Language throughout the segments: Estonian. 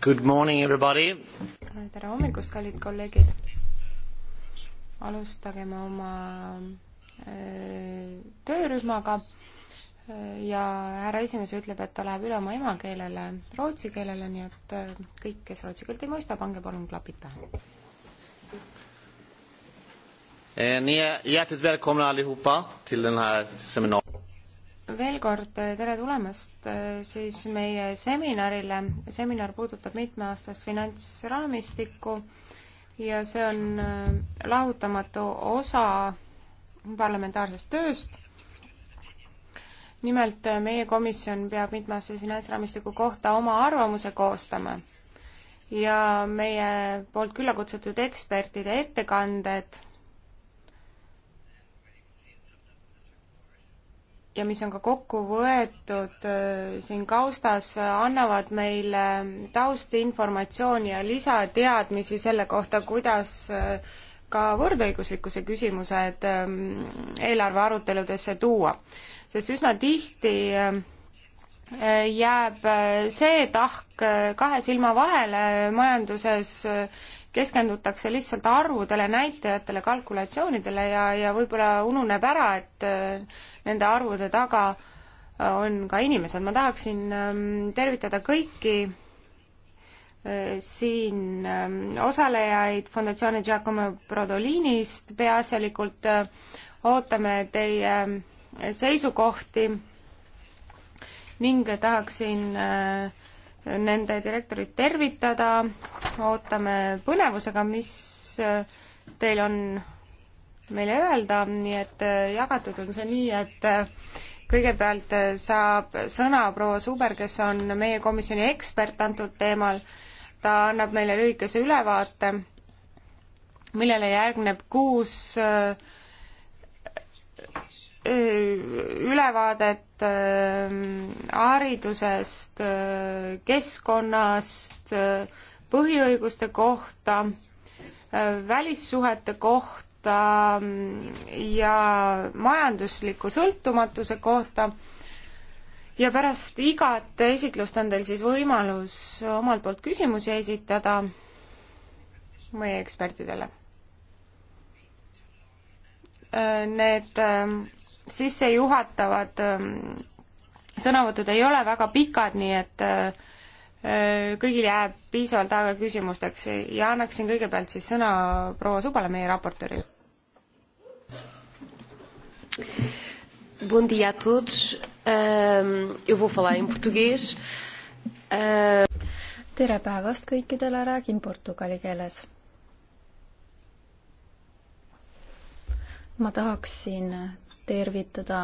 Good morning, everybody! tere hommikust, kallid kolleegid! alustagem oma äh, töörühmaga äh, ja härra esimees ütleb, et ta läheb üle oma emakeelele, rootsi keelele, nii et äh, kõik, kes rootsi keelt ei mõista, pange palun klapid pähe. Eh, ni är hjärtligt välkomna allihopa till den här seminariet veel kord äh, tere tulemast äh, siis meie seminarile. seminar puudutab mitmeaastast finantsraamistikku ja see on äh, lahutamatu osa parlamentaarsest tööst. nimelt meie komisjon peab mitmeaastase finantsraamistiku kohta oma arvamuse koostama ja meie poolt külla kutsutud ekspertide ettekanded ja mis on ka kokku võetud äh, siin kaustas, äh, annavad meile taustinformatsiooni ja lisateadmisi selle kohta, kuidas äh, ka võrdõiguslikkuse küsimused ähm, eelarve aruteludesse tuua. sest üsna tihti jääb see tahk kahe silma vahele majanduses keskendutakse lihtsalt arvudele, näitajatele, kalkulatsioonidele ja, ja võib-olla ununeb ära, et äh, nende arvude taga äh, on ka inimesed. ma tahaksin ähm, tervitada kõiki äh, siin ähm, osalejaid fondatsiooni Giacomo Brodolinist, peaasjalikult ootame teie seisukohti ning tahaksin äh, nende direktorit tervitada, ootame põnevusega, mis äh, teil on meile öelda, nii et äh, jagatud on see nii, et äh, kõigepealt saab sõna proua Suber, kes on meie komisjoni ekspert antud teemal. ta annab meile lühikese ülevaate, millele järgneb kuus äh, Äh, ülevaadet äh, haridusest, äh, keskkonnast, põhiõiguste kohta, välissuhete kohta mm, ja majandusliku sõltumatuse kohta. ja pärast igat esitlust on teil siis võimalus omalt poolt küsimusi esitada meie ekspertidele. Need sissejuhatavad ähm, sõnavõtud ei ole väga pikad, nii et äh, äh, kõigil jääb piisavalt aega küsimusteks ja annaksin kõigepealt siis sõna proua Subale, meie raportöörile. Bom dia a todos. Um, eu vou falar em português. Uh... tere päevast kõikidele, räägin portugali keeles. ma tahaksin tervitada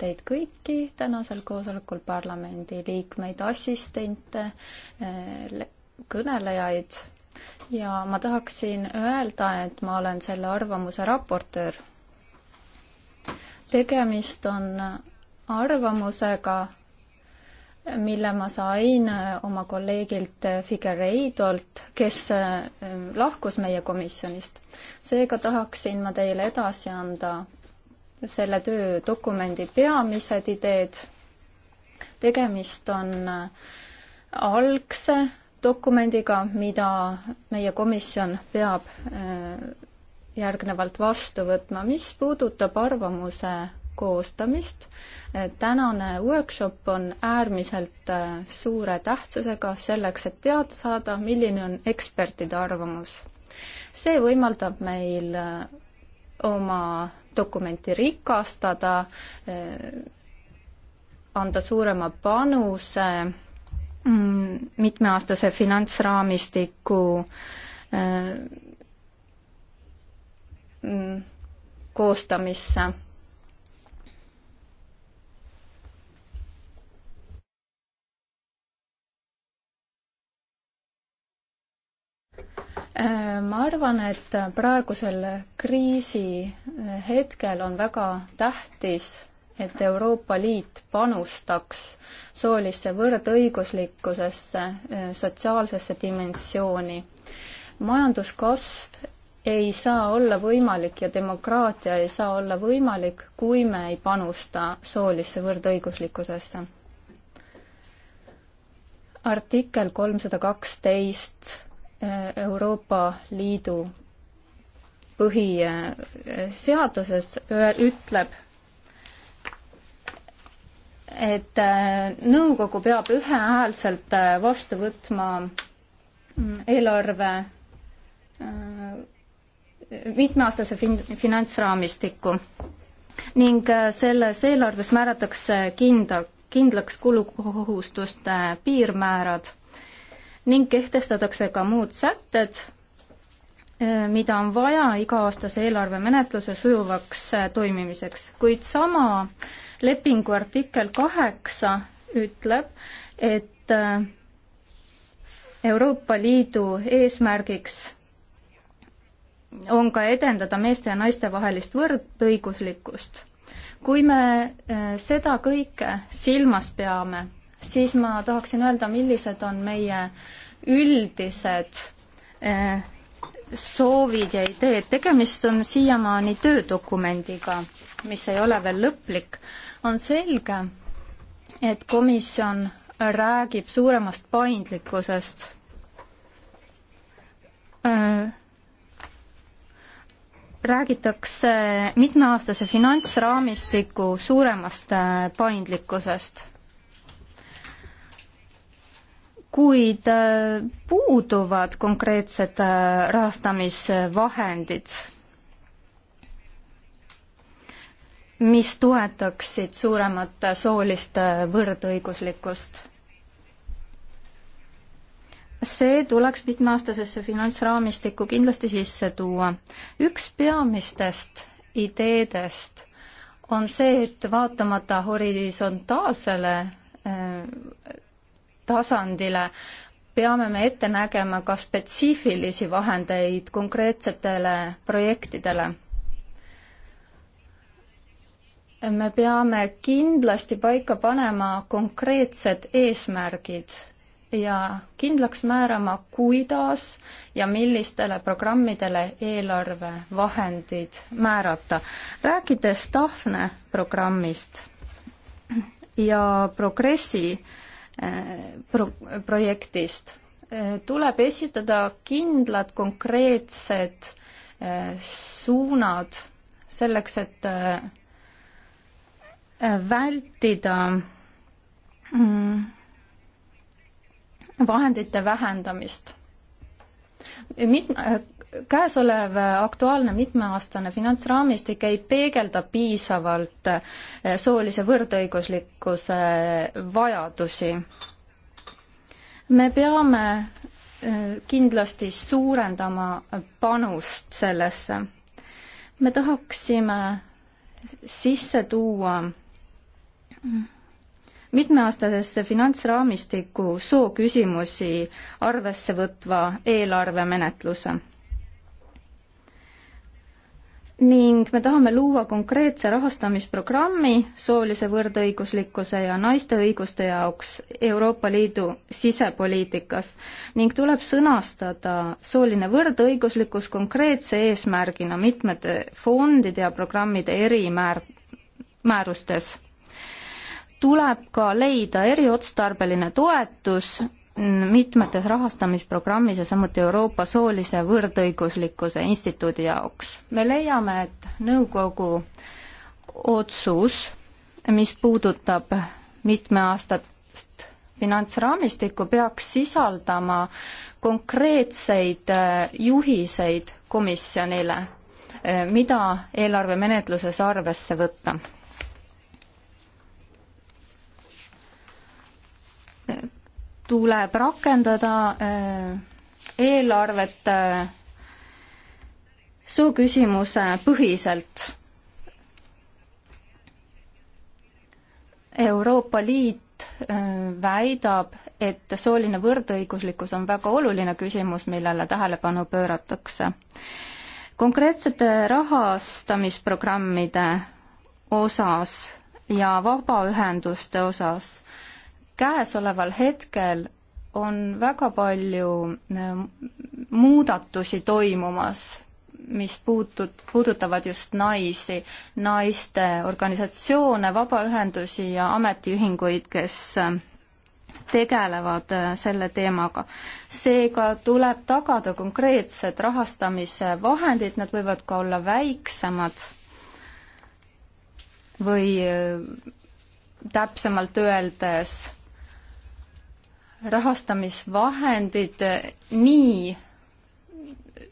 teid kõiki tänasel koosolekul, parlamendi liikmeid, assistente, eh, kõnelejaid ja ma tahaksin öelda, et ma olen selle arvamuse raportöör. tegemist on arvamusega, mille ma sain eh, oma kolleegilt eh, Figueiredolt, kes lahkus meie komisjonist. seega tahaksin ma teile edasi anda selle töödokumendi peamised ideed. tegemist on äh, algse dokumendiga, mida meie komisjon peab äh, järgnevalt vastu võtma. mis puudutab arvamuse koostamist, äh, tänane workshop on äärmiselt suure tähtsusega selleks, et teada saada, milline on ekspertide arvamus. see võimaldab meil oma dokumenti rikastada, eh, anda suurema panuse mm, mitmeaastase finantsraamistiku eh, mm, koostamisse Äh, ma arvan, et praegusel kriisi äh, hetkel on väga tähtis, et Euroopa Liit panustaks soolisse võrdõiguslikkusesse, äh, sotsiaalsesse dimensiooni. majanduskasv ei saa olla võimalik ja demokraatia ei saa olla võimalik, kui me ei panusta soolisse võrdõiguslikkusesse. artikkel kolmsada kaksteist Euroopa Liidu põhiseaduses ütleb, et äh, nõukogu peab ühehäälselt äh, vastu võtma mm, eelarve äh, mitmeaastase fin-, finantsraamistiku ning selles eelarves määratakse kinda, kindlaks kulukohustuste piirmäärad ning kehtestatakse ka muud sätted, eh, mida on vaja iga-aastase eelarvemenetluse sujuvaks eh, toimimiseks, kuid sama lepingu artikkel kaheksa ütleb, et eh, Euroopa Liidu eesmärgiks on ka edendada meeste ja naiste vahelist võrdõiguslikkust. kui me seda kõike silmas peame siis ma tahaksin öelda, millised on meie üldised eh, soovid ja ideed. tegemist on siiamaani töödokumendiga, mis ei ole veel lõplik. on selge, et komisjon räägib suuremast paindlikkusest. Eh, räägitakse mitmeaastase finantsraamistiku suuremast eh, paindlikkusest kuid äh, puuduvad konkreetsed äh, rahastamisvahendid, mis toetaksid suuremat äh, soolist võrdõiguslikkust. see tuleks mitmeaastasesse finantsraamistikku kindlasti sisse tuua. üks peamistest ideedest on see, et vaatamata horisontaalsele tasandile, peame me ette nägema ka spetsiifilisi vahendeid konkreetsetele projektidele. me peame kindlasti paika panema konkreetsed eesmärgid ja kindlaks määrama, kuidas ja millistele programmidele eelarvevahendid määrata. rääkides Tafne programmist ja Progressi äh, pro-, projektist. tuleb esitada kindlad konkreetsed eh, suunad selleks, et eh, vältida mm, vahendite vähendamist. mit-, käesolev aktuaalne mitmeaastane finantsraamistik ei peegelda piisavalt eh, soolise võrdõiguslikkuse eh, vajadusi. me peame eh, kindlasti suurendama panust sellesse. me tahaksime sisse tuua mitmeaastasesse finantsraamistikku sooküsimusi arvesse võtva eelarvemenetluse ning me tahame luua konkreetse rahastamisprogrammi soolise võrdõiguslikkuse ja naiste õiguste jaoks Euroopa Liidu sisepoliitikas ning tuleb sõnastada sooline võrdõiguslikkus konkreetse eesmärgina mitmete fondide ja programmide erimäär-, määrustes. tuleb ka leida eriotstarbeline toetus mitmetes rahastamisprogrammis ja samuti Euroopa Soolise Võrdõiguslikkuse Instituudi jaoks. me leiame, et nõukogu otsus, mis puudutab mitmeaastast finantsraamistikku, peaks sisaldama konkreetseid äh, juhiseid komisjonile, äh, mida eelarvemenetluses arvesse võtta äh, tuleb rakendada äh, eelarvet äh, suuküsimuse põhiselt. Euroopa Liit äh, väidab, et sooline võrdõiguslikkus on väga oluline küsimus, millele tähelepanu pööratakse. konkreetsete rahastamisprogrammide osas ja vabaühenduste osas äh, käesoleval hetkel on väga palju ähm, muudatusi toimumas, mis puutud, puudutavad just naisi, naiste organisatsioone, vabaühendusi ja ametiühinguid, kes ähm, tegelevad äh, selle teemaga. seega tuleb tagada konkreetsed rahastamise vahendid, nad võivad ka olla väiksemad või äh, täpsemalt öeldes rahastamisvahendid nii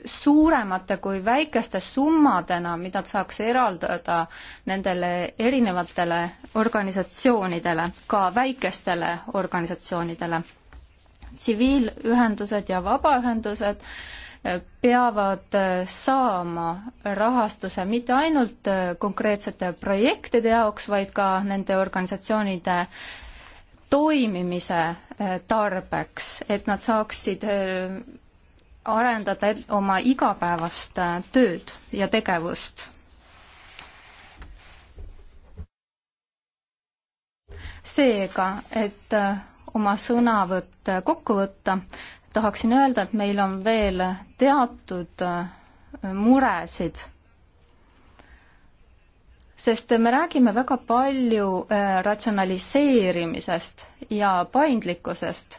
suuremate kui väikeste summadena, mida saaks eraldada nendele erinevatele organisatsioonidele, ka väikestele organisatsioonidele. tsiviilühendused ja vabaühendused eh, peavad eh, saama rahastuse mitte ainult eh, konkreetsete projektide jaoks, vaid ka nende organisatsioonide toimimise äh, tarbeks, et nad saaksid äh, arendada oma igapäevast äh, tööd ja tegevust. seega, et oma sõnavõtt kokku võtta, tahaksin öelda, et meil on veel teatud muresid sest me räägime väga palju äh, ratsionaliseerimisest ja paindlikkusest.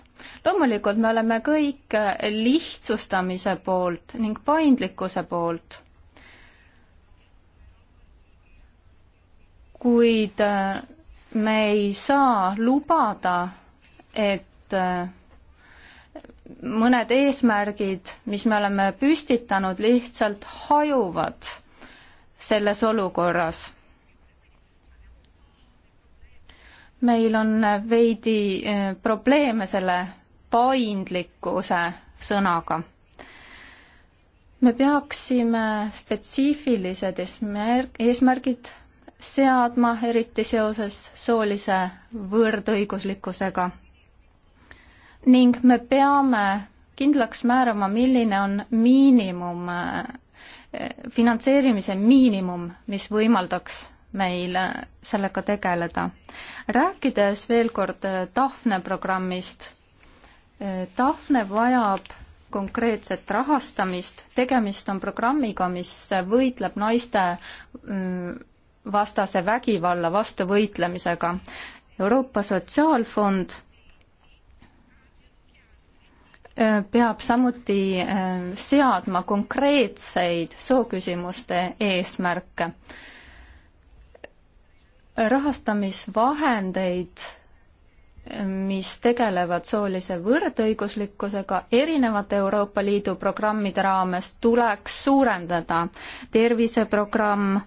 loomulikult me oleme kõik äh, lihtsustamise poolt ning paindlikkuse poolt. kuid äh, me ei saa lubada, et mõned eesmärgid, mis me oleme püstitanud, lihtsalt hajuvad selles olukorras meil on veidi eh, probleeme selle paindlikkuse sõnaga. me peaksime spetsiifilised eesmärgid seadma, eriti seoses soolise võõrdõiguslikkusega. ning me peame kindlaks määrama, milline on miinimum, eh, eh, finantseerimise miinimum, mis võimaldaks meil äh, sellega tegeleda. rääkides veel kord Tafne äh, programmist, Tafne äh, vajab konkreetset rahastamist, tegemist on programmiga, mis võitleb naiste mm, vastase vägivalla vastu võitlemisega. Euroopa Sotsiaalfond peab samuti seadma konkreetseid sooküsimuste eesmärke rahastamisvahendeid, mis tegelevad soolise võrdõiguslikkusega erinevate Euroopa Liidu programmide raames, tuleks suurendada. terviseprogramm,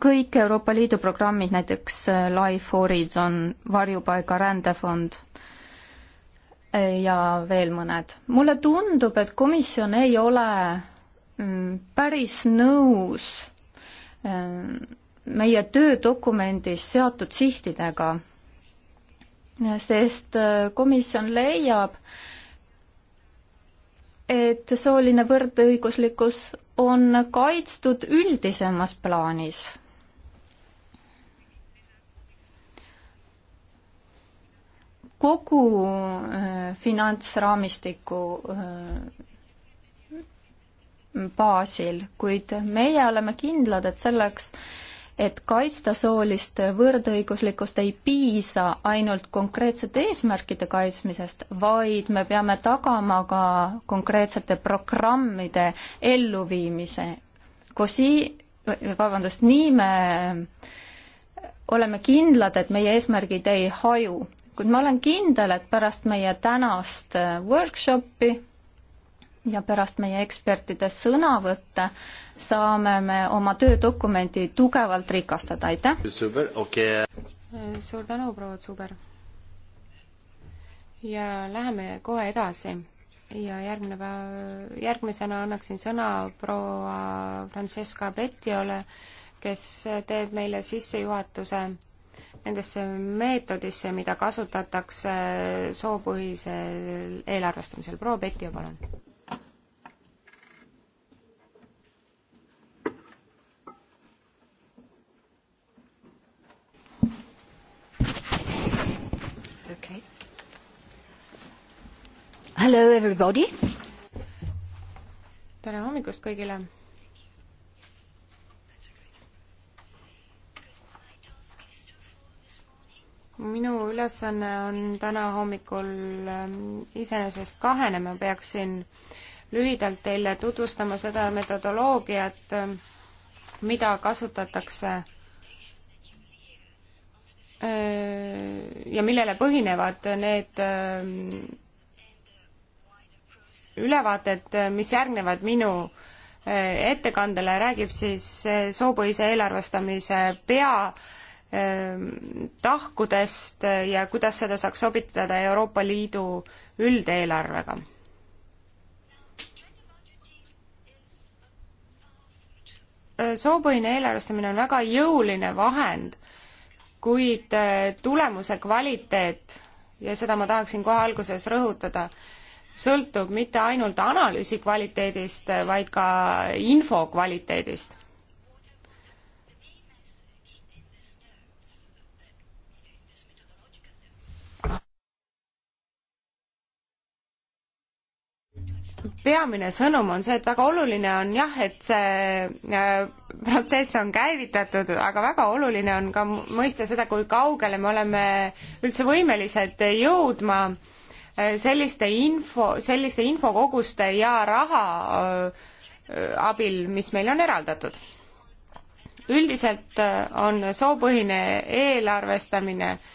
kõik Euroopa Liidu programmid, näiteks äh, Life Horizon, varjupaiga rändefond äh, ja veel mõned. mulle tundub, et komisjon ei ole Mm, päris nõus ehm, meie töödokumendis seatud sihtidega, sest äh, komisjon leiab, et sooline võrdõiguslikkus on kaitstud üldisemas plaanis kogu äh, finantsraamistiku äh, baasil, kuid meie oleme kindlad, et selleks, et kaitsta soolist võrdõiguslikkust, ei piisa ainult konkreetsete eesmärkide kaitsmisest, vaid me peame tagama ka konkreetsete programmide elluviimise. Kosi-, vabandust, nii me oleme kindlad, et meie eesmärgid ei haju, kuid ma olen kindel, et pärast meie tänast workshopi ja pärast meie ekspertide sõnavõtte saame me oma töödokumenti tugevalt rikastada, aitäh! Okay. suur tänu, proua Zuber! ja läheme kohe edasi ja järgmine päev, järgmisena annaksin sõna proua Francesca Petiole, kes teeb meile sissejuhatuse nendesse meetodisse, mida kasutatakse soopõhisel eelarvestamisel. proua Petio, palun! Okay. Hello everybody! tere hommikust kõigile! minu ülesanne on täna hommikul ähm, iseenesest kahene, ma peaksin lühidalt teile tutvustama seda metodoloogiat, ähm, mida kasutatakse Äh, ja millele põhinevad need äh, ülevaated, äh, mis järgnevad minu ettekandele, räägib siis soopõhise eelarvestamise pea tahkudest ja kuidas seda saaks sobitada Euroopa Liidu üldeelarvega. soopõhine eelarvestamine on väga jõuline vahend kuid äh, tulemuse kvaliteet ja seda ma tahaksin kohe alguses rõhutada, sõltub mitte ainult analüüsi kvaliteedist, vaid ka info kvaliteedist. peamine sõnum on see, et väga oluline on jah, et see äh, protsess on käivitatud, aga väga oluline on ka mõista seda, kui kaugele me oleme üldse võimelised jõudma äh, selliste info, selliste infokoguste ja raha äh, abil, mis meile on eraldatud. üldiselt on soopõhine eelarvestamine äh,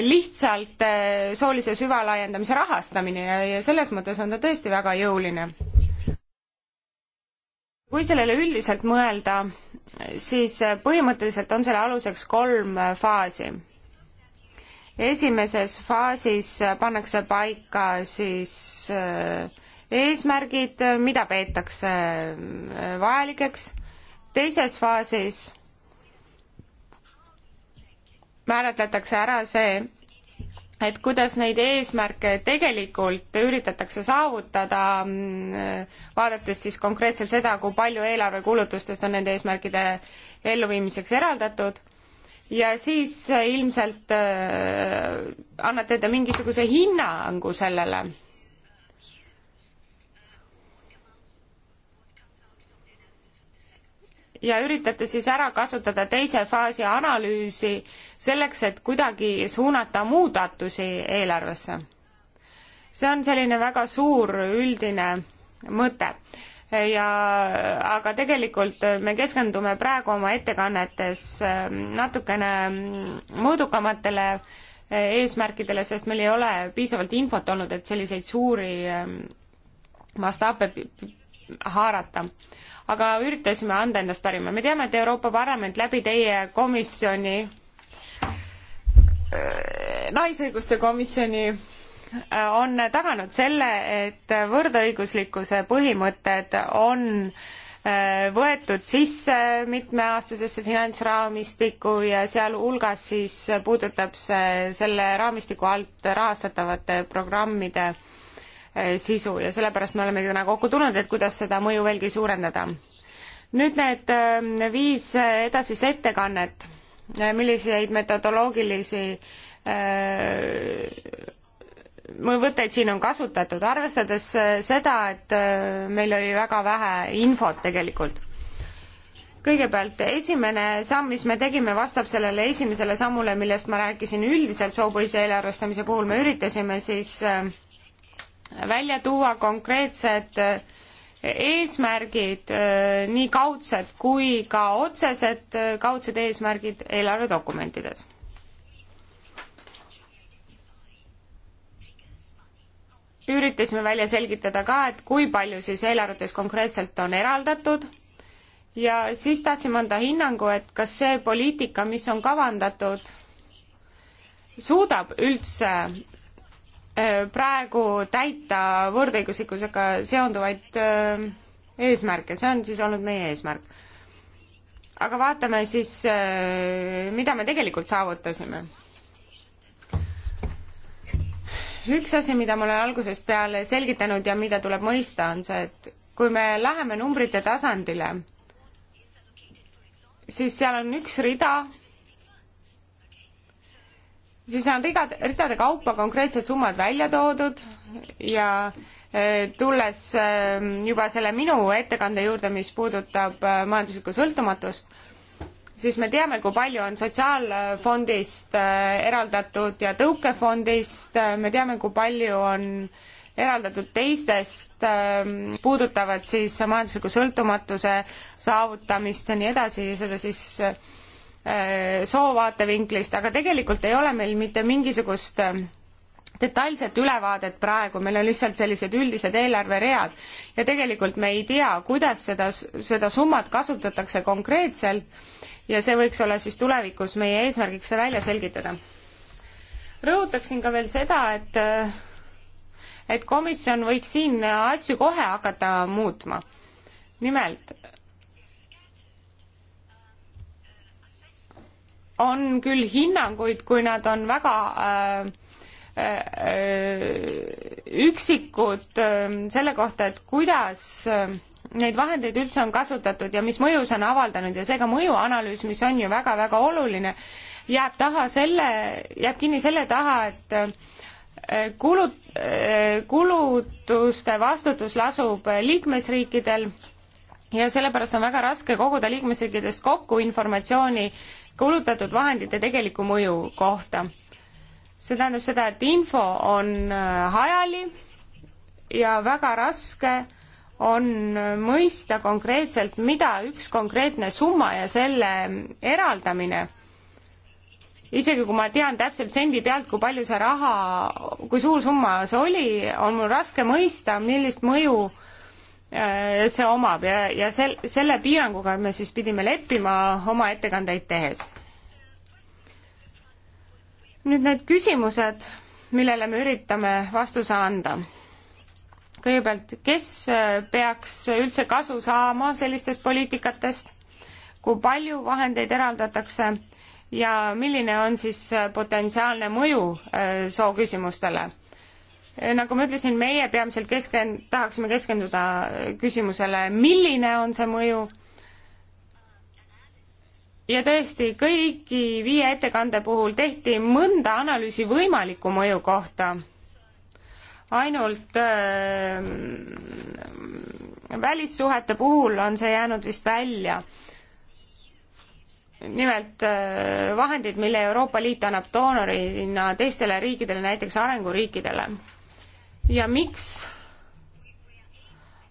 lihtsalt äh, soolise süvalaiendamise rahastamine ja, ja selles mõttes on ta tõesti väga jõuline. kui sellele üldiselt mõelda, siis äh, põhimõtteliselt on selle aluseks kolm faasi. esimeses faasis pannakse paika siis äh, eesmärgid, mida peetakse vajalikeks, teises faasis määratletakse ära see, et kuidas neid eesmärke tegelikult üritatakse saavutada, vaadates siis konkreetselt seda, kui palju eelarvekulutustest on nende eesmärkide elluviimiseks eraldatud, ja siis ilmselt äh, annate te mingisuguse hinnangu sellele ja üritate siis ära kasutada teise faasi analüüsi selleks, et kuidagi suunata muudatusi eelarvesse. see on selline väga suur üldine mõte ja aga tegelikult me keskendume praegu oma ettekannetes ähm, natukene mõõdukamatele äh, eesmärkidele, sest meil ei ole piisavalt infot olnud, et selliseid suuri ähm, mastaape haarata. aga üritasime anda endast parima. me teame, et Euroopa Parlament läbi teie komisjoni, äh, naisõiguste komisjoni äh, on taganud selle, et võrdõiguslikkuse põhimõtted on äh, võetud sisse mitmeaastasesse finantsraamistikku ja sealhulgas siis puudutab see selle raamistiku alt rahastatavate programmide äh, Eh, sisu ja sellepärast me olemegi täna kokku tulnud, et kuidas seda mõju veelgi suurendada. nüüd need eh, viis eh, edasist ettekannet, milliseid metodoloogilisi mõtteid siin on kasutatud, arvestades seda, et meil oli väga vähe infot tegelikult kõigepealt esimene samm, mis me tegime, vastab sellele esimesele sammule, millest ma rääkisin üldiselt soopõhise eelarvestamise puhul, me üritasime siis äh, välja tuua konkreetsed eh, eesmärgid, eh, nii kaudsed kui ka otsesed eh, kaudsed eesmärgid eelarvedokumentides. üritasime välja selgitada ka, et kui palju siis eelarvetes konkreetselt on eraldatud ja siis tahtsime anda hinnangu, et kas see poliitika, mis on kavandatud, suudab üldse Äh, praegu täita võrdõiguslikkusega seonduvaid äh, eesmärke, see on siis olnud meie eesmärk. aga vaatame siis, äh, mida me tegelikult saavutasime. üks asi, mida ma olen algusest peale selgitanud ja mida tuleb mõista, on see, et kui me läheme numbrite tasandile, siis seal on üks rida, siis on rigad, ridade kaupa konkreetsed summad välja toodud ja e, tulles e, juba selle minu ettekande juurde, mis puudutab e, majanduslikku sõltumatust, siis me teame, kui palju on sotsiaalfondist eraldatud ja tõukefondist, me teame, kui palju on eraldatud teistest, mis puudutavad siis majandusliku sõltumatuse saavutamist ja nii edasi, seda siis Äh, soovaatevinklist, aga tegelikult ei ole meil mitte mingisugust äh, detailset ülevaadet praegu, meil on lihtsalt sellised üldised eelarveread ja tegelikult me ei tea, kuidas seda, seda summat kasutatakse konkreetselt ja see võiks olla siis tulevikus meie eesmärgiks see välja selgitada. rõhutaksin ka veel seda, et äh, et komisjon võiks siin asju kohe hakata muutma. nimelt on küll hinnanguid, kui nad on väga äh, äh, üksikud äh, selle kohta, et kuidas äh, neid vahendeid üldse on kasutatud ja mis mõju see on avaldanud ja seega mõjuanalüüs, mis on ju väga-väga oluline, jääb taha selle, jääb kinni selle taha, et äh, kulud, äh, kulutuste vastutus lasub liikmesriikidel ja sellepärast on väga raske koguda liikmesriikidest kokku informatsiooni kulutatud vahendite tegeliku mõju kohta. see tähendab seda, et info on äh, hajali ja väga raske on äh, mõista konkreetselt, mida üks konkreetne summa ja selle eraldamine isegi kui ma tean täpselt sendi pealt, kui palju see raha, kui suur summa see oli, on mul raske mõista, millist mõju äh, Äh, see omab ja, ja sel-, selle piiranguga me siis pidime leppima oma ettekandeid tehes. nüüd need küsimused, millele me üritame vastuse anda. kõigepealt, kes äh, peaks üldse kasu saama sellistest poliitikatest, kui palju vahendeid eraldatakse ja milline on siis äh, potentsiaalne mõju sooküsimustele Eh, nagu ma ütlesin, meie peamiselt keskend-, tahaksime keskenduda eh, küsimusele, milline on see mõju ja tõesti, kõigi viie ettekande puhul tehti mõnda analüüsi võimaliku mõju kohta. ainult äh, välissuhete puhul on see jäänud vist välja nimelt vahendid, mille Euroopa Liit annab doonorina teistele riikidele, näiteks arenguriikidele ja miks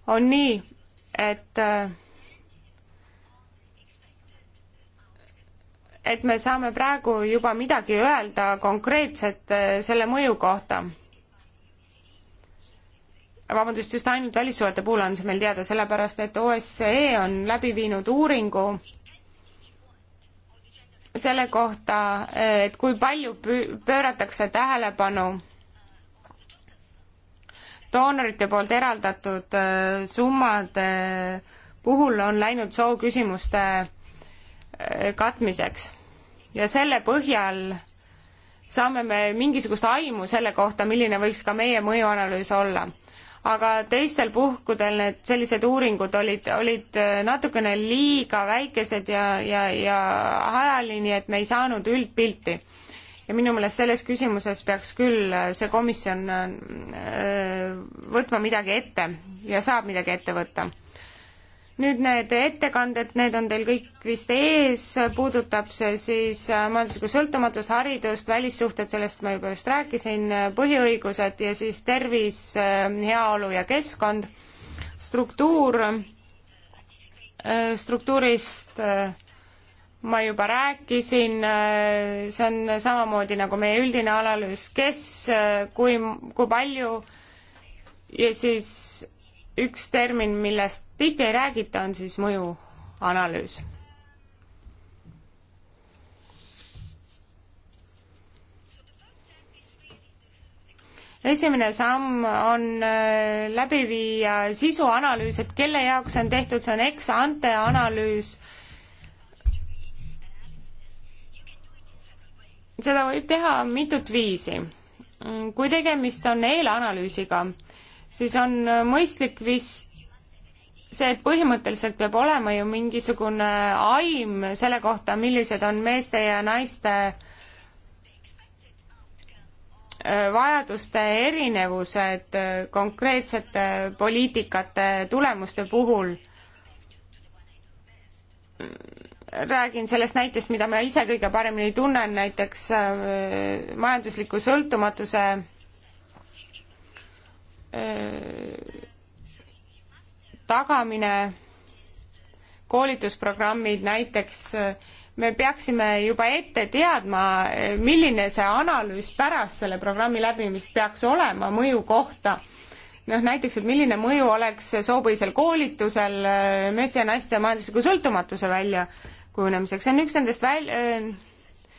on nii, et et me saame praegu juba midagi öelda konkreetset eh, selle mõju kohta. vabandust, just ainult välissuhete puhul on see meil teada, sellepärast et OSCE on läbi viinud uuringu selle kohta, eh, et kui palju pööratakse tähelepanu doonorite poolt eraldatud äh, summade puhul on läinud sooküsimuste äh, katmiseks ja selle põhjal saame me mingisugust aimu selle kohta, milline võiks ka meie mõjuanalüüs olla. aga teistel puhkudel need sellised uuringud olid, olid äh, natukene liiga väikesed ja, ja, ja hajali, nii et me ei saanud üldpilti ja minu meelest selles küsimuses peaks küll äh, see komisjon äh, äh, võtma midagi ette ja saab midagi ette võtta. nüüd need ettekanded, need on teil kõik vist ees, puudutab see siis majanduslikku sõltumatust, haridust, välissuhted, sellest ma juba just rääkisin, põhiõigused ja siis tervis, heaolu ja keskkond, struktuur, struktuurist ma juba rääkisin, see on samamoodi nagu meie üldine analüüs, kes, kui, kui palju ja siis üks termin, millest tihti ei räägita, on siis mõjuanalüüs. esimene samm on äh, läbi viia sisuanalüüs, et kelle jaoks see on tehtud, see on ex-ante analüüs, seda võib teha mitut viisi. kui tegemist on eelanalüüsiga, siis on mõistlik vist see, et põhimõtteliselt peab olema ju mingisugune aim selle kohta, millised on meeste ja naiste äh, vajaduste erinevused äh, konkreetsete poliitikate tulemuste puhul räägin sellest näitest, mida ma ise kõige paremini tunnen, näiteks äh, majandusliku sõltumatuse äh, tagamine, koolitusprogrammid näiteks, äh, me peaksime juba ette teadma, milline see analüüs pärast selle programmi läbimist peaks olema mõju kohta noh, näiteks, et milline mõju oleks soopõhisel koolitusel meeste ja naiste majandusliku sõltumatuse välja kujunemiseks, see on üks nendest väl-, äh,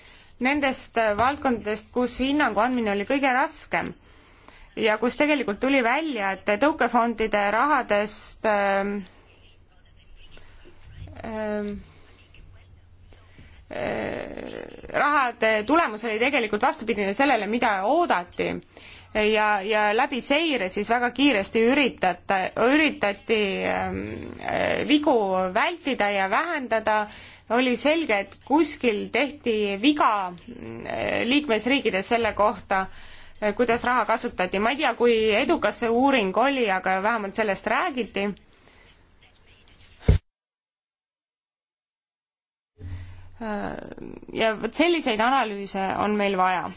nendest äh, valdkondadest, kus hinnangu andmine oli kõige raskem ja kus tegelikult tuli välja, et tõukefondide rahadest ähm, ähm, äh, rahade tulemus oli tegelikult vastupidine sellele, mida oodati ja, ja läbi seire siis väga kiiresti üritata, üritati ähm, vigu vältida ja vähendada äh, oli selge, et kuskil tehti viga äh, liikmesriikides selle kohta, äh, kuidas raha kasutati. ma ei tea, kui edukas see uuring oli, aga vähemalt sellest räägiti äh, ja vot selliseid analüüse on meil vaja.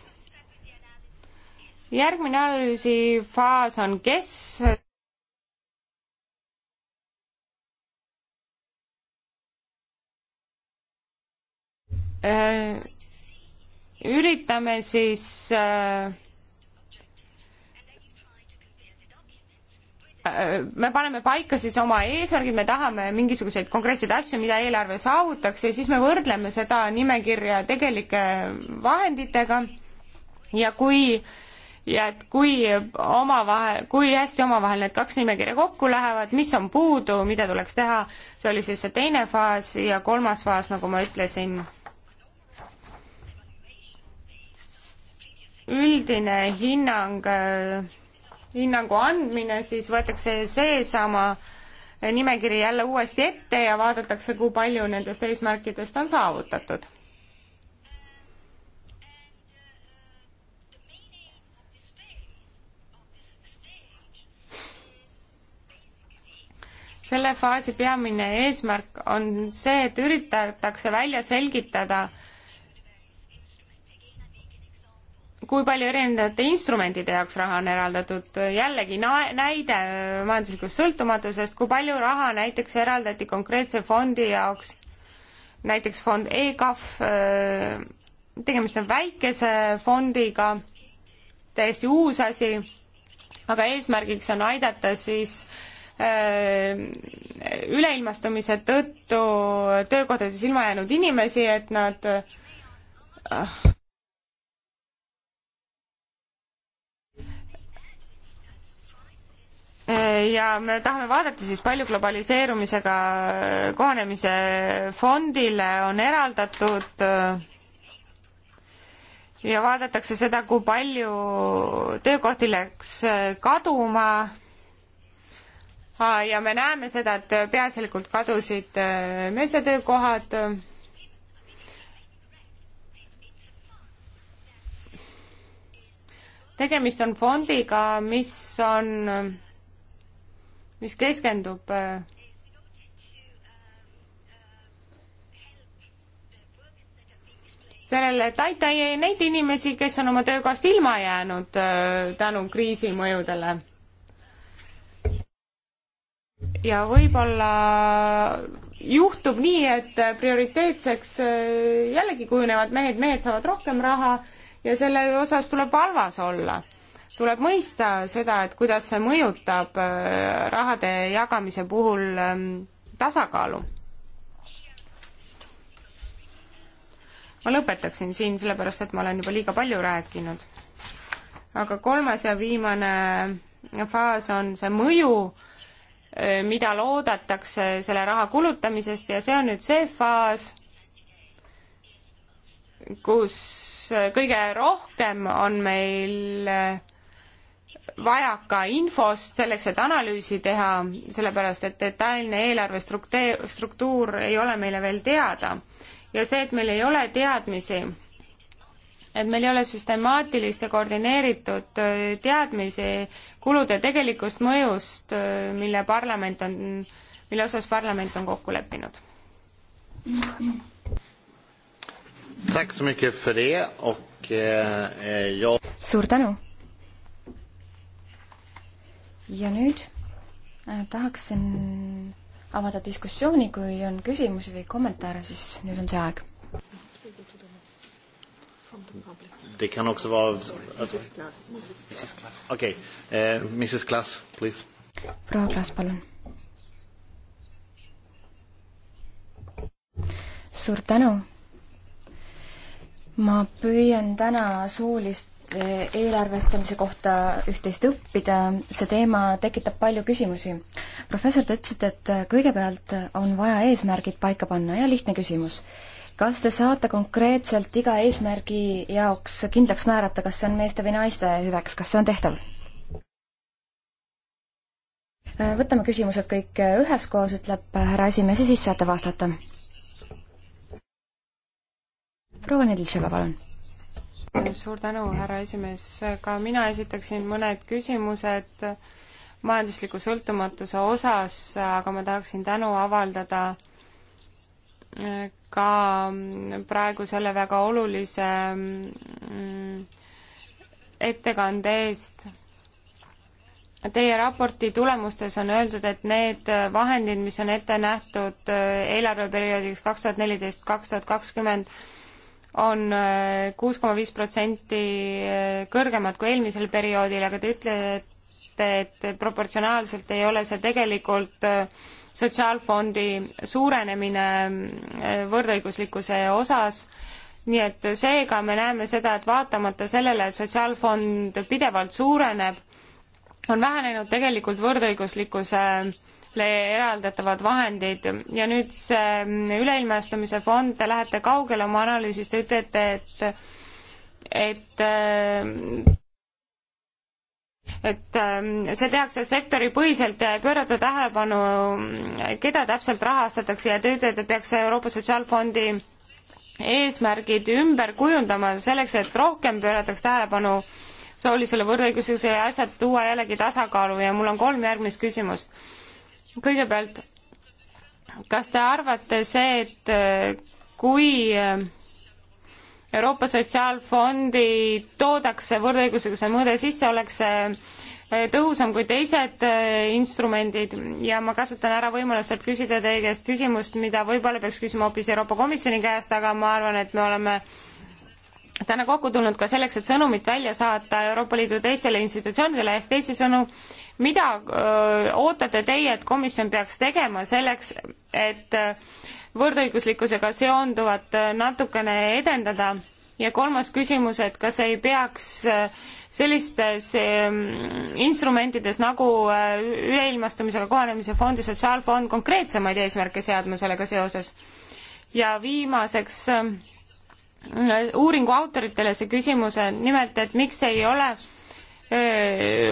järgmine analüüsi faas on kes Äh, üritame siis äh, äh, me paneme paika siis oma eesmärgid, me tahame mingisuguseid konkreetseid asju, mida eelarve saavutaks ja siis me võrdleme seda nimekirja tegelike vahenditega ja kui ja et kui omavahel, kui hästi omavahel need kaks nimekirja kokku lähevad, mis on puudu, mida tuleks teha, see oli siis see teine faas ja kolmas faas, nagu ma ütlesin üldine hinnang, hinnangu andmine, siis võetakse seesama nimekiri jälle uuesti ette ja vaadatakse, kui palju nendest eesmärkidest on saavutatud. selle faasi peamine eesmärk on see, et üritatakse välja selgitada, kui palju erinevate instrumentide jaoks raha on eraldatud, jällegi näide majanduslikust sõltumatusest, kui palju raha näiteks eraldati konkreetse fondi jaoks, näiteks fond EKAF, äh, tegemist on väikese fondiga, täiesti uus asi, aga eesmärgiks on aidata siis äh, üleilmastumise tõttu töökohtades ilma jäänud inimesi, et nad äh, ja me tahame vaadata siis, palju globaliseerumisega kohanemise fondile on eraldatud ja vaadatakse seda, kui palju töökohti läks kaduma. Ah, ja me näeme seda, et peaasjalikult kadusid eh, meeste töökohad. tegemist on fondiga, mis on mis keskendub äh, sellele, et aita neid inimesi, kes on oma töökohast ilma jäänud äh, tänu kriisi mõjudele. ja võib-olla juhtub nii, et prioriteetseks äh, jällegi kujunevad mehed, mehed saavad rohkem raha ja selle osas tuleb valvas olla tuleb mõista seda, et kuidas see mõjutab äh, rahade jagamise puhul ähm, tasakaalu. ma lõpetaksin siin, sellepärast et ma olen juba liiga palju rääkinud. aga kolmas ja viimane faas on see mõju, äh, mida loodetakse selle raha kulutamisest ja see on nüüd see faas, kus äh, kõige rohkem on meil vajaka infost selleks, et analüüsi teha, sellepärast et detailne eelarve struktuur, struktuur ei ole meile veel teada. ja see, et meil ei ole teadmisi, et meil ei ole süstemaatilist ja koordineeritud äh, teadmisi kulude tegelikust mõjust, äh, mille parlament on, mille osas parlament on kokku leppinud. Eh, eh, suur tänu ja nüüd äh, tahaksin avada diskussiooni, kui on küsimusi või kommentaare, siis nüüd on see aeg. Det kan också vara... Okej, okay. eh, uh, Mrs Klass, please. proua Klass, palun. suur tänu. ma püüan täna suulist eelarvestamise kohta üht-teist õppida, see teema tekitab palju küsimusi. professor, te ütlesite, et kõigepealt on vaja eesmärgid paika panna ja lihtne küsimus. kas te saate konkreetselt iga eesmärgi jaoks kindlaks määrata, kas see on meeste või naiste hüveks, kas see on tehtav? võtame küsimused kõik üheskoos, ütleb härra esimees ja siis saate vastata. proua Nedlitševa, palun suur tänu, härra esimees, ka mina esitaksin mõned küsimused majandusliku sõltumatuse osas, aga ma tahaksin tänu avaldada äh, ka mm, praegu selle väga olulise mm, ettekande eest. Teie raporti tulemustes on öeldud, et need vahendid, mis on ette nähtud äh, eelarveperioodiks kaks tuhat neliteist, kaks tuhat kakskümmend, on äh, kuus koma viis protsenti äh, kõrgemad kui eelmisel perioodil, aga te ütlete, et proportsionaalselt ei ole see tegelikult äh, sotsiaalfondi suurenemine võrdõiguslikkuse osas nii et seega me näeme seda, et vaatamata sellele, et sotsiaalfond pidevalt suureneb, on vähenenud tegelikult võrdõiguslikkuse eraldatavad vahendid ja nüüd see mm, üleilmastumise fond, te lähete kaugele oma analüüsist, te ütlete, et et et mm, see tehakse sektoripõhiselt, pöörata tähelepanu, mm, keda täpselt rahastatakse ja te ütlete, et peaks Euroopa Sotsiaalfondi eesmärgid ümber kujundama selleks, et rohkem pöörataks tähelepanu soolisele võrdõiguslikkusele ja asjad tuua jällegi tasakaalu ja mul on kolm järgmist küsimust kõigepealt, kas te arvate see, et äh, kui äh, Euroopa Sotsiaalfondi toodakse võrdõiguslikkuse mõõde sisse, oleks see äh, tõhusam kui teised instrumendid ja ma kasutan ära võimalust, et küsida teie käest küsimust, mida võib-olla peaks küsima hoopis Euroopa Komisjoni käest, aga ma arvan, et me oleme äh, täna kokku tulnud ka selleks, et sõnumit välja saata Euroopa Liidu teistele institutsioonidele ehk teisisõnu, mida öö, ootate teie, et komisjon peaks tegema selleks, et võrdõiguslikkusega seonduvat natukene edendada ja kolmas küsimus, et kas ei peaks sellistes instrumentides nagu üleilmastumisega kohanemise fondi sotsiaalfond konkreetsemaid eesmärke seadma sellega seoses? ja viimaseks uuringu autoritele see küsimus, nimelt et miks ei ole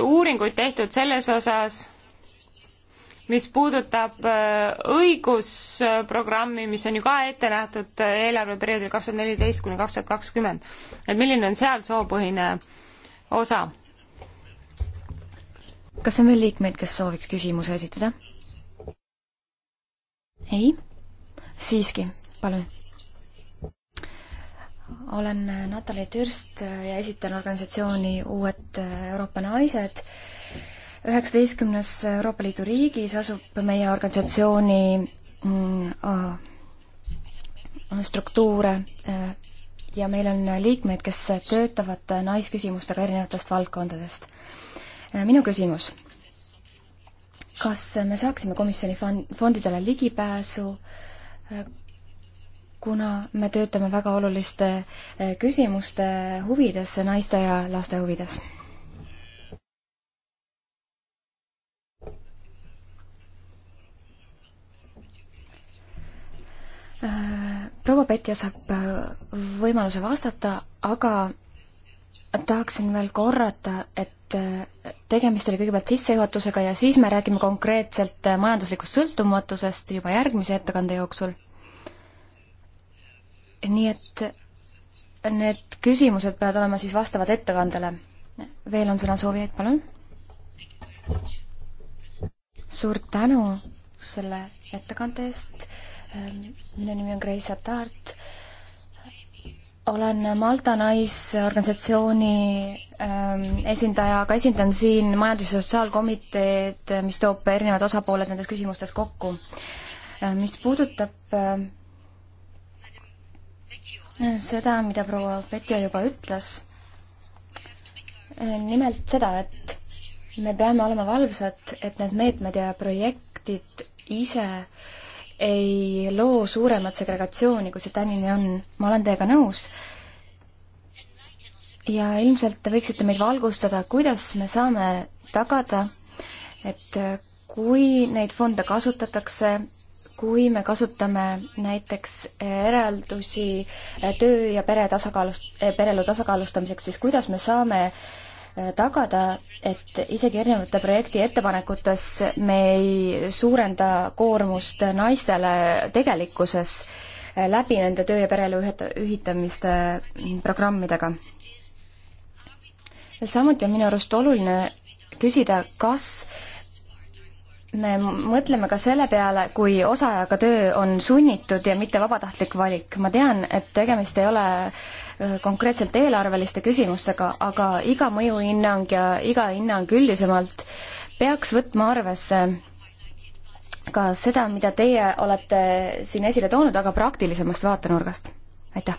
uuringuid tehtud selles osas, mis puudutab õigusprogrammi, mis on ju ka ette nähtud eelarveperioodil kaks tuhat neliteist kuni kaks tuhat kakskümmend. et milline on seal soopõhine osa? kas on veel liikmeid, kes sooviks küsimuse esitada? ei? siiski, palun olen Natalja Türst ja esitan organisatsiooni Uued Euroopa Naised. üheksateistkümnes Euroopa Liidu riigis asub meie organisatsiooni mm, struktuure ja meil on liikmeid, kes töötavad naisküsimustega erinevatest valdkondadest. minu küsimus, kas me saaksime komisjoni fondidele ligipääsu, kuna me töötame väga oluliste eh, küsimuste huvides, naiste ja laste huvides. Eh, proua Petja saab eh, võimaluse vastata, aga tahaksin veel korrata, et tegemist oli kõigepealt sissejuhatusega ja siis me räägime konkreetselt majanduslikust sõltumatusest juba järgmise ettekande jooksul nii et need küsimused peavad olema siis vastavad ettekandele. veel on sõnasoovijaid, palun. suur tänu selle ettekande eest. Ähm, minu nimi on Grace Atart. olen Malta naisorganisatsiooni ähm, esindaja, aga esindan siin Majandus- ja Sotsiaalkomiteed, mis toob erinevad osapooled nendes küsimustes kokku. Ähm, mis puudutab seda, mida proua Petja juba ütles. nimelt seda, et me peame olema valvsad, et need meetmed ja projektid ise ei loo suuremat segregatsiooni, kui see tänini on. ma olen teiega nõus. ja ilmselt te võiksite meid valgustada, kuidas me saame tagada, et kui neid fonde kasutatakse, kui me kasutame näiteks eraldusi töö ja pere tasakaalust, pereelu tasakaalustamiseks, siis kuidas me saame äh, tagada, et isegi erinevate projekti ettepanekutes me ei suurenda koormust naistele tegelikkuses äh, läbi nende töö ja pereelu ühitamiste mm, programmidega. samuti on minu arust oluline küsida, kas äh, me mõtleme ka selle peale, kui osaajaga töö on sunnitud ja mitte vabatahtlik valik. ma tean, et tegemist ei ole äh, konkreetselt eelarveliste küsimustega, aga iga mõjuhinnang ja iga hinnang üldisemalt peaks võtma arvesse ka seda, mida teie olete siin esile toonud, aga praktilisemast vaatenurgast. aitäh!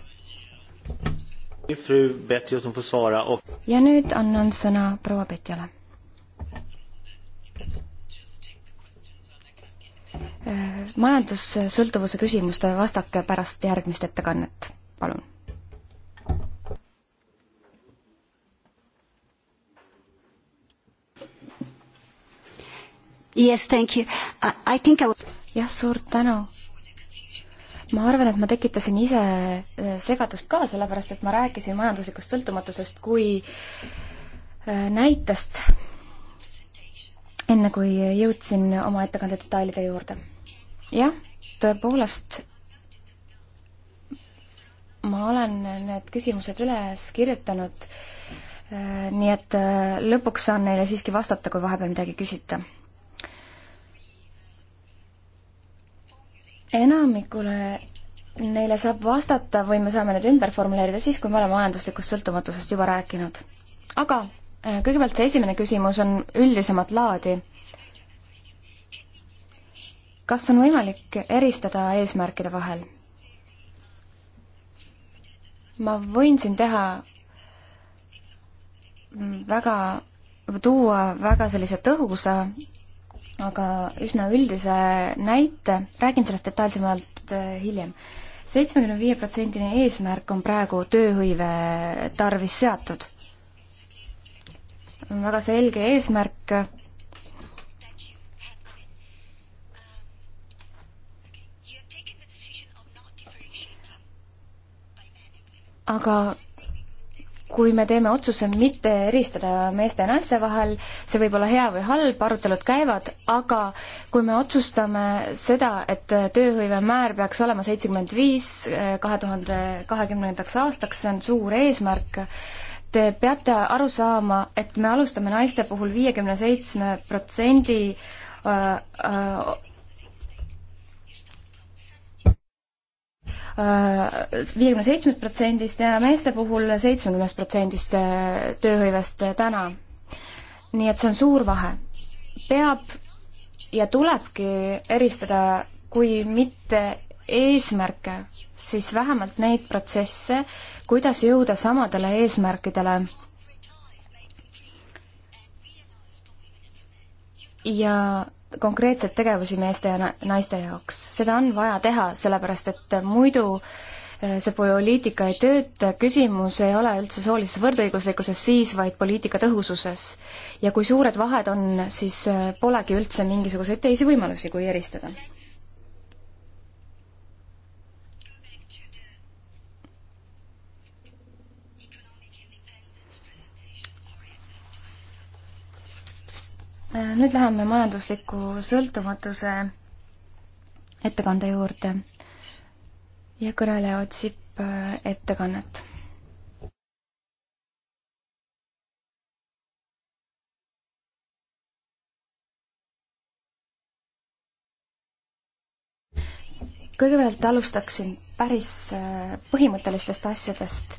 ja nüüd annan sõna proua Petjale majandussõltuvuse küsimustele vastake pärast järgmist ettekannet, palun Yes, thank you. I think I would... jah, suur tänu. ma arvan, et ma tekitasin ise äh, segadust ka, sellepärast et ma rääkisin majanduslikust sõltumatusest kui äh, näitest, enne kui jõudsin oma ettekande detailide juurde jah, tõepoolest, ma olen need küsimused üles kirjutanud, äh, nii et äh, lõpuks saan neile siiski vastata, kui vahepeal midagi küsite enamikule neile saab vastata või me saame need ümber formuleerida siis, kui me oleme majanduslikust sõltumatusest juba rääkinud. aga äh, kõigepealt see esimene küsimus on üldisemat laadi kas on võimalik eristada eesmärkide vahel? ma võin siin teha väga, tuua väga sellise tõhusa, aga üsna üldise näite, räägin sellest detailsemalt äh, hiljem. seitsmekümne viie protsendine eesmärk on praegu tööhõive tarvis seatud. väga selge eesmärk aga kui me teeme otsuse mitte eristada meeste ja naiste vahel, see võib olla hea või halb, arutelud käivad, aga kui me otsustame seda, et tööhõive määr peaks olema seitsekümmend viis eh, kahe tuhande kahekümnendaks aastaks, see on suur eesmärk, te peate aru saama, et me alustame naiste puhul viiekümne seitsme protsendi äh, äh, viiekümne seitsmest protsendist ja meeste puhul seitsmekümnest protsendist äh, tööhõivest äh, täna. nii et see on suur vahe. peab ja tulebki eristada, kui mitte eesmärke, siis vähemalt neid protsesse, kuidas jõuda samadele eesmärkidele. ja konkreetseid tegevusi meeste ja naiste jaoks. seda on vaja teha, sellepärast et muidu äh, see poliitika ei tööta, küsimus ei ole üldse soolises võrdõiguslikkuses siis, vaid poliitika tõhususes. ja kui suured vahed on, siis äh, polegi üldse mingisuguseid teisi võimalusi, kui eristada nüüd läheme majandusliku sõltumatuse ettekande juurde ja kõneleja otsib äh, ettekannet. kõigepealt alustaksin päris äh, põhimõttelistest asjadest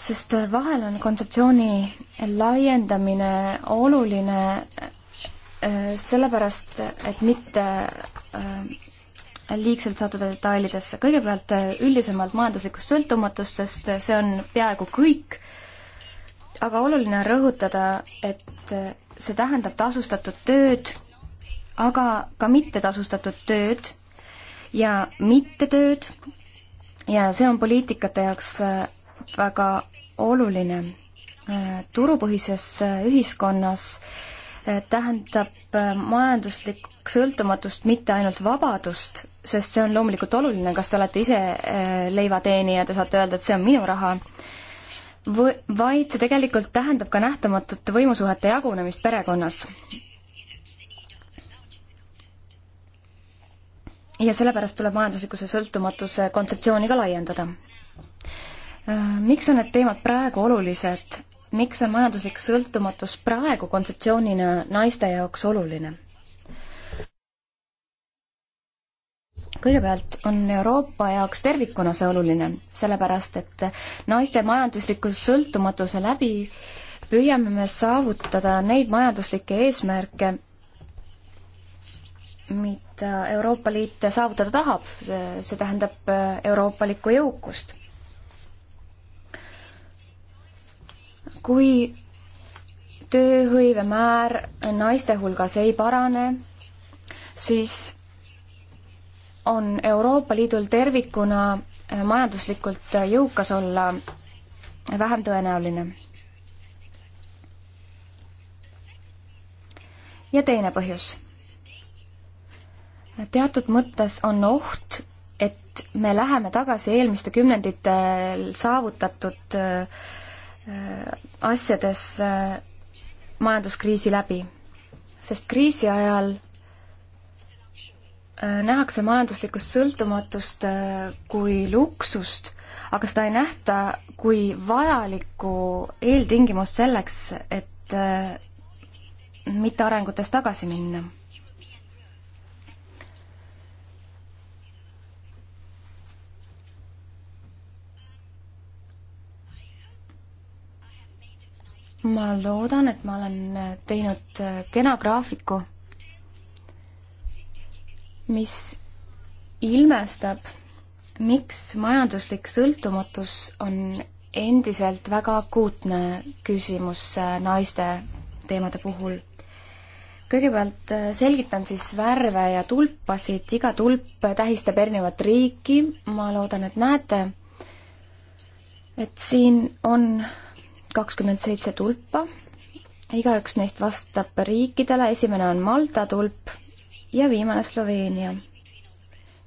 sest vahel on kontseptsiooni laiendamine oluline äh, sellepärast, et mitte äh, liigselt sattuda detailidesse. kõigepealt äh, üldisemalt majanduslikust sõltumatust, sest see on peaaegu kõik, aga oluline on rõhutada, et see tähendab tasustatud tööd, aga ka mittetasustatud tööd ja mittetööd ja see on poliitikate jaoks väga oluline. turupõhises ühiskonnas eh, tähendab eh, majanduslik sõltumatust mitte ainult vabadust, sest see on loomulikult oluline, kas te olete ise eh, leivateenija, te saate öelda, et see on minu raha, või, vaid see tegelikult tähendab ka nähtamatute võimusuhete jagunemist perekonnas. ja sellepärast tuleb majanduslikkuse sõltumatuse kontseptsiooni ka laiendada Äh, miks on need teemad praegu olulised? miks on majanduslik sõltumatus praegu kontseptsioonina naiste jaoks oluline? kõigepealt on Euroopa jaoks tervikuna see oluline, sellepärast et naiste majandusliku sõltumatuse läbi püüame me saavutada neid majanduslikke eesmärke, mida Euroopa Liit saavutada tahab, see tähendab äh, euroopalikku jõukust kui tööhõive määr naiste hulgas ei parane, siis on Euroopa Liidul tervikuna majanduslikult jõukas olla vähem tõenäoline. ja teine põhjus. teatud mõttes on oht, et me läheme tagasi eelmiste kümnenditel saavutatud äh, Äh, asjades äh, majanduskriisi läbi, sest kriisi ajal äh, nähakse majanduslikust sõltumatust kui luksust, aga seda ei nähta kui vajalikku eeltingimust selleks, et mitte arengutes tagasi minna ma loodan, et ma olen teinud kena graafiku, mis ilmestab, miks majanduslik sõltumatus on endiselt väga akuutne küsimus äh, naiste teemade puhul. kõigepealt äh, selgitan siis värve ja tulpasid, iga tulp tähistab erinevat riiki, ma loodan, et näete, et siin on kakskümmend seitse tulpa. igaüks neist vastab riikidele, esimene on Malta tulp ja viimane Sloveenia.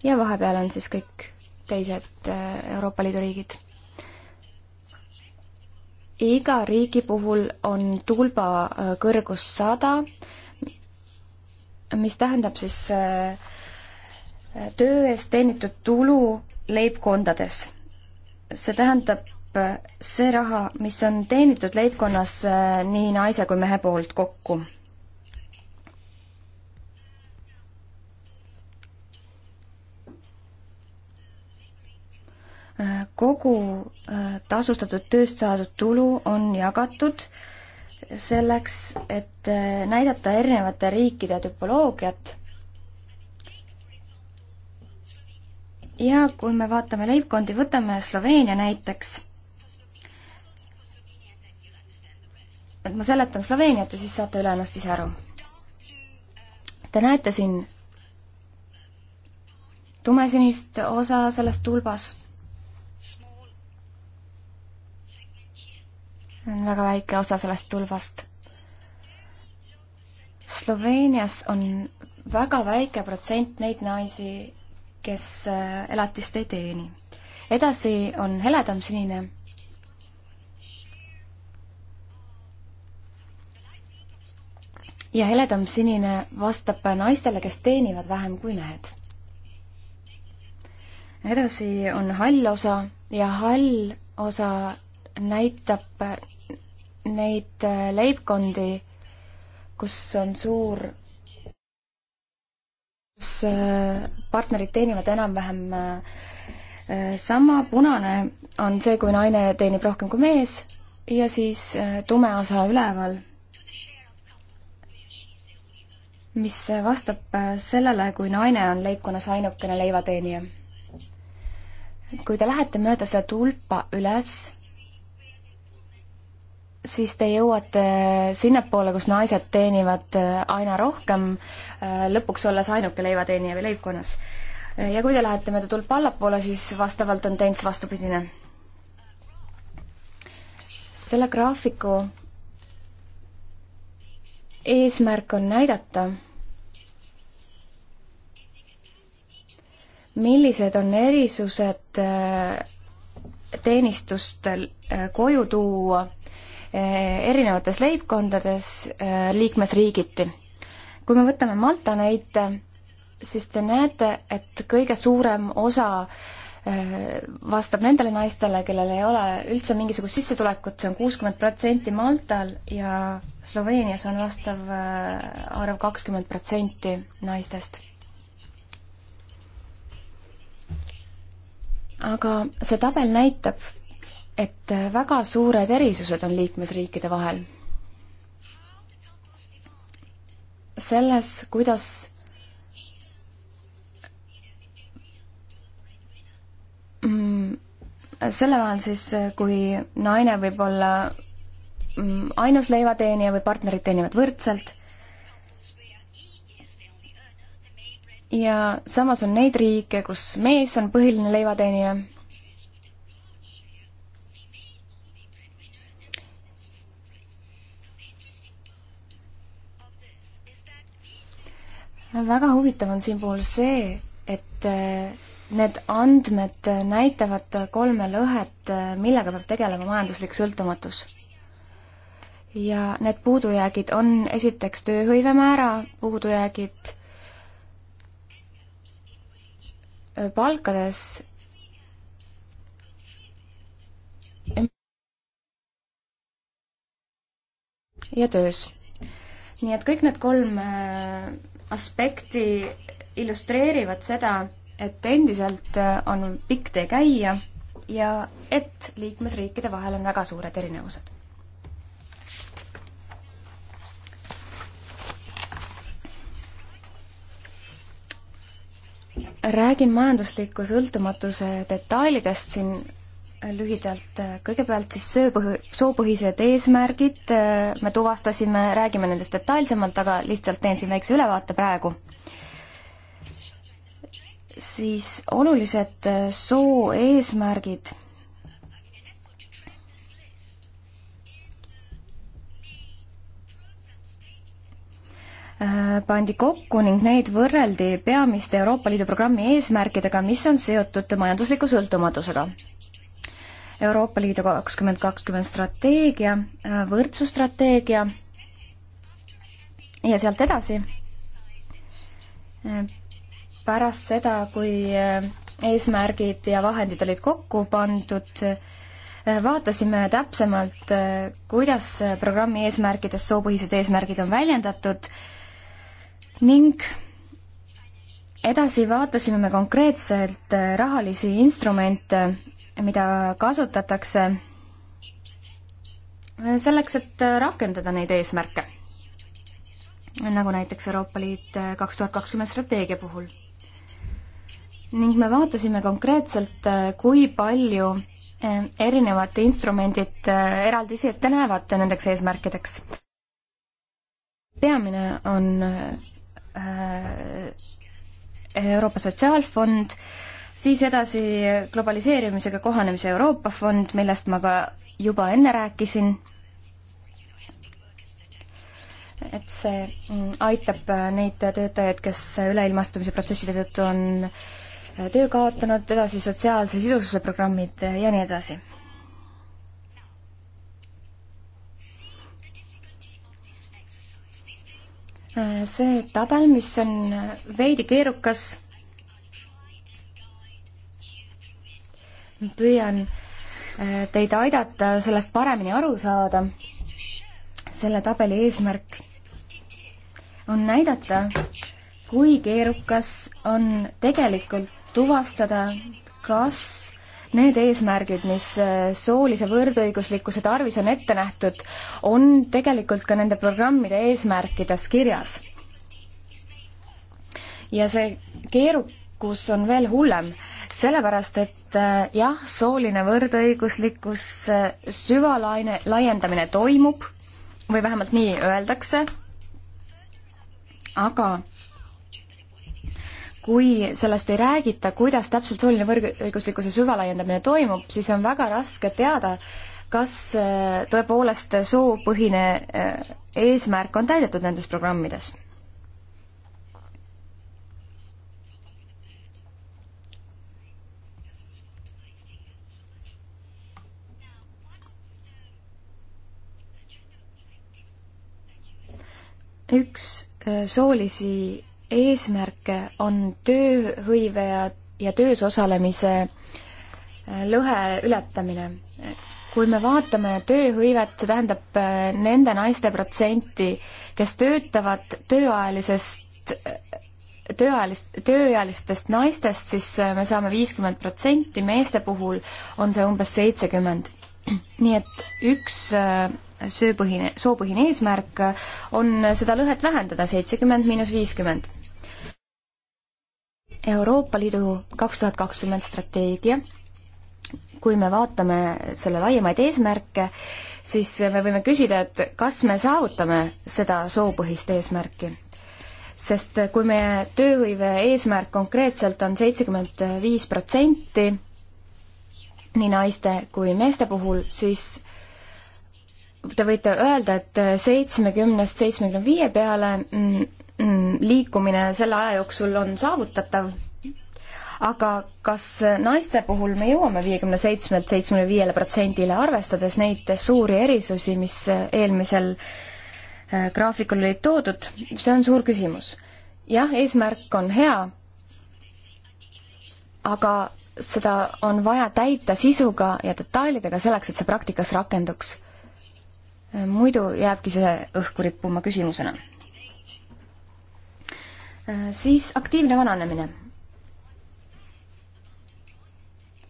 ja vahepeal on siis kõik teised äh, Euroopa Liidu riigid. iga riigi puhul on tulba äh, kõrgus sada, mis tähendab siis äh, töö eest teenitud tulu leibkondades. see tähendab Äh, see raha, mis on teenitud leibkonnas äh, nii naise kui mehe poolt kokku. Äh, kogu tasustatud tööst saadud tulu on jagatud selleks, et näidata erinevate riikide tüpoloogiat ja kui me vaatame leibkondi, võtame Sloveenia näiteks et ma seletan Sloveeniat ja siis saate ülejäänust ise aru. Te näete siin tumesinist osa sellest tulbast. väga väike osa sellest tulbast. Sloveenias on väga väike protsent neid naisi, kes äh, elatist ei teeni. edasi on heledam sinine ja heledam sinine vastab naistele, kes teenivad vähem kui mehed. edasi on hall osa ja hall osa näitab neid leibkondi, kus on suur, kus äh, partnerid teenivad enam-vähem äh, sama, punane on see, kui naine teenib rohkem kui mees ja siis äh, tume osa üleval mis vastab äh, sellele, kui naine on leibkonnas ainukene leivateenija. kui te lähete mööda seda tulpa üles, siis te jõuate sinnapoole, kus naised teenivad äh, aina rohkem, äh, lõpuks olles ainuke leivateenija või leibkonnas. ja kui te lähete mööda tulpa allapoole, siis vastavalt on tents vastupidine. selle graafiku eesmärk on näidata, millised on erisused äh, teenistustel äh, koju tuua äh, erinevates leibkondades liikmesriigiti. kui me võtame Malta näite, siis te näete, et kõige suurem osa äh, vastab nendele naistele, kellel ei ole üldse mingisugust sissetulekut, see on kuuskümmend protsenti Maltal ja Sloveenias on vastav äh, arv kakskümmend protsenti naistest aga see tabel näitab, et äh, väga suured erisused on liikmesriikide vahel. selles, kuidas selle vahel siis, kui naine võib olla mm, ainus leivateenija või partnerid teenivad võrdselt. ja samas on neid riike, kus mees on põhiline leivateenija. väga huvitav on siin puhul see, et Need andmed näitavad kolme lõhet, millega peab tegelema majanduslik sõltumatus. ja need puudujäägid on esiteks tööhõivemäära puudujäägid äh, palkades ja töös. nii et kõik need kolm äh, aspekti illustreerivad seda, et endiselt äh, on pikk tee käia ja et liikmesriikide vahel on väga suured erinevused. räägin majandusliku sõltumatuse detailidest siin lühidalt, kõigepealt siis sööpõhi, soopõhised eesmärgid me tuvastasime, räägime nendest detailsemalt, aga lihtsalt teen siin väikse ülevaate praegu siis olulised äh, soo eesmärgid äh, pandi kokku ning neid võrreldi peamiste Euroopa Liidu programmi eesmärkidega, mis on seotud majandusliku sõltumatusega. Euroopa Liidu kakskümmend kakskümmend strateegia, äh, võrdsusstrateegia ja sealt edasi pärast seda, kui äh, eesmärgid ja vahendid olid kokku pandud, äh, vaatasime täpsemalt, äh, kuidas programmi eesmärkides soopõhised eesmärgid on väljendatud ning edasi vaatasime me konkreetselt rahalisi instrumente, mida kasutatakse selleks, et rakendada neid eesmärke. nagu näiteks Euroopa Liit kaks tuhat kakskümmend strateegia puhul ning me vaatasime konkreetselt, äh, kui palju äh, erinevad instrumendid äh, eraldisi ette näevad nendeks eesmärkideks. peamine on Euroopa Sotsiaalfond, siis edasi globaliseerimisega kohanemise Euroopa fond, millest ma ka juba enne rääkisin, et see mm, aitab neid töötajaid, kes üleilmastumise protsesside tõttu on äh, töö kaotanud, edasi sotsiaalse sidususe programmid ja nii edasi. see tabel, mis on veidi keerukas, püüan äh, teid aidata sellest paremini aru saada. selle tabeli eesmärk on näidata, kui keerukas on tegelikult tuvastada, kas need eesmärgid, mis äh, soolise võrdõiguslikkuse tarvis on ette nähtud, on tegelikult ka nende programmide eesmärkides kirjas. ja see keerukus on veel hullem, sellepärast et äh, jah, sooline võrdõiguslikkus, äh, süvalaine, laiendamine toimub või vähemalt nii öeldakse, aga kui sellest ei räägita, kuidas täpselt sooline võrdõiguslikkuse süvalaiendamine toimub, siis on väga raske teada, kas äh, tõepoolest soopõhine äh, eesmärk on täidetud nendes programmides? üks äh, soolisi eesmärk on tööhõive ja, ja töös osalemise äh, lõhe ületamine. kui me vaatame tööhõivet, see tähendab äh, nende naiste protsenti, kes töötavad tööealisest, äh, tööealist, tööealistest naistest, siis me saame viiskümmend protsenti, meeste puhul on see umbes seitsekümmend. nii et üks sööpõhine, soopõhine eesmärk on seda lõhet vähendada seitsekümmend miinus viiskümmend. Euroopa Liidu kaks tuhat kakskümmend strateegia, kui me vaatame selle laiemaid eesmärke, siis me võime küsida, et kas me saavutame seda soopõhist eesmärki. sest kui meie tööhõive eesmärk konkreetselt on seitsekümmend viis protsenti, nii naiste kui meeste puhul, siis te võite öelda, et seitsmekümnest seitsmekümne viie peale mm, mm, liikumine selle aja jooksul on saavutatav, aga kas naiste puhul me jõuame viiekümne seitsmelt seitsmekümne viiele protsendile, arvestades neid suuri erisusi, mis eelmisel äh, graafikul olid toodud, see on suur küsimus. jah, eesmärk on hea, aga seda on vaja täita sisuga ja detailidega selleks, et see praktikas rakenduks muidu jääbki see õhku rippuma küsimusena. Äh, siis aktiivne vananemine.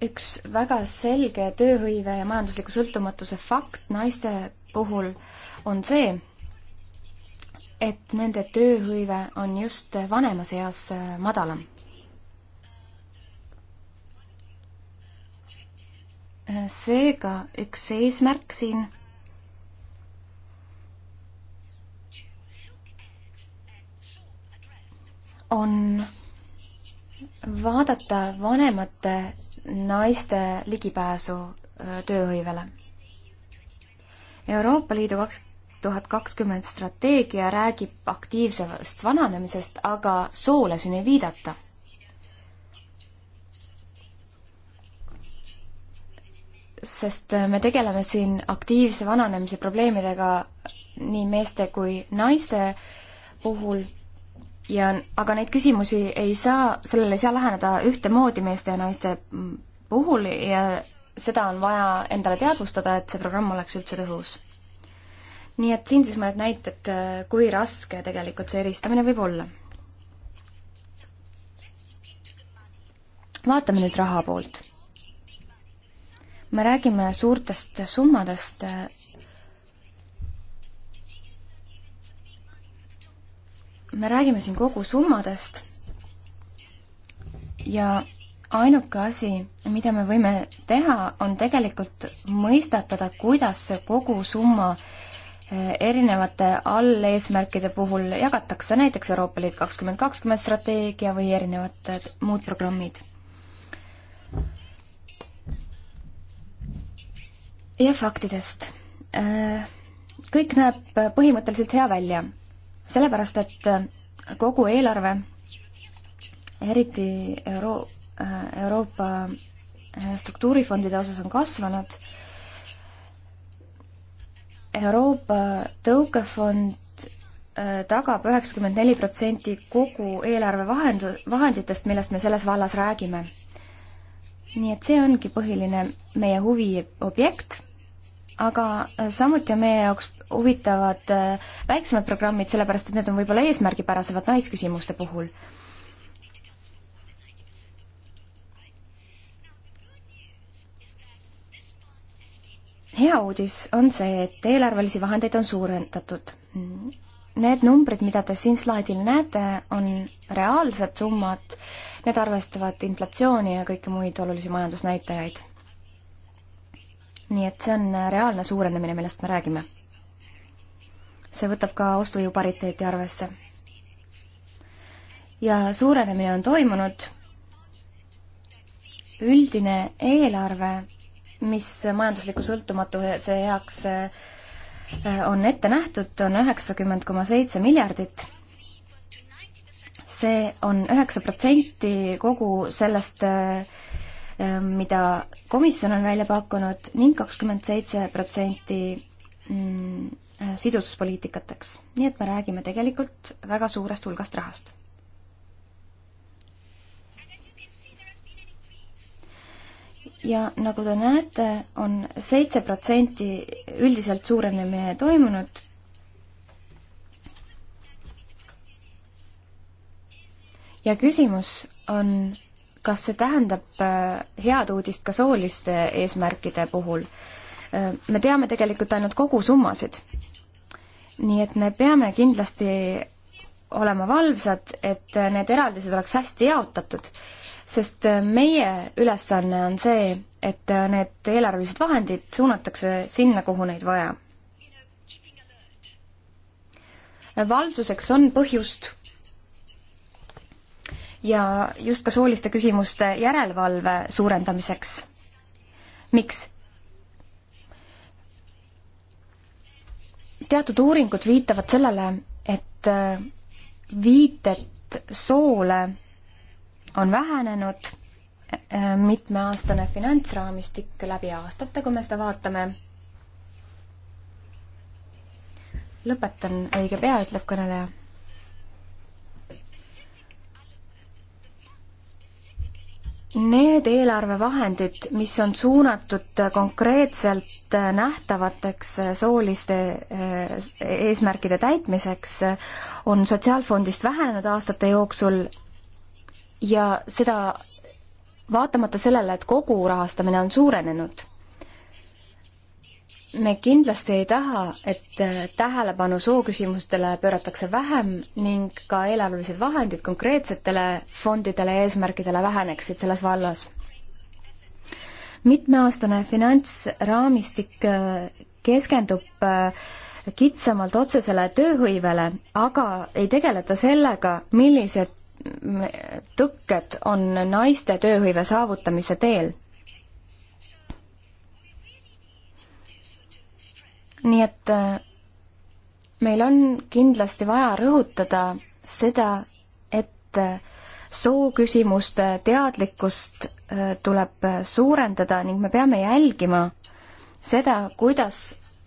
üks väga selge tööhõive ja majandusliku sõltumatuse fakt naiste puhul on see, et nende tööhõive on just vanemas eas äh, madalam. Äh, seega üks eesmärk siin on vaadata vanemate naiste ligipääsu tööhõivele. Euroopa Liidu kaks tuhat kakskümmend strateegia räägib aktiivsest vananemisest, aga soole siin ei viidata. sest me tegeleme siin aktiivse vananemise probleemidega nii meeste kui naiste puhul ja, aga neid küsimusi ei saa, sellele ei saa läheneda ühtemoodi meeste ja naiste puhul ja seda on vaja endale teadvustada, et see programm oleks üldse tõhus. nii et siin siis mõned näited, kui raske tegelikult see eristamine võib olla. vaatame nüüd raha poolt. me räägime suurtest summadest me räägime siin kogusummadest ja ainuke asi, mida me võime teha, on tegelikult mõistatada, kuidas see kogusumma eh, erinevate alleesmärkide puhul jagatakse, näiteks Euroopa Liit kakskümmend kakskümmend strateegia või erinevad eh, muud programmid. ja faktidest. Eh, kõik näeb põhimõtteliselt hea välja sellepärast, et äh, kogu eelarve, eriti Euro-, äh, Euroopa äh, struktuurifondide osas on kasvanud, Euroopa tõukefond tagab üheksakümmend neli protsenti kogu eelarve vahendu-, vahenditest, millest me selles vallas räägime. nii et see ongi põhiline meie huvi objekt, aga samuti on meie jaoks huvitavad äh, väiksemad programmid, sellepärast et need on võib-olla eesmärgipärasemad naisküsimuste puhul. hea uudis on see, et eelarvelisi vahendeid on suurendatud. Need numbrid, mida te siin slaidil näete, on reaalsed summad, need arvestavad inflatsiooni ja kõiki muid olulisi majandusnäitajaid nii et see on reaalne suurenemine, millest me räägime see võtab ka ostujõu pariteeti arvesse. ja suurenemine on toimunud, üldine eelarve, mis majandusliku sõltumatuse heaks äh, on ette nähtud, on üheksakümmend koma seitse miljardit see on üheksa protsenti kogu sellest, äh, äh, mida komisjon on välja pakkunud ning kakskümmend seitse protsenti mm, Äh, sidususpoliitikateks. nii et me räägime tegelikult väga suurest hulgast rahast. ja nagu te näete on, on seitse protsenti üldiselt suurenemine toimunud. ja küsimus on, kas see tähendab äh, head uudist ka sooliste eesmärkide puhul? Äh, me teame tegelikult ainult kogusummasid nii et me peame kindlasti olema valvsad, et need eraldised oleks hästi jaotatud, sest meie ülesanne on see, et need eelarvelised vahendid suunatakse sinna, kuhu neid vaja. valvsuseks on põhjust ja just ka sooliste küsimuste järelevalve suurendamiseks. miks? teatud uuringud viitavad sellele, et äh, viited soole on vähenenud, äh, mitmeaastane finantsraamistik läbi aastate, kui me seda vaatame, lõpetan õige pea, ütleb kõneleja Need eelarvevahendid, mis on suunatud konkreetselt nähtavateks sooliste eh, eesmärkide täitmiseks, on Sotsiaalfondist vähenenud aastate jooksul ja seda vaatamata sellele, et kogu rahastamine on suurenenud me kindlasti ei taha, et äh, tähelepanu sooküsimustele pööratakse vähem ning ka eelarvelised vahendid konkreetsetele fondidele ja eesmärkidele väheneksid selles vallas. mitmeaastane finantsraamistik äh, keskendub äh, kitsamalt otsesele tööhõivele, aga ei tegeleta sellega, millised mm, tõkked on naiste tööhõive saavutamise teel nii et äh, meil on kindlasti vaja rõhutada seda, et äh, sooküsimuste teadlikkust äh, tuleb suurendada ning me peame jälgima seda, kuidas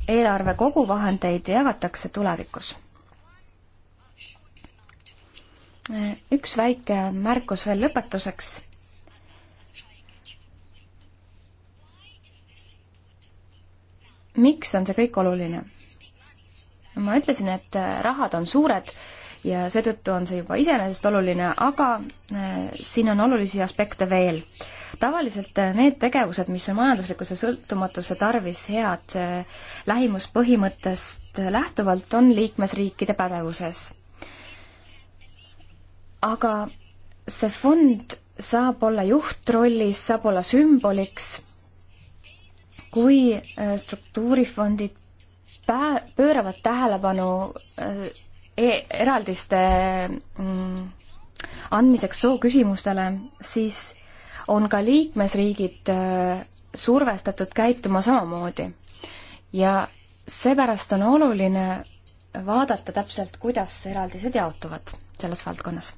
eelarve koguvahendeid jagatakse tulevikus. üks väike märkus veel lõpetuseks miks on see kõik oluline? ma ütlesin, et äh, rahad on suured ja seetõttu on see juba iseenesest oluline, aga äh, siin on olulisi aspekte veel. tavaliselt äh, need tegevused, mis on majanduslikkuse sõltumatuse tarvis head lähimuspõhimõttest lähtuvalt, on liikmesriikide pädevuses. aga see fond saab olla juhtrollis, saab olla sümboliks kui äh, struktuurifondid pää-, pööravad tähelepanu äh, e eraldiste mm, andmiseks sooküsimustele, siis on ka liikmesriigid äh, survestatud käituma samamoodi. ja seepärast on oluline vaadata täpselt, kuidas eraldised jaotuvad selles valdkonnas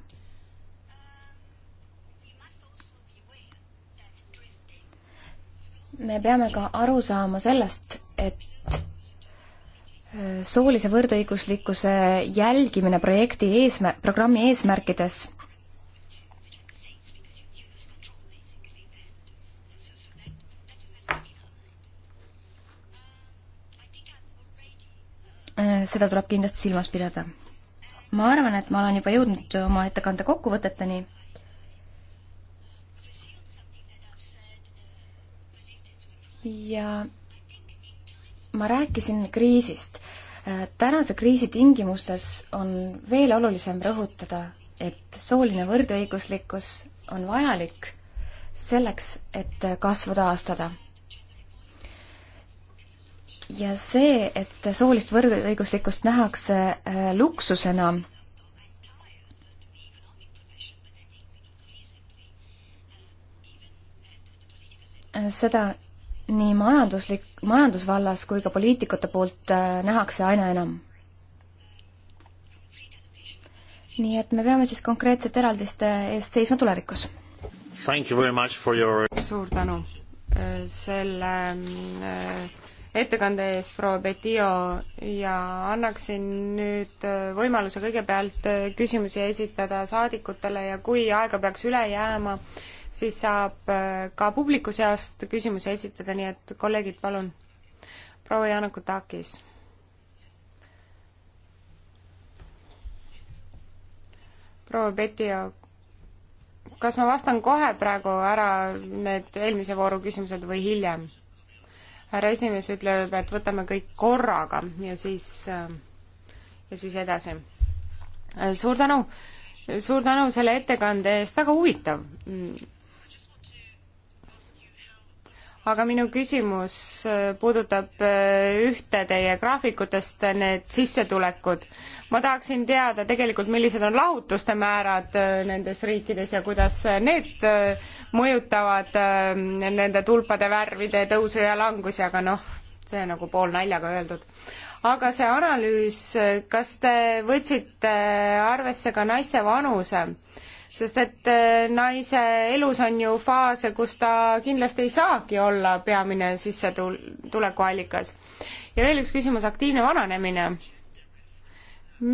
me peame ka aru saama sellest, et äh, soolise võrdõiguslikkuse jälgimine projekti eesmär-, programmi eesmärkides äh, seda tuleb kindlasti silmas pidada. ma arvan, et ma olen juba jõudnud oma ettekande kokkuvõteteni ja ma rääkisin kriisist. tänase kriisi tingimustes on veel olulisem rõhutada, et sooline võrdõiguslikkus on vajalik selleks, et kasvu taastada. ja see, et soolist võrdõiguslikkust nähakse äh, luksusena, äh, seda nii majanduslik, majandusvallas kui ka poliitikute poolt äh, nähakse aina enam. nii et me peame siis konkreetsete eraldiste eest seisma tulevikus. Your... suur tänu äh, selle äh, ettekande eest, proua Betio, ja annaksin nüüd võimaluse kõigepealt küsimusi esitada saadikutele ja kui aega peaks üle jääma, siis saab äh, ka publiku seast küsimusi esitada, nii et kolleegid, palun. proua Janakutakis. proua Petio, kas ma vastan kohe praegu ära need eelmise vooru küsimused või hiljem? härra esimees ütleb, et võtame kõik korraga ja siis, äh, ja siis edasi. Äh, suur tänu, suur tänu selle ettekande eest, väga huvitav mm aga minu küsimus äh, puudutab äh, ühte teie graafikutest, äh, need sissetulekud. ma tahaksin teada tegelikult, millised on lahutuste määrad nendes riikides ja kuidas need mõjutavad nende tulpade värvide tõusu ja langusi, aga noh, see on nagu poolnaljaga öeldud. aga see analüüs, kas te võtsite arvesse ka naiste vanuse? sest et äh, naise elus on ju faase, kus ta kindlasti ei saagi olla peamine sissetulekuallikas. ja veel üks küsimus, aktiivne vananemine.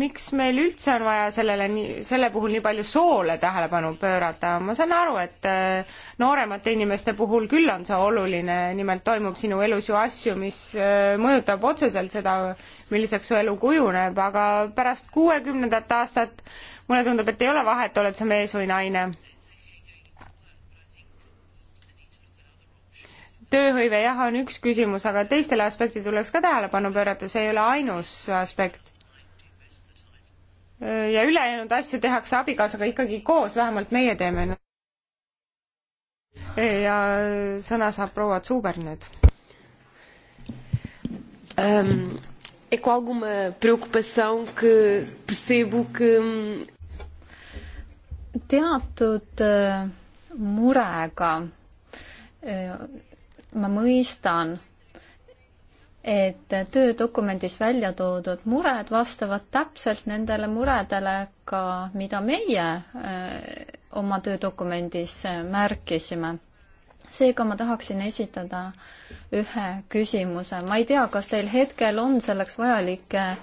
miks meil üldse on vaja sellele nii, selle puhul nii palju soole tähelepanu pöörata, ma saan aru, et äh, nooremate inimeste puhul küll on see oluline, nimelt toimub sinu elus ju asju, mis äh, mõjutab otseselt seda, milliseks su elu kujuneb, aga pärast kuuekümnendat aastat mulle tundub, et ei ole vahet, oled sa mees või naine. tööhõive jah, on üks küsimus, aga teistele aspekti tuleks ka tähelepanu pöörata, see ei ole ainus aspekt. ja ülejäänud asju tehakse abikaasaga ikkagi koos, vähemalt meie teeme. ja sõna saab proua Zuber nüüd um, é com alguma preocupação que percebo que teatud äh, murega äh, ma mõistan, et töödokumendis välja toodud mured vastavad täpselt nendele muredele ka, mida meie äh, oma töödokumendis märkisime. seega ma tahaksin esitada ühe küsimuse. ma ei tea, kas teil hetkel on selleks vajalikke äh,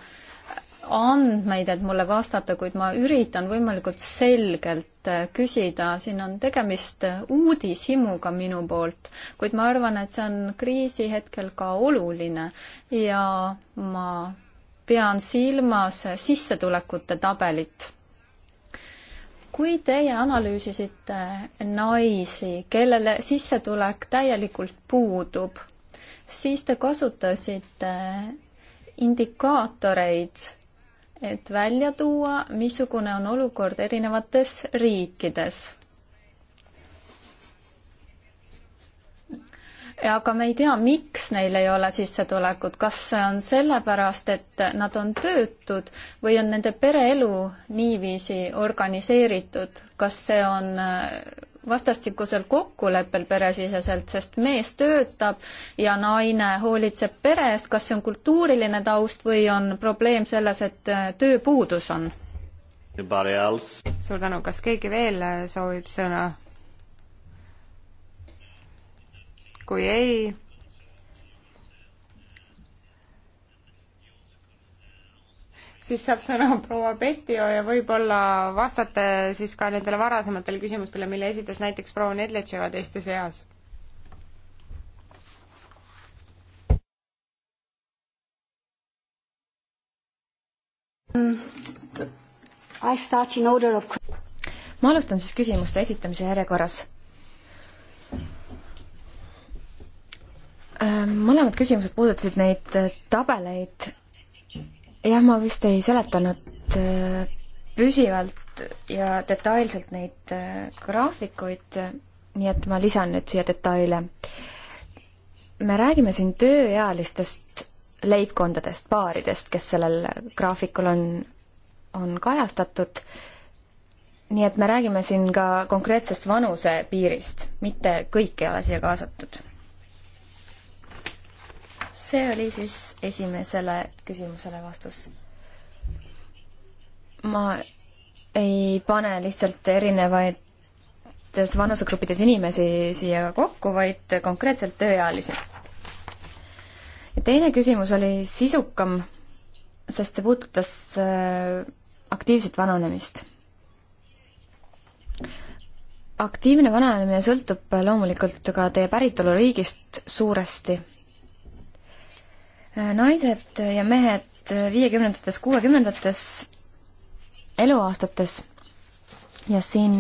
andmeid, et mulle vastata, kuid ma üritan võimalikult selgelt äh, küsida, siin on tegemist äh, uudishimuga minu poolt, kuid ma arvan, et see on kriisi hetkel ka oluline ja ma pean silmas äh, sissetulekute tabelit. kui teie analüüsisite naisi, kellele sissetulek täielikult puudub, siis te kasutasite indikaatoreid et välja tuua, missugune on olukord erinevates riikides. aga me ei tea, miks neil ei ole sissetulekut, kas see on sellepärast, et nad on töötud või on nende pereelu niiviisi organiseeritud, kas see on vastastikusel kokkuleppel peresiseselt, sest mees töötab ja naine hoolitseb pere eest, kas see on kultuuriline taust või on probleem selles, et äh, tööpuudus on? suur tänu, kas keegi veel äh, soovib sõna? kui ei, siis saab sõna proua Petio ja võib-olla vastate siis ka nendele varasematele küsimustele, mille esitas näiteks proua Nedletševa teiste seas. Mm, of... ma alustan siis küsimuste esitamise järjekorras äh, mõlemad küsimused puudutasid neid tabeleid, jah, ma vist ei seletanud äh, püsivalt ja detailselt neid äh, graafikuid, nii et ma lisan nüüd siia detaile. me räägime siin tööealistest leibkondadest, paaridest, kes sellel graafikul on, on kajastatud, nii et me räägime siin ka konkreetsest vanusepiirist, mitte kõik ei ole siia kaasatud see oli siis esimesele küsimusele vastus. ma ei pane lihtsalt erinevates vanusegruppides inimesi siia kokku, vaid konkreetselt tööealisi. ja teine küsimus oli sisukam, sest see puudutas äh, aktiivset vananemist. aktiivne vananemine sõltub loomulikult ka teie päritoluriigist suuresti naised ja mehed viiekümnendates, kuuekümnendates eluaastates ja siin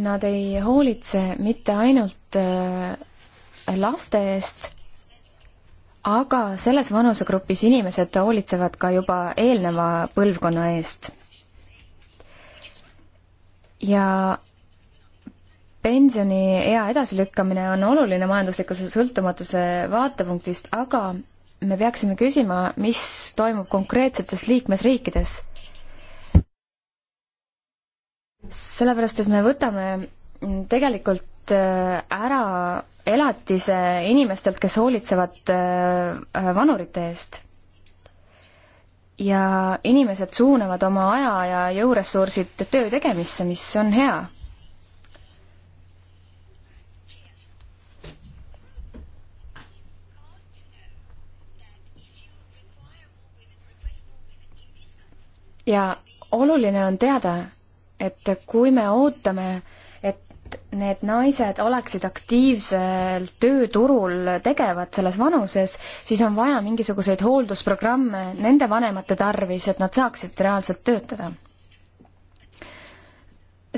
nad ei hoolitse mitte ainult äh, laste eest, aga selles vanusegrupis inimesed hoolitsevad ka juba eelneva põlvkonna eest. ja pensioniea edasilükkamine on oluline majanduslikkuse sõltumatuse vaatepunktist, aga me peaksime küsima, mis toimub konkreetsetes liikmesriikides. sellepärast, et me võtame tegelikult äh, ära elatise inimestelt, kes hoolitsevad äh, vanurite eest. ja inimesed suunavad oma aja ja jõuressursid töö tegemisse, mis on hea ja oluline on teada, et kui me ootame, et need naised oleksid aktiivsel tööturul tegevad selles vanuses, siis on vaja mingisuguseid hooldusprogramme nende vanemate tarvis, et nad saaksid reaalselt töötada.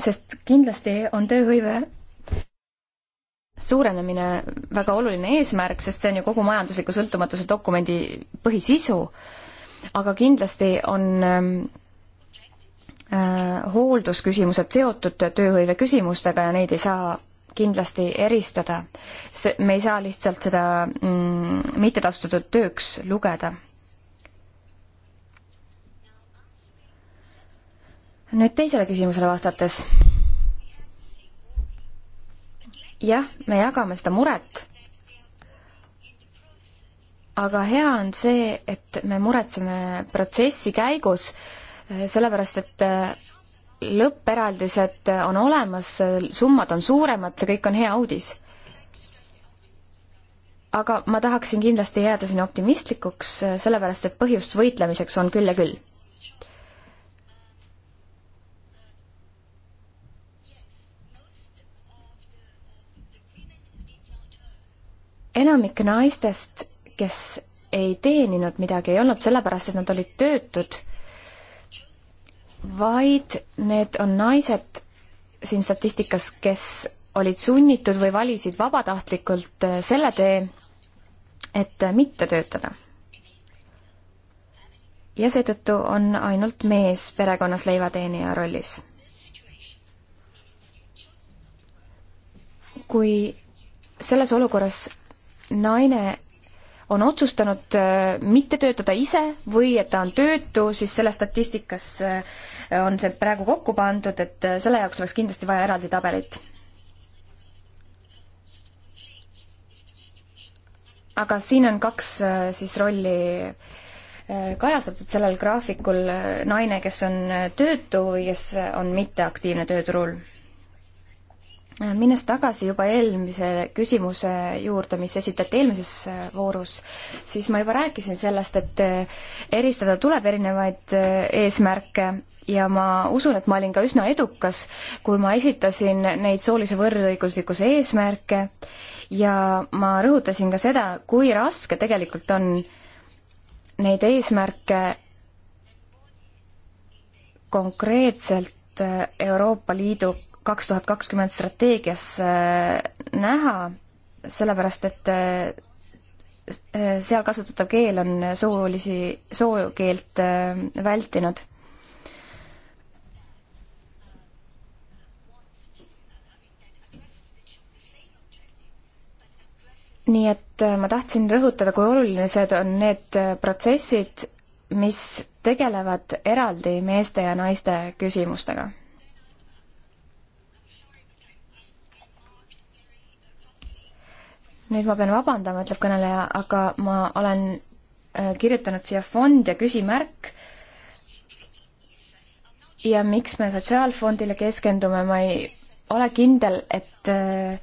sest kindlasti on tööhõive suurenemine väga oluline eesmärk, sest see on ju kogu majandusliku sõltumatuse dokumendi põhisisu, aga kindlasti on ähm, Äh, hooldusküsimused seotud tööhõive küsimustega ja neid ei saa kindlasti eristada. see, me ei saa lihtsalt seda mm, mittetasustatud tööks lugeda. nüüd teisele küsimusele vastates. jah, me jagame seda muret, aga hea on see, et me muretseme protsessi käigus äh, Äh, sellepärast et äh, lõpperaldised äh, on olemas, summad on suuremad, see kõik on hea uudis. aga ma tahaksin kindlasti jääda siin optimistlikuks, sellepärast et põhjust võitlemiseks on küll ja küll. enamik naistest, kes ei teeninud midagi, ei olnud sellepärast, et nad olid töötud vaid need on naised siin statistikas, kes olid sunnitud või valisid vabatahtlikult äh, selle tee, et äh, mitte töötada. ja seetõttu on ainult mees perekonnas leivateenija rollis. kui selles olukorras naine on otsustanud äh, mitte töötada ise või et ta on töötu, siis selles statistikas äh, on see praegu kokku pandud, et äh, selle jaoks oleks kindlasti vaja eraldi tabelit. aga siin on kaks siis rolli kajastatud sellel graafikul, naine, kes on töötu või kes on mitteaktiivne tööturul minnes tagasi juba eelmise küsimuse juurde, mis esitati eelmises äh, voorus, siis ma juba rääkisin sellest, et äh, eristada tuleb erinevaid äh, eesmärke ja ma usun, et ma olin ka üsna edukas, kui ma esitasin neid soolise võrdõiguslikkuse eesmärke ja ma rõhutasin ka seda, kui raske tegelikult on neid eesmärke konkreetselt Euroopa Liidu kaks tuhat kakskümmend strateegias äh, näha, sellepärast et äh, äh, seal kasutatav keel on soolisi, sookeelt vältinud. nii et ma tahtsin rõhutada, kui olulised on need protsessid, mis tegelevad eraldi meeste ja naiste küsimustega nüüd ma pean vabandama, ütleb kõneleja, aga ma olen äh, kirjutanud siia fond ja küsimärk. ja miks me sotsiaalfondile keskendume, ma ei ole kindel, et äh,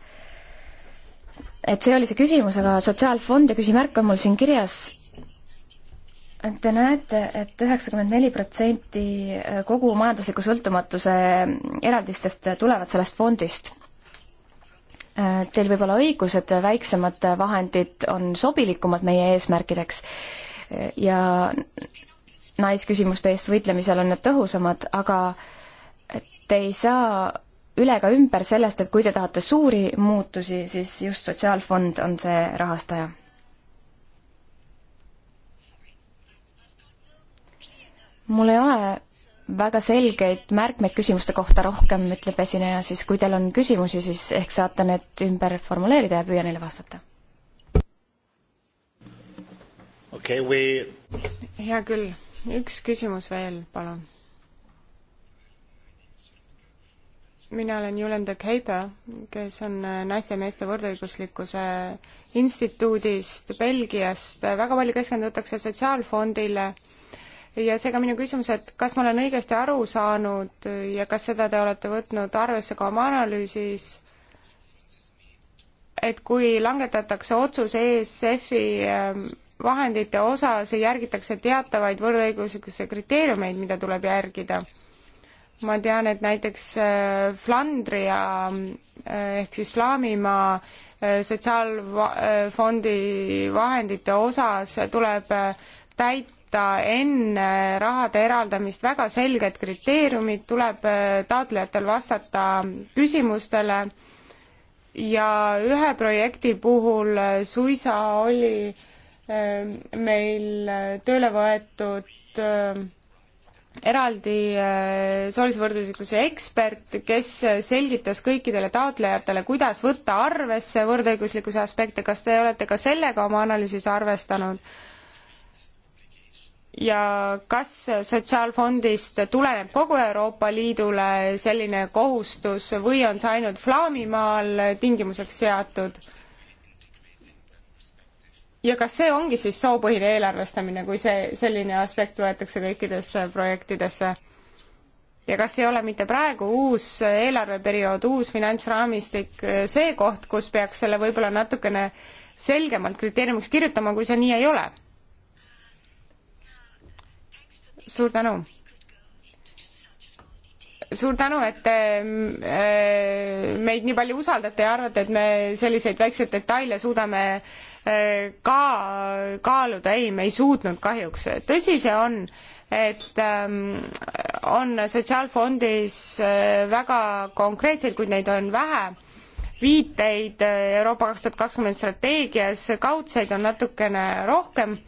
et see oli see küsimus, aga sotsiaalfond ja küsimärk on mul siin kirjas. Te näete et, et üheksakümmend neli protsenti kogu majandusliku sõltumatuse eraldistest tulevad sellest fondist Teil võib olla õigus, et väiksemad vahendid on sobilikumad meie eesmärkideks ja naisküsimuste eest võitlemisel on need tõhusamad, aga te ei saa üle ega ümber sellest, et kui te tahate suuri muutusi, siis just Sotsiaalfond on see rahastaja mul ei ole väga selgeid märkmeid küsimuste kohta rohkem, ütleb esineja, siis kui teil on küsimusi, siis ehk saate need ümber formuleerida ja püüa neile vastata. okei okay,, või? hea küll, üks küsimus veel, palun. mina olen Julenda Keibe, kes on naiste ja meeste võrdõiguslikkuse instituudist Belgiast, väga palju keskendutakse sotsiaalfondile ja seega minu küsimus, et kas ma olen õigesti aru saanud ja kas seda te olete võtnud arvesse ka oma analüüsis, et kui langetatakse otsus ESF-i ähm, vahendite osas järgitakse teatavaid võrdõiguslikkuse kriteeriumeid, mida tuleb järgida. ma tean, et näiteks äh, Flandria äh, ehk siis Flaamimaa äh, sotsiaalfondi vahendite osas tuleb täita võtta enne rahade eraldamist väga selged kriteeriumid, tuleb äh, taotlejatel vastata küsimustele ja ühe projekti puhul äh, suisa oli äh, meil tööle võetud eraldi soolisvõrdõiguslikkuse ekspert, kes selgitas kõikidele taotlejatele, kuidas võtta arvesse võrdõiguslikkuse aspekte, kas te olete ka sellega oma analüüsis arvestanud? ja kas Sotsiaalfondist tuleneb kogu Euroopa Liidule selline kohustus või on see ainult Flaamimaal tingimuseks seatud? ja kas see ongi siis soopõhine eelarvestamine, kui see, selline aspekt võetakse kõikidesse projektidesse? ja kas ei ole mitte praegu uus eelarveperiood, uus finantsraamistik see koht, kus peaks selle võib-olla natukene selgemalt kriteeriumiks kirjutama, kui see nii ei ole? suur tänu! suur tänu, et te äh, meid nii palju usaldate ja arvate, et me selliseid väikseid detaile suudame äh, ka kaaluda, ei, me ei suutnud kahjuks. tõsi see on, et ähm, on Sotsiaalfondis äh, väga konkreetseid, kuid neid on vähe, viiteid Euroopa kaks tuhat kakskümmend strateegias, kaudseid on natukene rohkem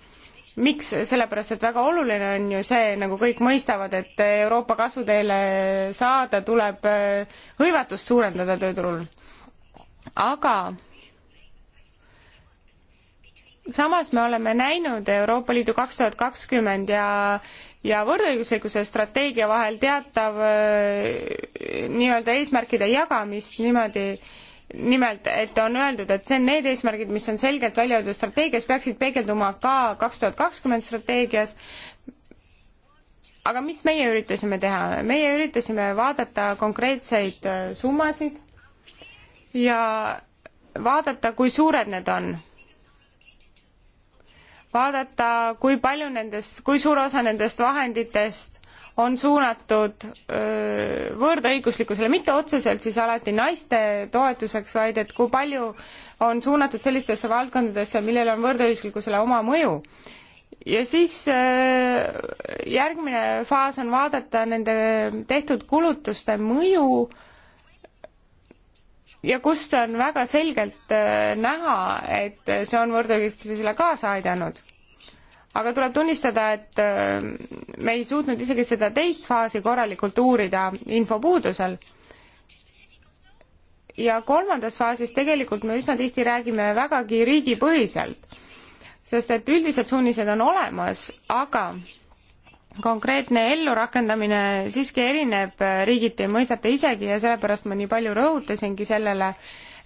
miks, sellepärast et väga oluline on ju see, nagu kõik mõistavad, et Euroopa kasuteele saada, tuleb äh, hõivatust suurendada tööturul. aga samas me oleme näinud Euroopa Liidu kaks tuhat kakskümmend ja ja võrdõiguslikkuse strateegia vahel teatav äh, nii-öelda eesmärkide jagamist niimoodi äh, nimelt, et on öeldud, et see on need eesmärgid, mis on selgelt välja öeldud strateegias, peaksid peegelduma ka kaks tuhat kakskümmend strateegias. aga mis meie üritasime teha? meie üritasime vaadata konkreetseid äh, summasid ja vaadata, kui suured need on. vaadata, kui palju nendest, kui suur osa nendest vahenditest on suunatud võõrdaõiguslikkusele, mitte otseselt siis alati naiste toetuseks, vaid et kui palju on suunatud sellistesse valdkondadesse, millel on võõrdaõiguslikkusele oma mõju. ja siis järgmine faas on vaadata nende tehtud kulutuste mõju ja kust on väga selgelt näha, et see on võõrdaõiguslikkusele kaasa aidanud aga tuleb tunnistada, et äh, me ei suutnud isegi seda teist faasi korralikult uurida infopuudusel. ja kolmandas faasis tegelikult me üsna tihti räägime vägagi riigipõhiselt, sest et üldised suunised on olemas, aga konkreetne ellurakendamine siiski erineb riigiti mõistete isegi ja sellepärast ma nii palju rõhutasingi sellele,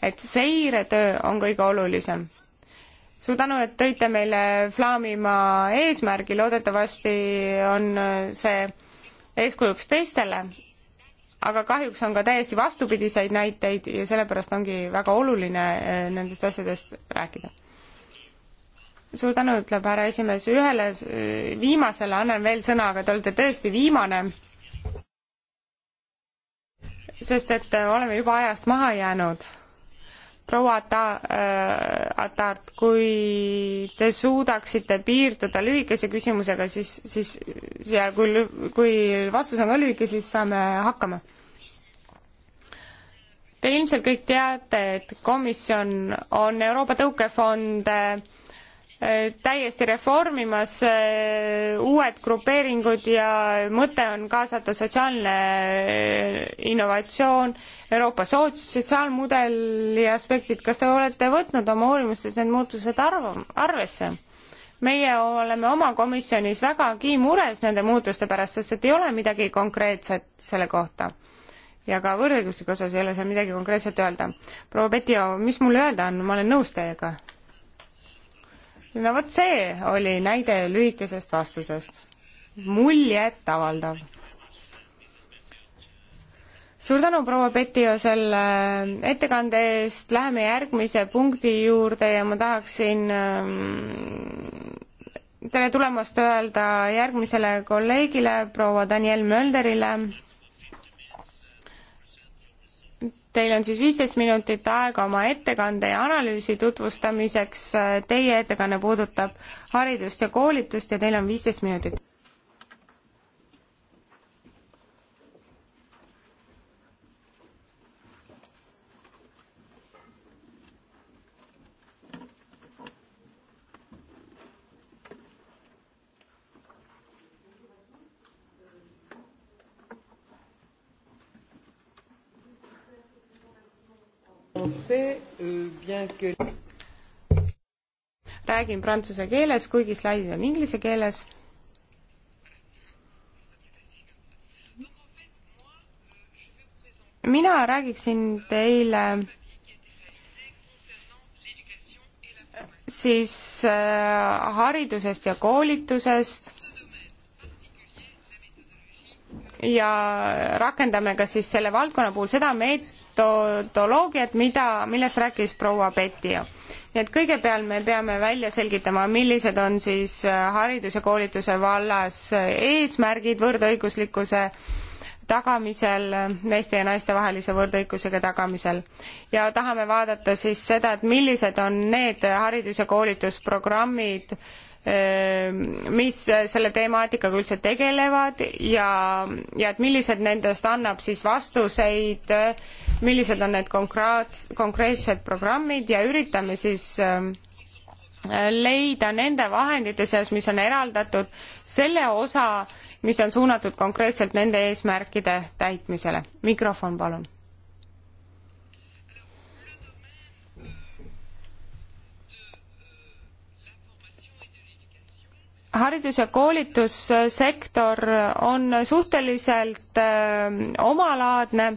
et seiretöö on kõige olulisem suur tänu, et tõite meile Flaamimaa eesmärgi, loodetavasti on see eeskujuks teistele, aga kahjuks on ka täiesti vastupidiseid näiteid ja sellepärast ongi väga oluline eh, nendest asjadest rääkida. suur tänu, ütleb härra esimees, ühele eh, viimasele annan veel sõna, aga te olete tõesti viimane, sest et eh, oleme juba ajast maha jäänud proua Ata- äh,, Atart, kui te suudaksite piirduda lühikese küsimusega, siis, siis ja kui, kui vastus on ka lühike, siis saame hakkama. Te ilmselt kõik teate, et komisjon on Euroopa tõukefonde äh, Eh, täiesti reformimas eh, uued grupeeringud ja mõte on kaasata sotsiaalne eh, innovatsioon, Euroopa soots-, sotsiaalmudeli aspektid, kas te olete võtnud oma uurimustes need muutused arv-, arvesse? meie oleme oma komisjonis vägagi mures nende muutuste pärast, sest et ei ole midagi konkreetset selle kohta. ja ka võrdõiguslikkuse osas ei ole seal midagi konkreetset öelda. proua Petio, mis mul öelda on, ma olen nõus teiega no vot see oli näide lühikesest vastusest. muljetavaldav. suur tänu, proua Petio, selle ettekande eest, läheme järgmise punkti juurde ja ma tahaksin ähm, tere tulemast öelda järgmisele kolleegile, proua Daniel Mölderile Teil on siis viisteist minutit aega oma ettekande ja analüüsi tutvustamiseks. Teie ettekanne puudutab haridust ja koolitust ja teil on viisteist minutit. français, euh, bien que... räägin prantsuse keeles, kuigi slaidid on inglise keeles. mina räägiksin teile siis äh, haridusest ja koolitusest ja rakendame ka siis selle valdkonna puhul seda meet-, metodoloogiat, mida, millest rääkis proua Petio. nii et kõigepealt me peame välja selgitama, millised on siis äh, haridus- ja koolituse vallas äh, eesmärgid võrdõiguslikkuse tagamisel, meeste ja naiste vahelise võrdõigusega tagamisel. ja tahame vaadata siis seda, et millised on need haridus- ja koolitusprogrammid, Ehm, mis selle temaatikaga üldse tegelevad ja, ja et millised nendest annab siis vastuseid, millised on need konkreets-, konkreetsed programmid ja üritame siis ehm, leida nende vahendite seas, mis on eraldatud, selle osa, mis on suunatud konkreetselt nende eesmärkide täitmisele. mikrofon, palun haridus- ja koolitussektor on suhteliselt äh, omalaadne,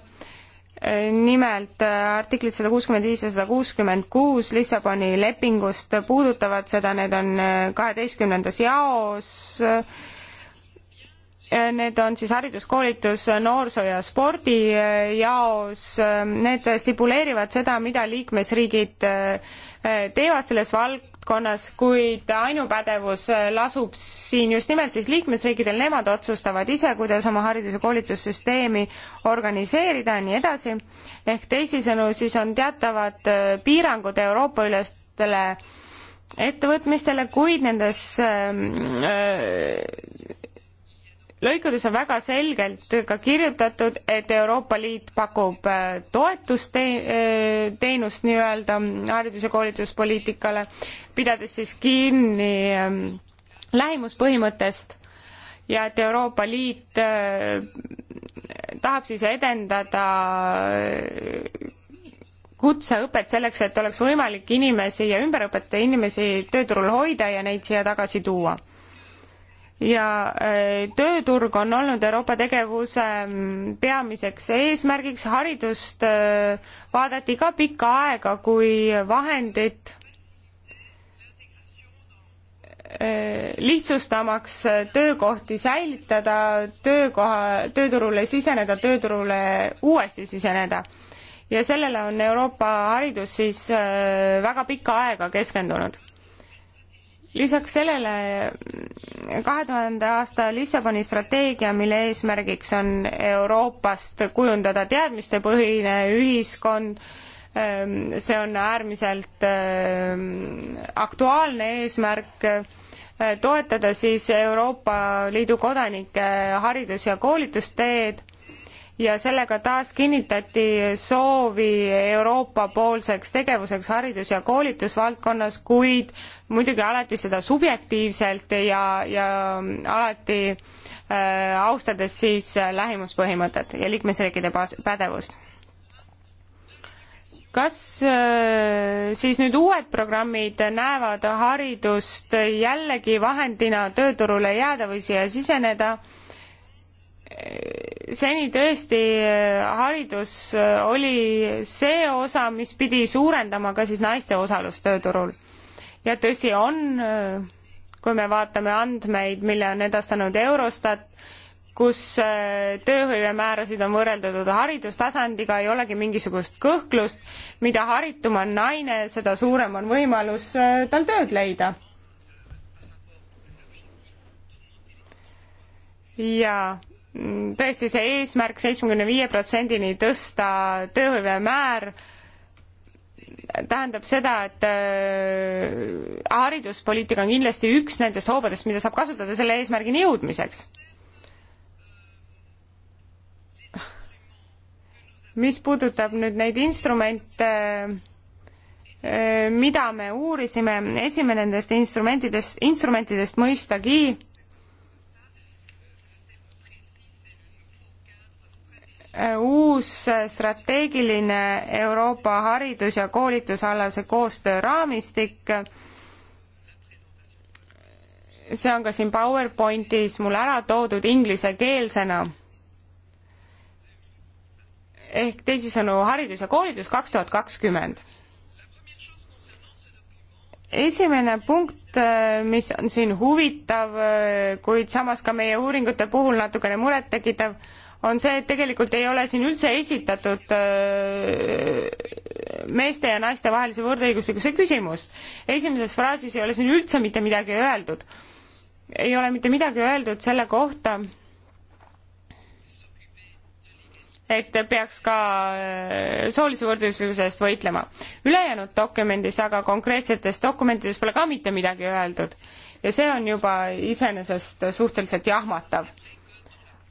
nimelt äh, artiklid sada kuuskümmend viis ja sada kuuskümmend kuus Lissaboni lepingust puudutavad seda, need on äh, kaheteistkümnendas jaos, need on siis hariduskoolitus noorsoo- ja spordi jaos, need stipuleerivad seda, mida liikmesriigid teevad selles vald-, valdkonnas, kuid ainupädevus lasub siin just nimelt siis liikmesriikidel, nemad otsustavad ise, kuidas oma haridus- ja koolitussüsteemi organiseerida ja nii edasi. ehk teisisõnu, siis on teatavad äh, piirangud Euroopa-ülestele ettevõtmistele, kuid nendes öö, ähm, äh, lõikudes on väga selgelt ka kirjutatud, et Euroopa Liit pakub äh, toetusteenust äh, nii-öelda haridus- ja koolituspoliitikale, pidades siis kinni ähm, lähimuspõhimõttest ja et Euroopa Liit äh, tahab siis edendada kutseõpet selleks, et oleks võimalik inimesi ja ümber õpetada inimesi tööturul hoida ja neid siia tagasi tuua ja äh, tööturg on olnud Euroopa tegevuse mm, peamiseks eesmärgiks, haridust äh, vaadati ka pikka aega kui vahendit äh, lihtsustamaks töökohti säilitada, töökoha, tööturule siseneda, tööturule uuesti siseneda. ja sellele on Euroopa haridus siis väga pikka aega keskendunud lisaks sellele kahe tuhande aasta Lissaboni strateegia, mille eesmärgiks on Euroopast kujundada teadmistepõhine ühiskond, ähm, see on äärmiselt ähm, aktuaalne eesmärk, äh, toetada siis Euroopa Liidu kodanike haridus- ja koolitusteed ja sellega taas kinnitati soovi Euroopa poolseks tegevuseks haridus- ja koolitusvaldkonnas, kuid muidugi alati seda subjektiivselt ja, ja alati äh, austades siis äh, lähimuspõhimõtet ja liikmesriikide pädevust. kas äh, siis nüüd uued programmid näevad haridust jällegi vahendina tööturule jääda või siia siseneda äh,? seni tõesti äh, haridus äh, oli see osa, mis pidi suurendama ka siis naiste osalust tööturul. ja tõsi on, äh, kui me vaatame andmeid, mille on edastanud Eurostat, kus tööhõivemäärasid on võrreldud haridustasandiga, ei olegi mingisugust kõhklust, mida haritum on naine, seda suurem on võimalus tal tööd leida. jaa tõesti see eesmärk seitsmekümne viie protsendini tõsta tööhõive määr tähendab seda, et äh, hariduspoliitika on kindlasti üks nendest hoobadest, mida saab kasutada selle eesmärgini jõudmiseks. mis puudutab nüüd neid instrumente äh,, mida me uurisime, esimene nendest instrumentidest, instrumentidest mõistagi uus strateegiline Euroopa haridus- ja koolitusalase koostöö raamistik. see on ka siin PowerPointis mul ära toodud inglisekeelsena. ehk teisisõnu, haridus ja koolitus kaks tuhat kakskümmend. esimene punkt, mis on siin huvitav, kuid samas ka meie uuringute puhul natukene murettekitav, on see, et tegelikult ei ole siin üldse esitatud äh, meeste ja naiste vahelise võrdõiguslikkuse küsimust. esimeses fraasis ei ole siin üldse mitte midagi öeldud. ei ole mitte midagi öeldud selle kohta, et peaks ka äh, soolise võrdõiguslikkuse eest võitlema. ülejäänud dokumendis aga konkreetsetes dokumentides pole ka mitte midagi öeldud ja see on juba iseenesest suhteliselt jahmatav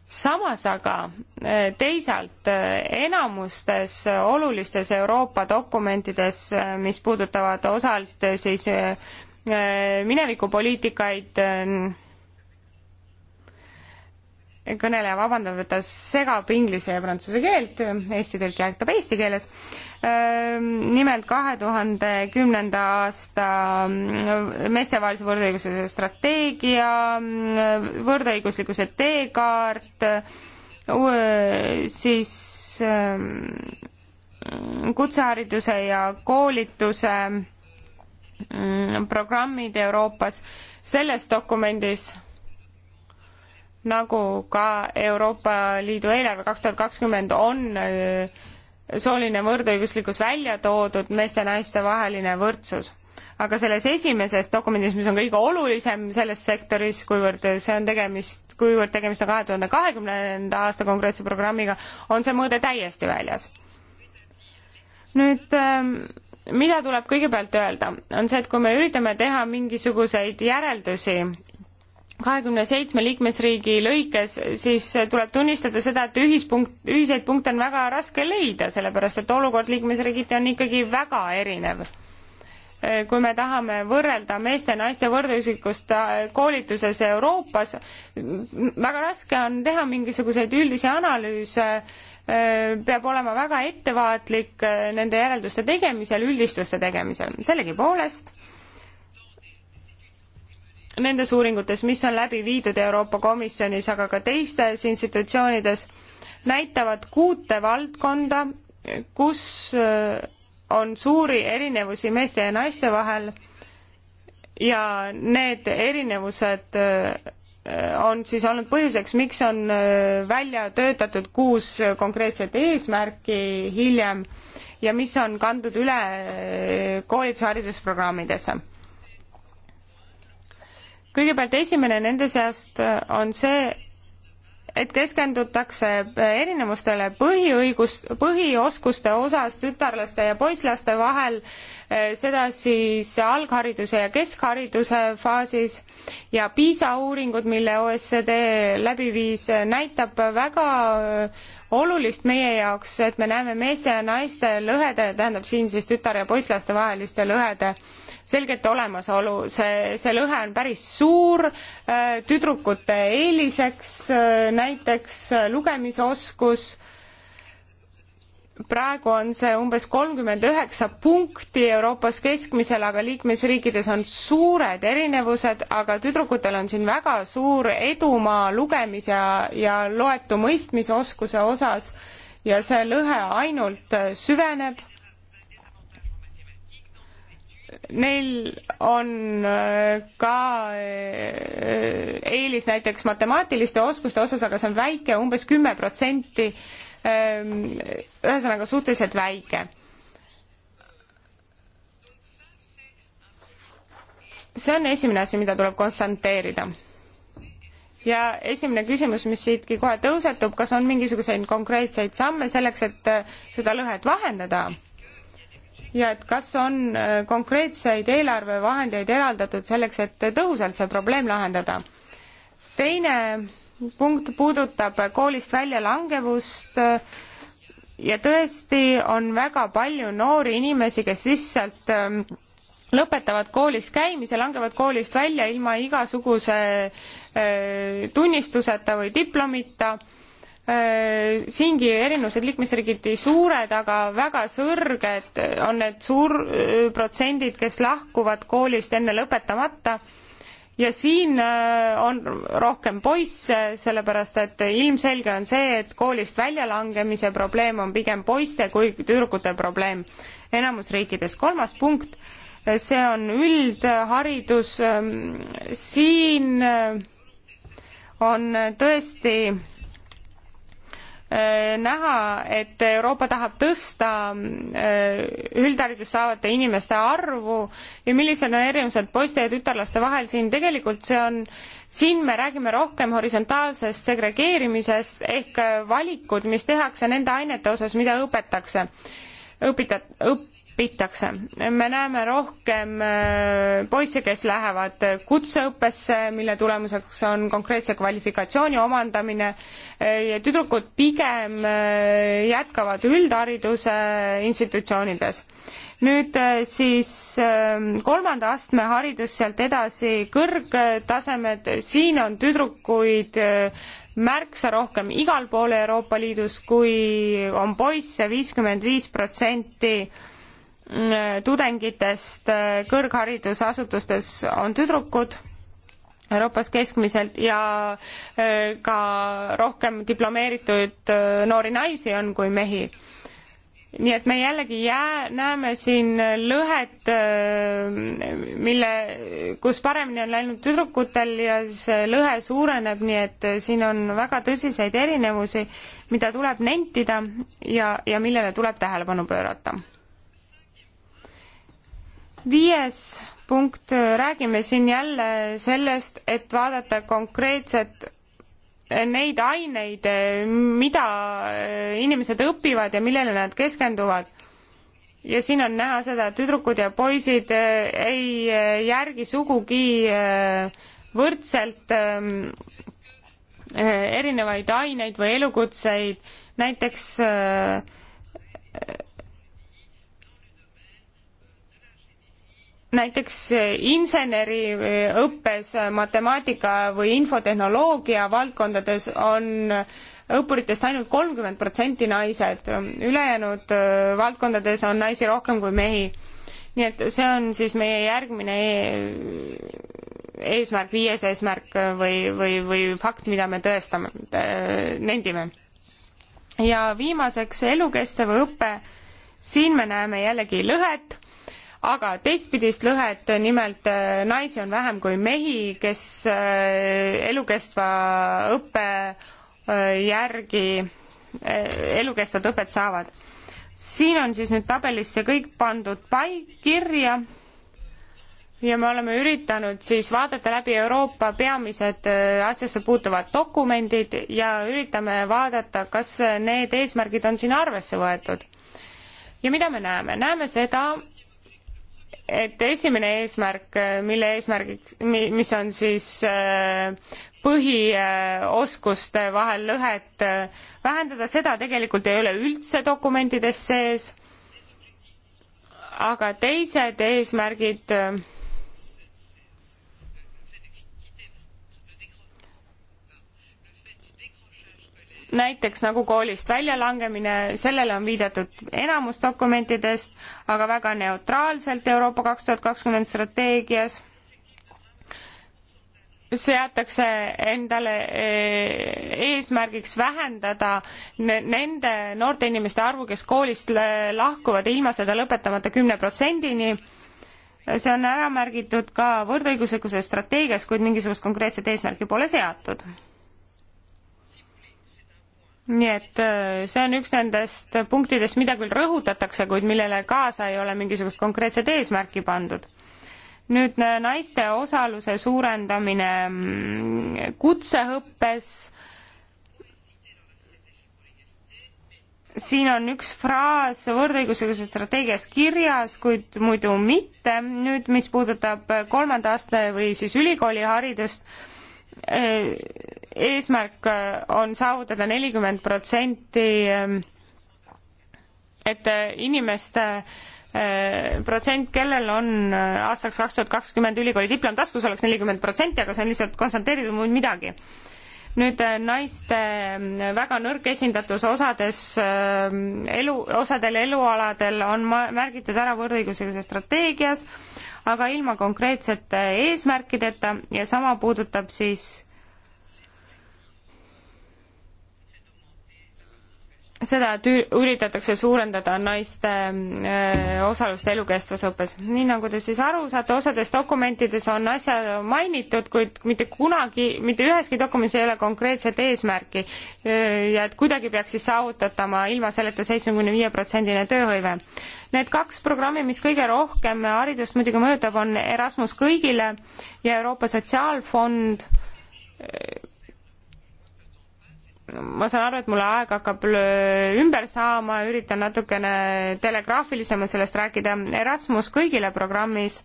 samas aga eh, teisalt eh, enamustes eh, olulistes Euroopa dokumentides, mis puudutavad osalt siis minevikupoliitikaid, kõneleja vabandab, et ta segab inglise ja prantsuse keelt, eesti tõlk jätkab eesti keeles. Ehm, nimelt kahe tuhande kümnenda aasta ehm, meestevahelise võrdõiguslikkuse strateegia, ehm, võrdõiguslikkuse teekaart, siis kutsehariduse ja koolituse programmid Euroopas, selles dokumendis nagu ka Euroopa Liidu eelarve kaks tuhat kakskümmend on äh, sooline võrdõiguslikkus välja toodud, meeste ja naiste vaheline võrdsus. aga selles esimeses dokumendis, mis on kõige olulisem selles sektoris, kuivõrd see on tegemist, kuivõrd tegemist on kahe tuhande kahekümnenda aasta konkreetse programmiga, on see mõõde täiesti väljas. nüüd ähm, mida tuleb kõigepealt öelda, on see, et kui me üritame teha mingisuguseid järeldusi kahekümne seitsme liikmesriigi lõikes, siis tuleb tunnistada seda, et ühispunkt, ühiseid punkte on väga raske leida, sellepärast et olukord liikmesriigiti on ikkagi väga erinev. kui me tahame võrrelda meeste ja naiste võrdõiguslikkust äh, koolituses Euroopas, väga raske on teha mingisuguseid üldisi analüüse, äh, peab olema väga ettevaatlik äh, nende järelduste tegemisel, üldistuste tegemisel, sellegipoolest nendes uuringutes, mis on läbi viidud Euroopa Komisjonis, aga ka teistes institutsioonides, näitavad kuute valdkonda, kus äh, on suuri erinevusi meeste ja naiste vahel ja need erinevused äh, on siis olnud põhjuseks, miks on äh, välja töötatud kuus konkreetset eesmärki hiljem ja mis on kandnud üle koolituse haridusprogrammidesse kõigepealt esimene nende seast äh, on see, et keskendutakse erinevustele põhiõigus, põhioskuste osas tütarlaste ja poisslaste vahel, äh, seda siis alghariduse ja keskhariduse faasis ja PISA uuringud, mille OSCD läbi viis, äh, näitab väga olulist meie jaoks, et me näeme meeste ja naiste lõhede, tähendab siin siis tütar- ja poisslaste vaheliste lõhede äh, selgelt olemasolu, see, see lõhe on päris suur, äh, tüdrukute eeliseks äh, näiteks äh, lugemisoskus, praegu on see umbes kolmkümmend üheksa punkti Euroopas keskmisel, aga liikmesriikides on suured erinevused, aga tüdrukutel on siin väga suur edumaa lugemis- ja, ja loetu mõistmisoskuse osas ja see lõhe ainult süveneb neil on äh, ka äh, eelis näiteks matemaatiliste oskuste osas, aga see on väike umbes, umbes kümme protsenti, ähm, ühesõnaga suhteliselt väike. see on esimene asi, mida tuleb konstanteerida. ja esimene küsimus, mis siitki kohe tõusetub, kas on mingisuguseid konkreetseid samme selleks, et äh, seda lõhet vahendada? ja et kas on äh, konkreetseid eelarvevahendeid eraldatud selleks, et tõhusalt see probleem lahendada. teine punkt puudutab koolist väljalangevust äh, ja tõesti on väga palju noori inimesi, kes lihtsalt ähm, lõpetavad koolis käimise, langevad koolist välja ilma igasuguse äh, tunnistuseta või diplomita Äh, siingi erinevused liikmesriigiti suured, aga väga sõrged on need suur-, äh, protsendid, kes lahkuvad koolist enne lõpetamata ja siin äh, on rohkem poisse, sellepärast et ilmselge on see, et koolist väljalangemise probleem on pigem poiste kui tüdrukute probleem enamus riikides. kolmas punkt, see on üldharidus, ähm, siin on tõesti Äh, näha, et Euroopa tahab tõsta äh, üldharidust saavate inimeste arvu ja millised on erinevused poiste ja tütarlaste vahel siin, tegelikult see on, siin me räägime rohkem horisontaalsest segregeerimisest ehk valikud, mis tehakse nende ainete osas, mida õpetakse, õpita-, õp-, õpitakse. me näeme rohkem äh, poisse, kes lähevad kutseõppesse, mille tulemuseks on konkreetse kvalifikatsiooni omandamine äh, ja tüdrukud pigem äh, jätkavad üldhariduse institutsioonides. nüüd siis kolmanda astme haridus, sealt edasi kõrgtasemed, siin on tüdrukuid märksa rohkem igal pool Euroopa Liidus, kui on poisse, viiskümmend viis protsenti tudengitest kõrgharidusasutustes on tüdrukud Euroopas keskmiselt ja äh, ka rohkem diplomeeritud äh, noori naisi on kui mehi. nii et me jällegi jää, näeme siin lõhet, äh, mille, kus paremini on läinud tüdrukutel ja see lõhe suureneb, nii et siin on väga tõsiseid erinevusi, mida tuleb nentida ja, ja millele tuleb tähelepanu pöörata viies punkt, räägime siin jälle sellest, et vaadata konkreetset neid aineid, mida äh, inimesed õpivad ja millele nad keskenduvad. ja siin on näha seda, et tüdrukud ja poisid äh, ei äh, järgi sugugi võrdselt ähm, erinevaid aineid või elukutseid, näiteks näiteks eh, inseneriõppes, eh, eh, matemaatika või infotehnoloogia valdkondades on õppuritest ainult kolmkümmend protsenti naised, ülejäänud valdkondades on naisi rohkem kui mehi. nii et see on siis meie järgmine eesmärk, viies eesmärk või, või, või fakt, mida me tõestame, nendime. ja viimaseks elukestev õpe, siin me näeme jällegi lõhet aga teistpidist lõhet, nimelt äh, naisi on vähem kui mehi, kes äh, elukestva õppe äh, järgi elukestvat õpet saavad. siin on siis nüüd tabelis see kõik pandud pai-, kirja ja me oleme üritanud siis vaadata läbi Euroopa peamised asjasse puutuvad dokumendid ja üritame vaadata, kas need eesmärgid on siin arvesse võetud. ja mida me näeme, näeme seda, et esimene eesmärk, mille eesmärgiks, mis on siis äh, põhioskuste vahel lõhet äh, vähendada, seda tegelikult ei ole üldse dokumentides sees, aga teised eesmärgid äh, näiteks nagu koolist väljalangemine, sellele on viidatud enamus dokumentidest, aga väga neutraalselt Euroopa kaks tuhat kakskümmend strateegias seatakse endale eh, eesmärgiks vähendada nende noorte inimeste arvu, kes koolist eh, lahkuvad ilma seda lõpetamata kümne protsendini. see on ära märgitud ka võrdõiguslikkuse strateegias, kuid mingisugust konkreetset eesmärki pole seatud nii et äh, see on üks nendest punktidest, mida küll rõhutatakse, kuid millele kaasa ei ole mingisugust konkreetset eesmärki pandud. nüüd äh, naiste osaluse suurendamine mm, kutseõppes, siin on üks fraas võrdõiguslikkuse strateegias kirjas, kuid muidu mitte. nüüd, mis puudutab kolmanda astme või siis ülikooliharidust, Äh, eesmärk äh, on saavutada nelikümmend protsenti, ähm, et äh, inimeste protsent, kellel on aastaks kaks tuhat kakskümmend ülikooli diplom taskus, oleks nelikümmend protsenti, aga see on lihtsalt konstanteeritud muud midagi nüüd äh, naiste ähm, väga nõrk esindatus osades ähm, elu, osadel elualadel on märgitud ära võrdõiguslikkuse strateegias, aga ilma konkreetsete eesmärkideta ja sama puudutab siis seda, et üritatakse suurendada naiste äh, osalust elukestvas õppes. nii nagu te siis aru saate, osades dokumentides on asja mainitud, kuid mitte kunagi, mitte üheski dokumendis ei ole konkreetset eesmärki äh, ja et kuidagi peaks siis saavutatama ilma selleta seitsmekümne viie protsendine tööhõive. Need kaks programmi, mis kõige rohkem haridust muidugi mõjutab, on Erasmus kõigile ja Euroopa Sotsiaalfond ma saan aru, et mul aeg hakkab ümber saama, üritan natukene telegraafilisemalt sellest rääkida. Erasmus kõigile programmis,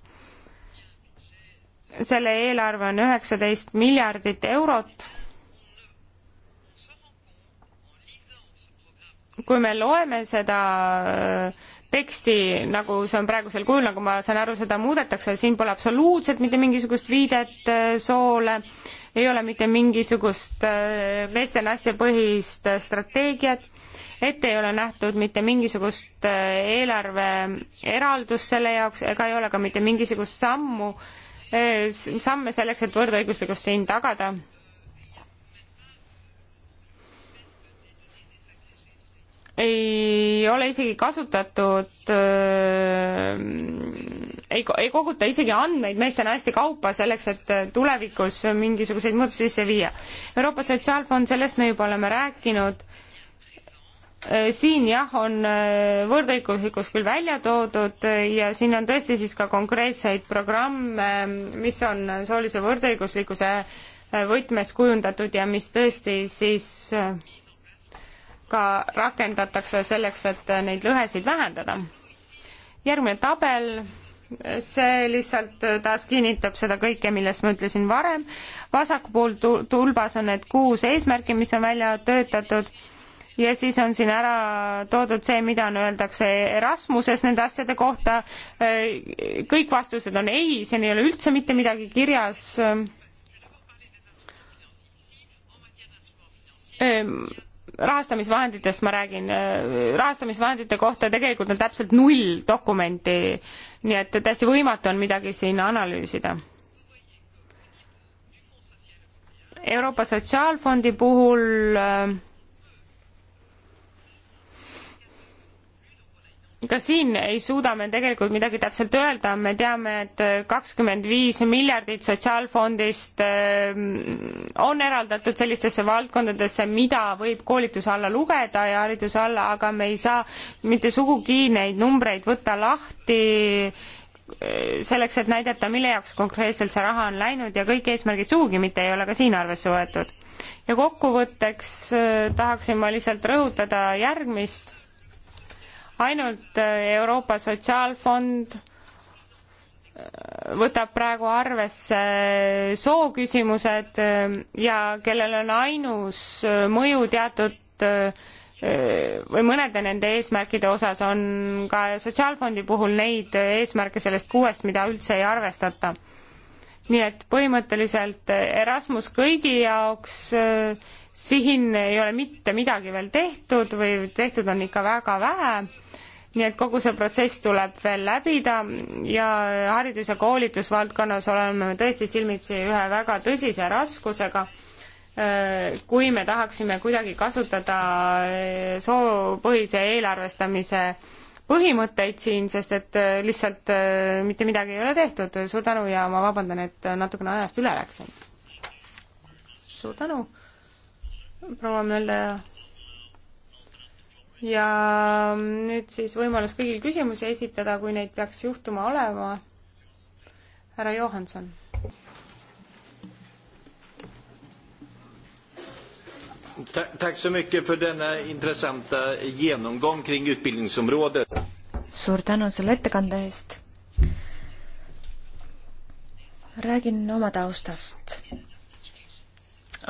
selle eelarve on üheksateist miljardit eurot. kui me loeme seda äh, teksti, nagu see on praegusel kujul, nagu ma saan aru, seda muudetakse, siin pole absoluutselt mitte mingisugust viidet äh, soole äh, ei ole mitte mingisugust äh, meeste-naiste põhist äh, strateegiat, ette ei ole nähtud mitte mingisugust äh, eelarve eraldust selle jaoks ega ei ole ka mitte mingisugust sammu, samme selleks, et võrdõiguslikkust siin tagada. ei ole isegi kasutatud öö, ei, ei koguta isegi andmeid meeste ja naiste kaupa selleks, et äh, tulevikus mingisuguseid muudatusi sisse viia. Euroopa Sotsiaalfond, sellest me juba oleme rääkinud, äh, siin jah, on äh, võrdõiguslikkus küll välja toodud ja siin on tõesti siis ka konkreetseid programme, mis on soolise võrdõiguslikkuse võtmes kujundatud ja mis tõesti siis ka rakendatakse selleks, et neid lõhesid vähendada. järgmine tabel see lihtsalt äh, taas kinnitab seda kõike, millest ma ütlesin varem. vasakpool tulbas on need kuus eesmärki, mis on välja töötatud ja siis on siin ära toodud see, mida on öeldakse Erasmuses nende asjade kohta. Äh, kõik vastused on ei, siin ei ole üldse mitte midagi kirjas ähm rahastamisvahenditest ma räägin, äh, rahastamisvahendite kohta tegelikult on täpselt null dokumenti, nii et täiesti võimatu on midagi siin analüüsida. Euroopa Sotsiaalfondi puhul äh, ka siin ei suuda me tegelikult midagi täpselt öelda, me teame, et kakskümmend viis miljardit sotsiaalfondist ähm, on eraldatud sellistesse valdkondadesse, mida võib koolituse alla lugeda ja hariduse alla, aga me ei saa mitte sugugi neid numbreid võtta lahti äh, selleks, et näidata, mille jaoks konkreetselt see raha on läinud ja kõik eesmärgid sugugi mitte ei ole ka siin arvesse võetud. ja kokkuvõtteks äh, tahaksin ma lihtsalt rõhutada järgmist ainult äh, Euroopa Sotsiaalfond äh, võtab praegu arvesse äh, sooküsimused ja kellel on ainus mõju teatud või mõnede nende eesmärkide osas on ka Sotsiaalfondi puhul neid eesmärke sellest kuuest, mida üldse ei arvestata. nii et põhimõtteliselt Erasmus kõigi jaoks siin ei ole mitte midagi veel tehtud või tehtud on ikka väga vähe nii et kogu see protsess tuleb veel läbida ja haridus- ja koolitusvaldkonnas oleme me tõesti silmitsi ühe väga tõsise raskusega, äh, kui me tahaksime kuidagi kasutada äh, soopõhise eelarvestamise põhimõtteid siin, sest et äh, lihtsalt mitte midagi ei ole tehtud. suur tänu ja ma vabandan, et natukene ajast üle läksin. suur tänu, proua Mölder ja nüüd siis võimalus kõigil küsimusi esitada, kui neid peaks juhtuma olema. härra Johanson. Tack så mycket för denna intressanta genomgång kring utbildningsområdet. Suur tänu selle ettekande eest. räägin oma taustast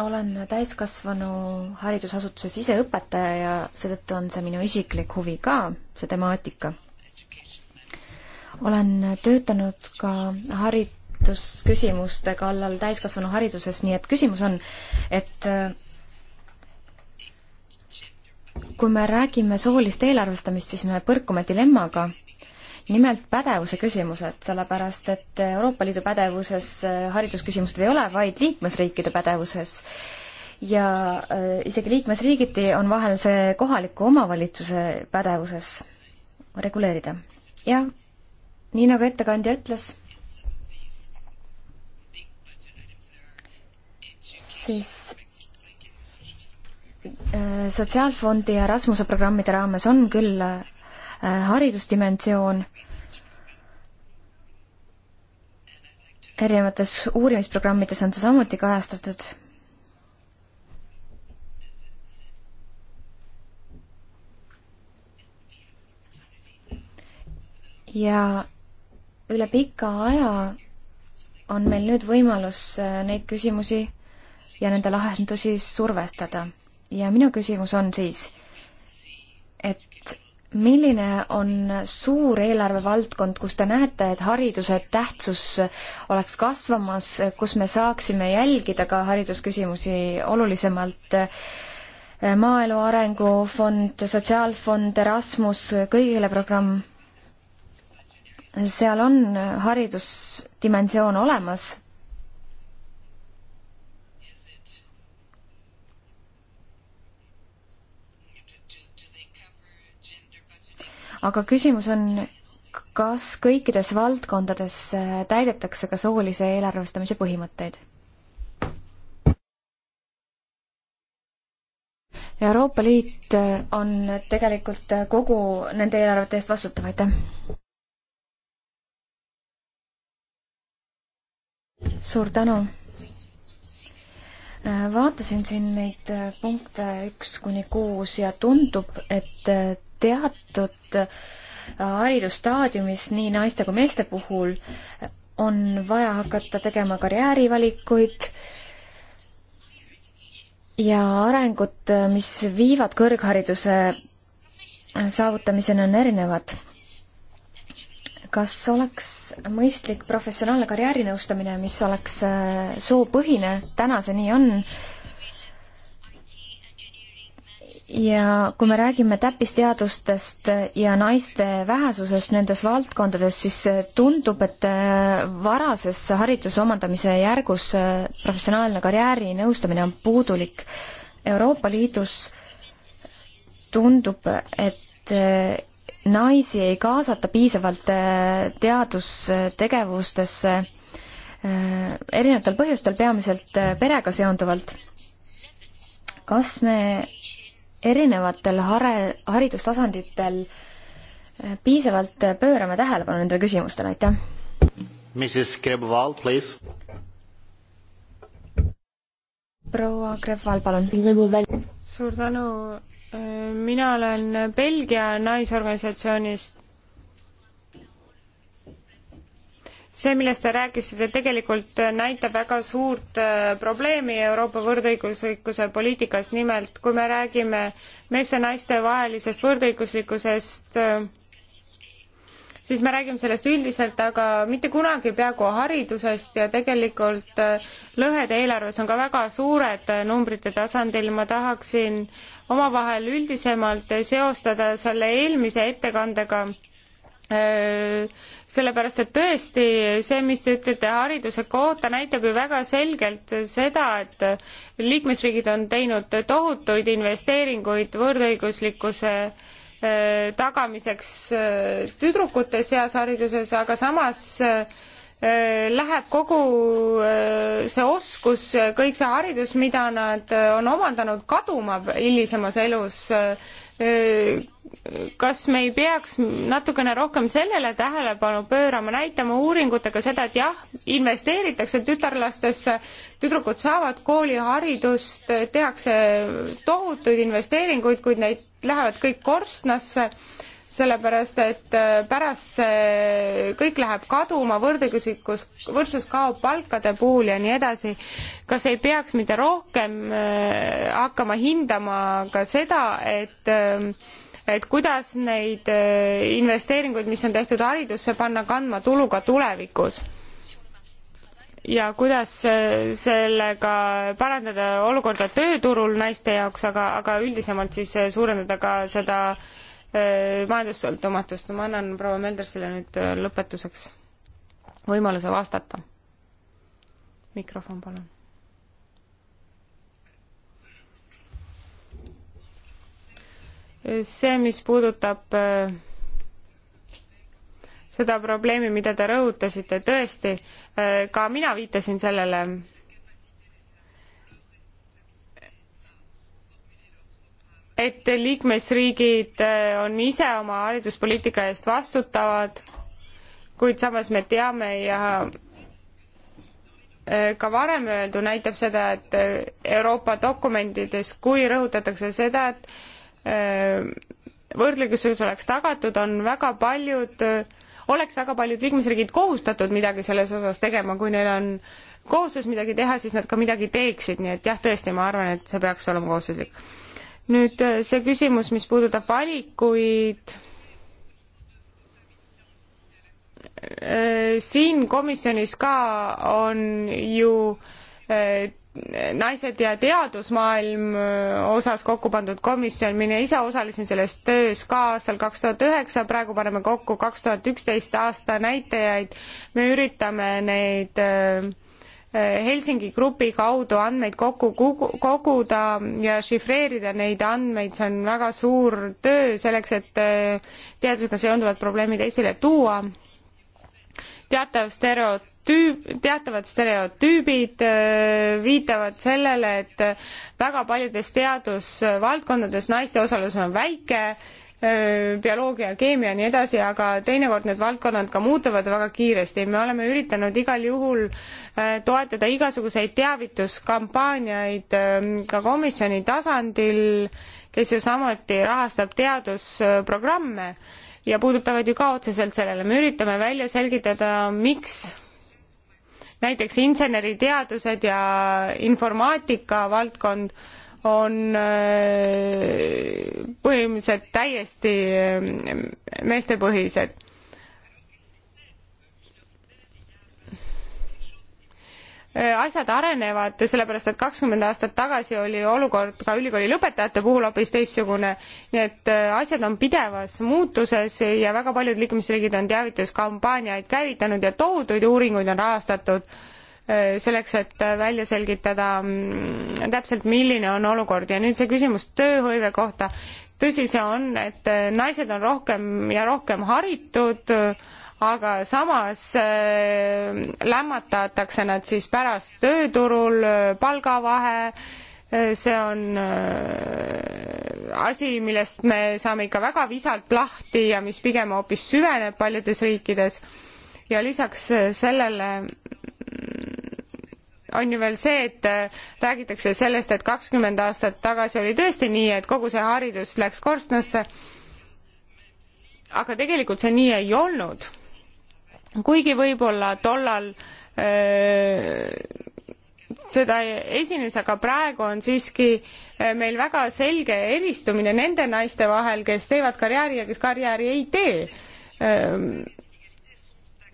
olen täiskasvanu haridusasutuses ise õpetaja ja seetõttu on see minu isiklik huvi ka, see temaatika. olen töötanud ka haridusküsimuste kallal täiskasvanu hariduses, nii et küsimus on, et äh, kui me räägime soolist eelarvestamist, siis me põrkume dilemmaga, nimelt pädevuse küsimused, sellepärast et Euroopa Liidu pädevuses äh, haridusküsimused ei ole, vaid liikmesriikide pädevuses. ja äh, isegi liikmesriigiti on vahel see kohaliku omavalitsuse pädevuses reguleerida. ja nii nagu ettekandja ütles, siis äh, sotsiaalfondi ja Rasmuse programmide raames on küll haridusdimensioon erinevates uurimisprogrammides on see samuti kajastatud. ja üle pika aja on meil nüüd võimalus äh, neid küsimusi ja nende lahendusi survestada. ja minu küsimus on siis, et milline on suur eelarvevaldkond, kus te näete, et hariduse tähtsus oleks kasvamas, kus me saaksime jälgida ka haridusküsimusi olulisemalt? maaelu arengufond, sotsiaalfond, Erasmus, kõigile programm. seal on haridusdimensioon olemas aga küsimus on, kas kõikides valdkondades äh, täidetakse ka soolise eelarvestamise põhimõtteid? Euroopa Liit äh, on tegelikult äh, kogu nende eelarvete eest vastutav, aitäh! suur tänu! vaatasin siin neid punkte üks kuni kuus ja tundub, et teatud äh, haridusstaadiumis nii naiste kui meeste puhul on vaja hakata tegema karjäärivalikuid ja arengud, mis viivad kõrghariduse saavutamiseni, on erinevad. kas oleks mõistlik professionaalne karjäärinõustamine, mis oleks äh, soopõhine, täna see nii on, ja kui me räägime täppisteadustest ja naiste vähesusest nendes valdkondades, siis äh, tundub, et äh, varases hariduse omandamise järgus äh, professionaalne karjäärinõustamine on puudulik. Euroopa Liidus tundub, et naisi ei kaasata piisavalt teadustegevustesse erinevatel põhjustel, peamiselt perega seonduvalt. kas me erinevatel hare-, haridustasanditel eh, piisavalt eh, pöörame tähelepanu nendele küsimustele, aitäh! Mrs Grebval, please! proua Grebval, palun! suur tänu, äh, mina olen Belgia naisorganisatsioonist see, millest te rääkisite, tegelikult näitab väga suurt äh, probleemi Euroopa võrdõiguslikkuse poliitikas, nimelt kui me räägime meeste-naiste vahelisest võrdõiguslikkusest, äh, siis me räägime sellest üldiselt, aga mitte kunagi peaaegu haridusest ja tegelikult äh, lõhed eelarves on ka väga suured numbrite tasandil, ma tahaksin omavahel üldisemalt seostada selle eelmise ettekandega Äh, sellepärast, et tõesti see, mis te ütlete hariduse koota, näitab ju väga selgelt seda, et liikmesriigid on teinud tohutuid investeeringuid võrdõiguslikkuse äh, tagamiseks äh, tüdrukute seas hariduses, aga samas läheb kogu see oskus, kõik see haridus, mida nad on omandanud, kaduma hilisemas elus kas me ei peaks natukene rohkem sellele tähelepanu pöörama, näitama uuringutega seda, et jah, investeeritakse tütarlastesse, tüdrukud saavad kooliharidust, tehakse tohutuid investeeringuid, kuid neid lähevad kõik korstnasse sellepärast et äh, pärast see kõik läheb kaduma, võrdõiguslikkus, võrdsus kaob palkade puhul ja nii edasi. kas ei peaks mitte rohkem äh, hakkama hindama ka seda, et äh, et kuidas neid investeeringuid, mis on tehtud haridusse, panna kandma tulu ka tulevikus? ja kuidas sellega parandada olukorda tööturul naiste jaoks, aga, aga üldisemalt siis suurendada ka seda äh, Äh, majandussõltumatust. ma annan proua Meldersile nüüd äh, lõpetuseks võimaluse vastata. mikrofon, palun. see, mis puudutab äh, seda probleemi, mida te rõhutasite, tõesti, ka mina viitasin sellele et liikmesriigid äh, on ise oma hariduspoliitika eest vastutavad, kuid samas me teame ja äh, ka varem öeldu näitab seda, et äh, Euroopa dokumentides, kui rõhutatakse seda, et võrdlikkus oleks tagatud, on väga paljud, oleks väga paljud liikmesriigid kohustatud midagi selles osas tegema, kui neil on kohustus midagi teha, siis nad ka midagi teeksid, nii et jah, tõesti, ma arvan, et see peaks olema kohustuslik nüüd äh, see küsimus, mis puudutab valikuid, äh, siin komisjonis ka on ju äh, naised ja teadusmaailm osas kokku pandud komisjon, mina ise osalesin selles töös ka aastal kaks tuhat üheksa, praegu paneme kokku kaks tuhat üksteist aasta näitajaid, me üritame neid äh, Helsingi grupi kaudu andmeid kokku koguda ja šifreerida neid andmeid, see on väga suur töö selleks, et äh, teadusega seonduvad probleemid esile tuua. teatav stereotüüp tüüp, teatavad stereotüübid äh, viitavad sellele, et väga paljudes teadusvaldkondades naiste osalus on väike bioloogia, keemia ja nii edasi, aga teinekord need valdkonnad ka muutuvad väga kiiresti. me oleme üritanud igal juhul toetada igasuguseid teavituskampaaniaid ka komisjoni tasandil, kes ju samuti rahastab teadusprogramme ja puudutavad ju ka otseselt sellele. me üritame välja selgitada, miks näiteks inseneriteadused ja informaatika valdkond on äh, põhimõtteliselt täiesti äh, meestepõhised. Äh, asjad arenevad, sellepärast et kakskümmend aastat tagasi oli olukord ka ülikooli lõpetajate puhul hoopis teistsugune, nii et asjad on pidevas muutuses ja väga paljud liikmesriigid on teavituskampaaniaid käivitanud ja tohutuid uuringuid on rahastatud äh, Äh, selleks, et äh, välja selgitada mm, täpselt, milline on olukord ja nüüd see küsimus tööhõive kohta. tõsi see on, et äh, naised on rohkem ja rohkem haritud, aga samas lämmatatakse nad siis pärast tööturul, palgavahe, see on asi, millest me saame ikka väga visalt lahti ja mis pigem hoopis süveneb paljudes riikides. ja lisaks sellele on ju veel see, et äh, räägitakse sellest, et kakskümmend aastat tagasi oli tõesti nii, et kogu see haridus läks korstnasse. aga tegelikult see nii ei olnud. kuigi võib-olla tollal öö, äh, seda esines, aga praegu on siiski äh, meil väga selge eristumine nende naiste vahel, kes teevad karjääri ja kes karjääri ei tee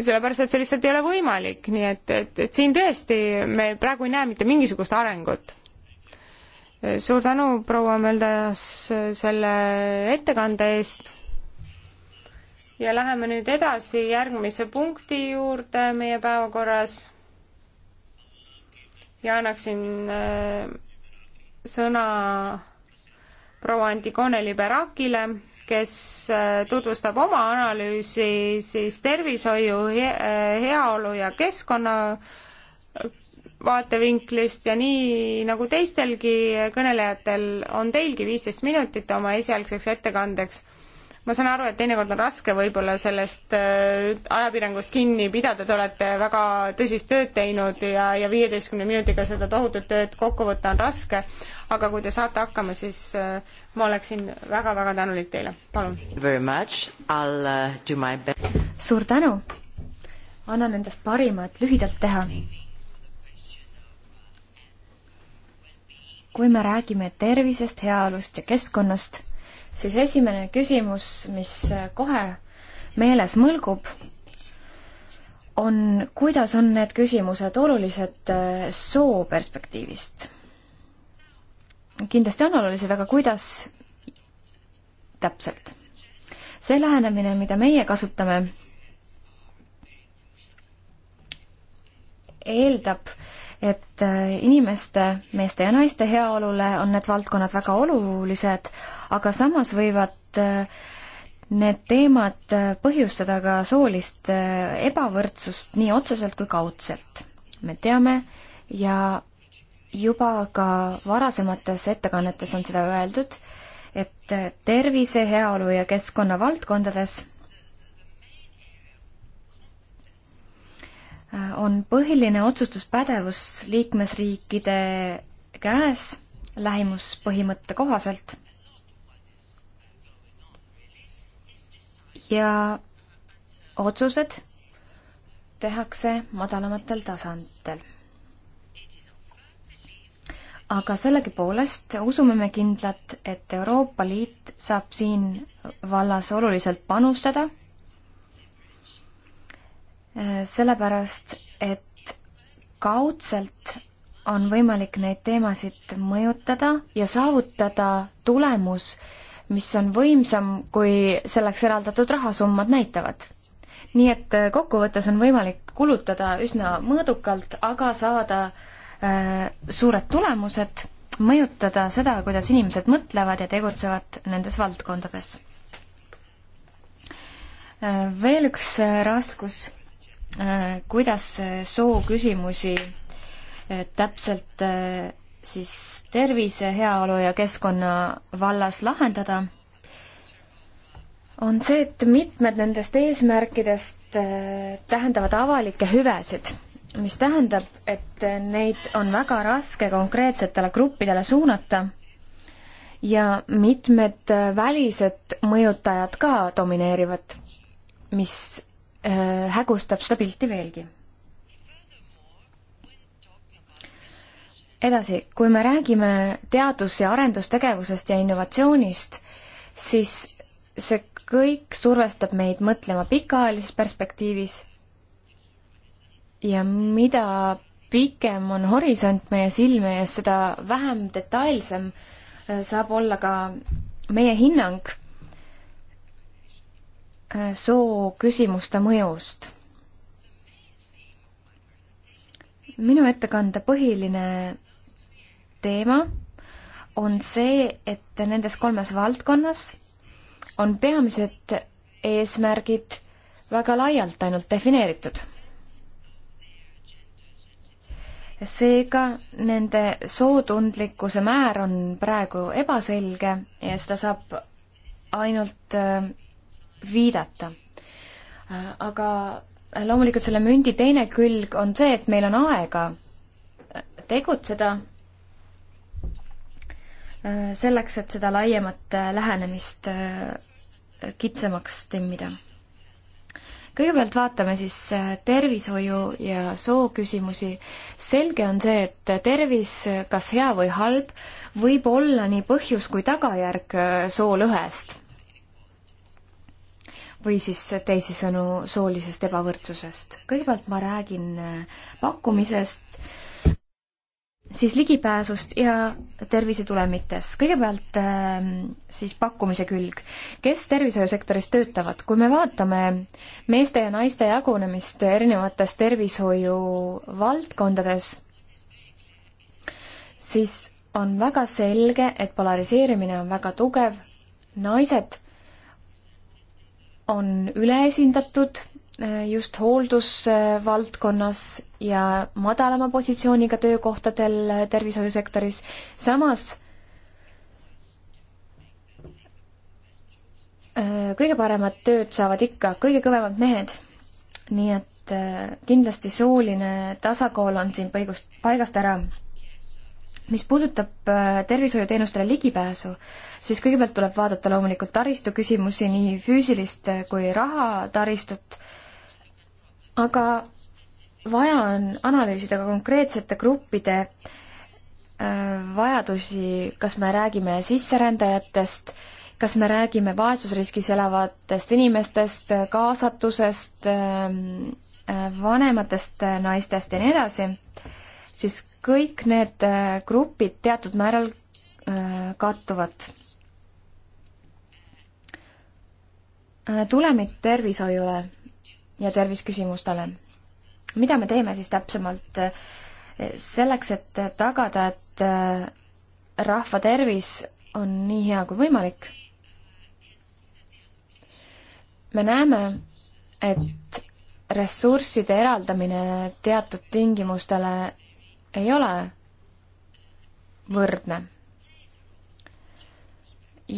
sellepärast et see lihtsalt ei ole võimalik, nii et, et, et siin tõesti me praegu ei näe mitte mingisugust arengut. suur tänu, proua Möldas, selle ettekande eest ja läheme nüüd edasi järgmise punkti juurde meie päevakorras ja annaksin äh, sõna proua Antigone Liberakile kes äh, tutvustab oma analüüsi siis tervishoiu, äh, heaolu ja keskkonna äh, vaatevinklist ja nii nagu teistelgi kõnelejatel, on teilgi viisteist minutit oma esialgseks ettekandeks. ma saan aru, et teinekord on raske võib-olla sellest ajapiirangust kinni pidada, te olete väga tõsist tööd teinud ja, ja viieteistkümne minutiga seda tohutut tööd kokku võtta on raske, aga kui te saate hakkama, siis äh, ma oleksin väga-väga tänulik teile, palun. Uh, suur tänu, annan endast parima, et lühidalt teha. kui me räägime tervisest, heaolust ja keskkonnast, siis esimene küsimus, mis äh, kohe meeles mõlgub, on, kuidas on need küsimused olulised äh, soo perspektiivist? kindlasti on olulised, aga kuidas täpselt? see lähenemine, mida meie kasutame, eeldab, et äh, inimeste, meeste ja naiste heaolule on need valdkonnad väga olulised, aga samas võivad äh, need teemad äh, põhjustada ka soolist ebavõrdsust nii otseselt kui kaudselt. me teame ja juba ka varasemates ettekannetes on seda öeldud, et tervise, heaolu ja keskkonna valdkondades on põhiline otsustuspädevus liikmesriikide käes lähimuspõhimõtte kohaselt. ja otsused tehakse madalamatel tasanditel aga sellegipoolest usume me kindlalt, et Euroopa Liit saab siin vallas oluliselt panustada, äh, sellepärast et kaudselt on võimalik neid teemasid mõjutada ja saavutada tulemus, mis on võimsam, kui selleks eraldatud rahasummad näitavad. nii et äh, kokkuvõttes on võimalik kulutada üsna mõõdukalt, aga saada äh, Äh, suured tulemused, mõjutada seda, kuidas inimesed mõtlevad ja tegutsevad nendes valdkondades. Äh, veel üks äh, raskus, kuidas sooküsimusi täpselt siis tervise, heaolu ja keskkonna vallas lahendada on see, et mitmed nendest eesmärkidest tähendavad avalikke hüvesid mis tähendab, et neid on väga raske konkreetsetele gruppidele suunata ja mitmed välised mõjutajad ka domineerivad, mis äh, hägustab seda pilti veelgi. edasi, kui me räägime teadus- ja arendustegevusest ja innovatsioonist, siis see kõik survestab meid mõtlema pikaajalises perspektiivis ja mida pikem on horisont meie silme ees, seda vähem detailsem äh, saab olla ka meie hinnang äh, soo küsimuste mõjust. minu ettekande põhiline teema on see, et nendes kolmes valdkonnas on peamised eesmärgid väga laialt ainult defineeritud seega nende sootundlikkuse määr on praegu ebaselge ja seda saab ainult äh, viidata. Äh, aga loomulikult selle mündi teine külg on see, et meil on aega äh, tegutseda selleks, et seda laiemat lähenemist kitsamaks timmida kõigepealt vaatame siis äh, tervishoiu ja soo küsimusi. selge on see, et tervis, kas hea või halb, võib olla nii põhjus kui tagajärg äh, soolõhest. või siis teisisõnu soolisest ebavõrdsusest. kõigepealt ma räägin äh, pakkumisest siis ligipääsust ja tervisetulemitest. kõigepealt ähm, siis pakkumise külg. kes tervishoiusektoris töötavad, kui me vaatame meeste ja naiste jagunemist erinevates tervishoiuvaldkondades, siis on väga selge, et polariseerimine on väga tugev, naised on üleesindatud just hooldusvaldkonnas ja madalama positsiooniga töökohtadel tervishoiusektoris, samas äh, kõige paremat tööd saavad ikka kõige kõvemad mehed. nii et äh, kindlasti sooline tasakaal on siin paigust, paigast ära. mis puudutab äh, tervishoiuteenustele ligipääsu, siis kõigepealt tuleb vaadata loomulikult taristu küsimusi, nii füüsilist kui rahataristut aga vaja on analüüsida ka konkreetsete gruppide äh, vajadusi, kas me räägime sisserändajatest, kas me räägime vaesusriskis elavatest inimestest, kaasatusest, ähm, äh, vanematest äh, naistest ja nii edasi, siis kõik need grupid teatud määral kattuvad. tulemid tervishoiule ja terviseküsimustele. mida me teeme siis täpsemalt selleks, et tagada, et äh, rahva tervis on nii hea kui võimalik? me näeme, et ressursside eraldamine teatud tingimustele ei ole võrdne.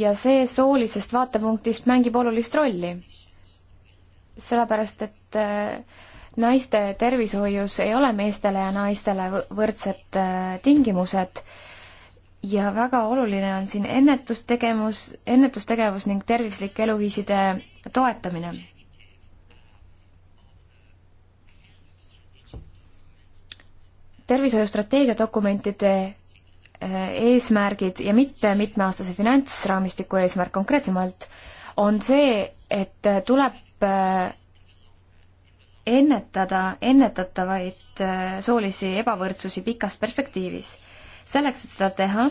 ja see soolisest vaatepunktist mängib olulist rolli sellepärast et äh, naiste tervishoius ei ole meestele ja naistele võrdsed äh, tingimused ja väga oluline on siin ennetustegevus, ennetustegevus ning tervislike eluviiside toetamine tervishoiustrateegia dokumentide äh, eesmärgid ja mitte mitmeaastase finantsraamistiku eesmärk konkreetsemalt, on see, et tuleb Äh, ennetada ennetatavaid äh, soolisi ebavõrdsusi pikas perspektiivis. selleks, et seda teha,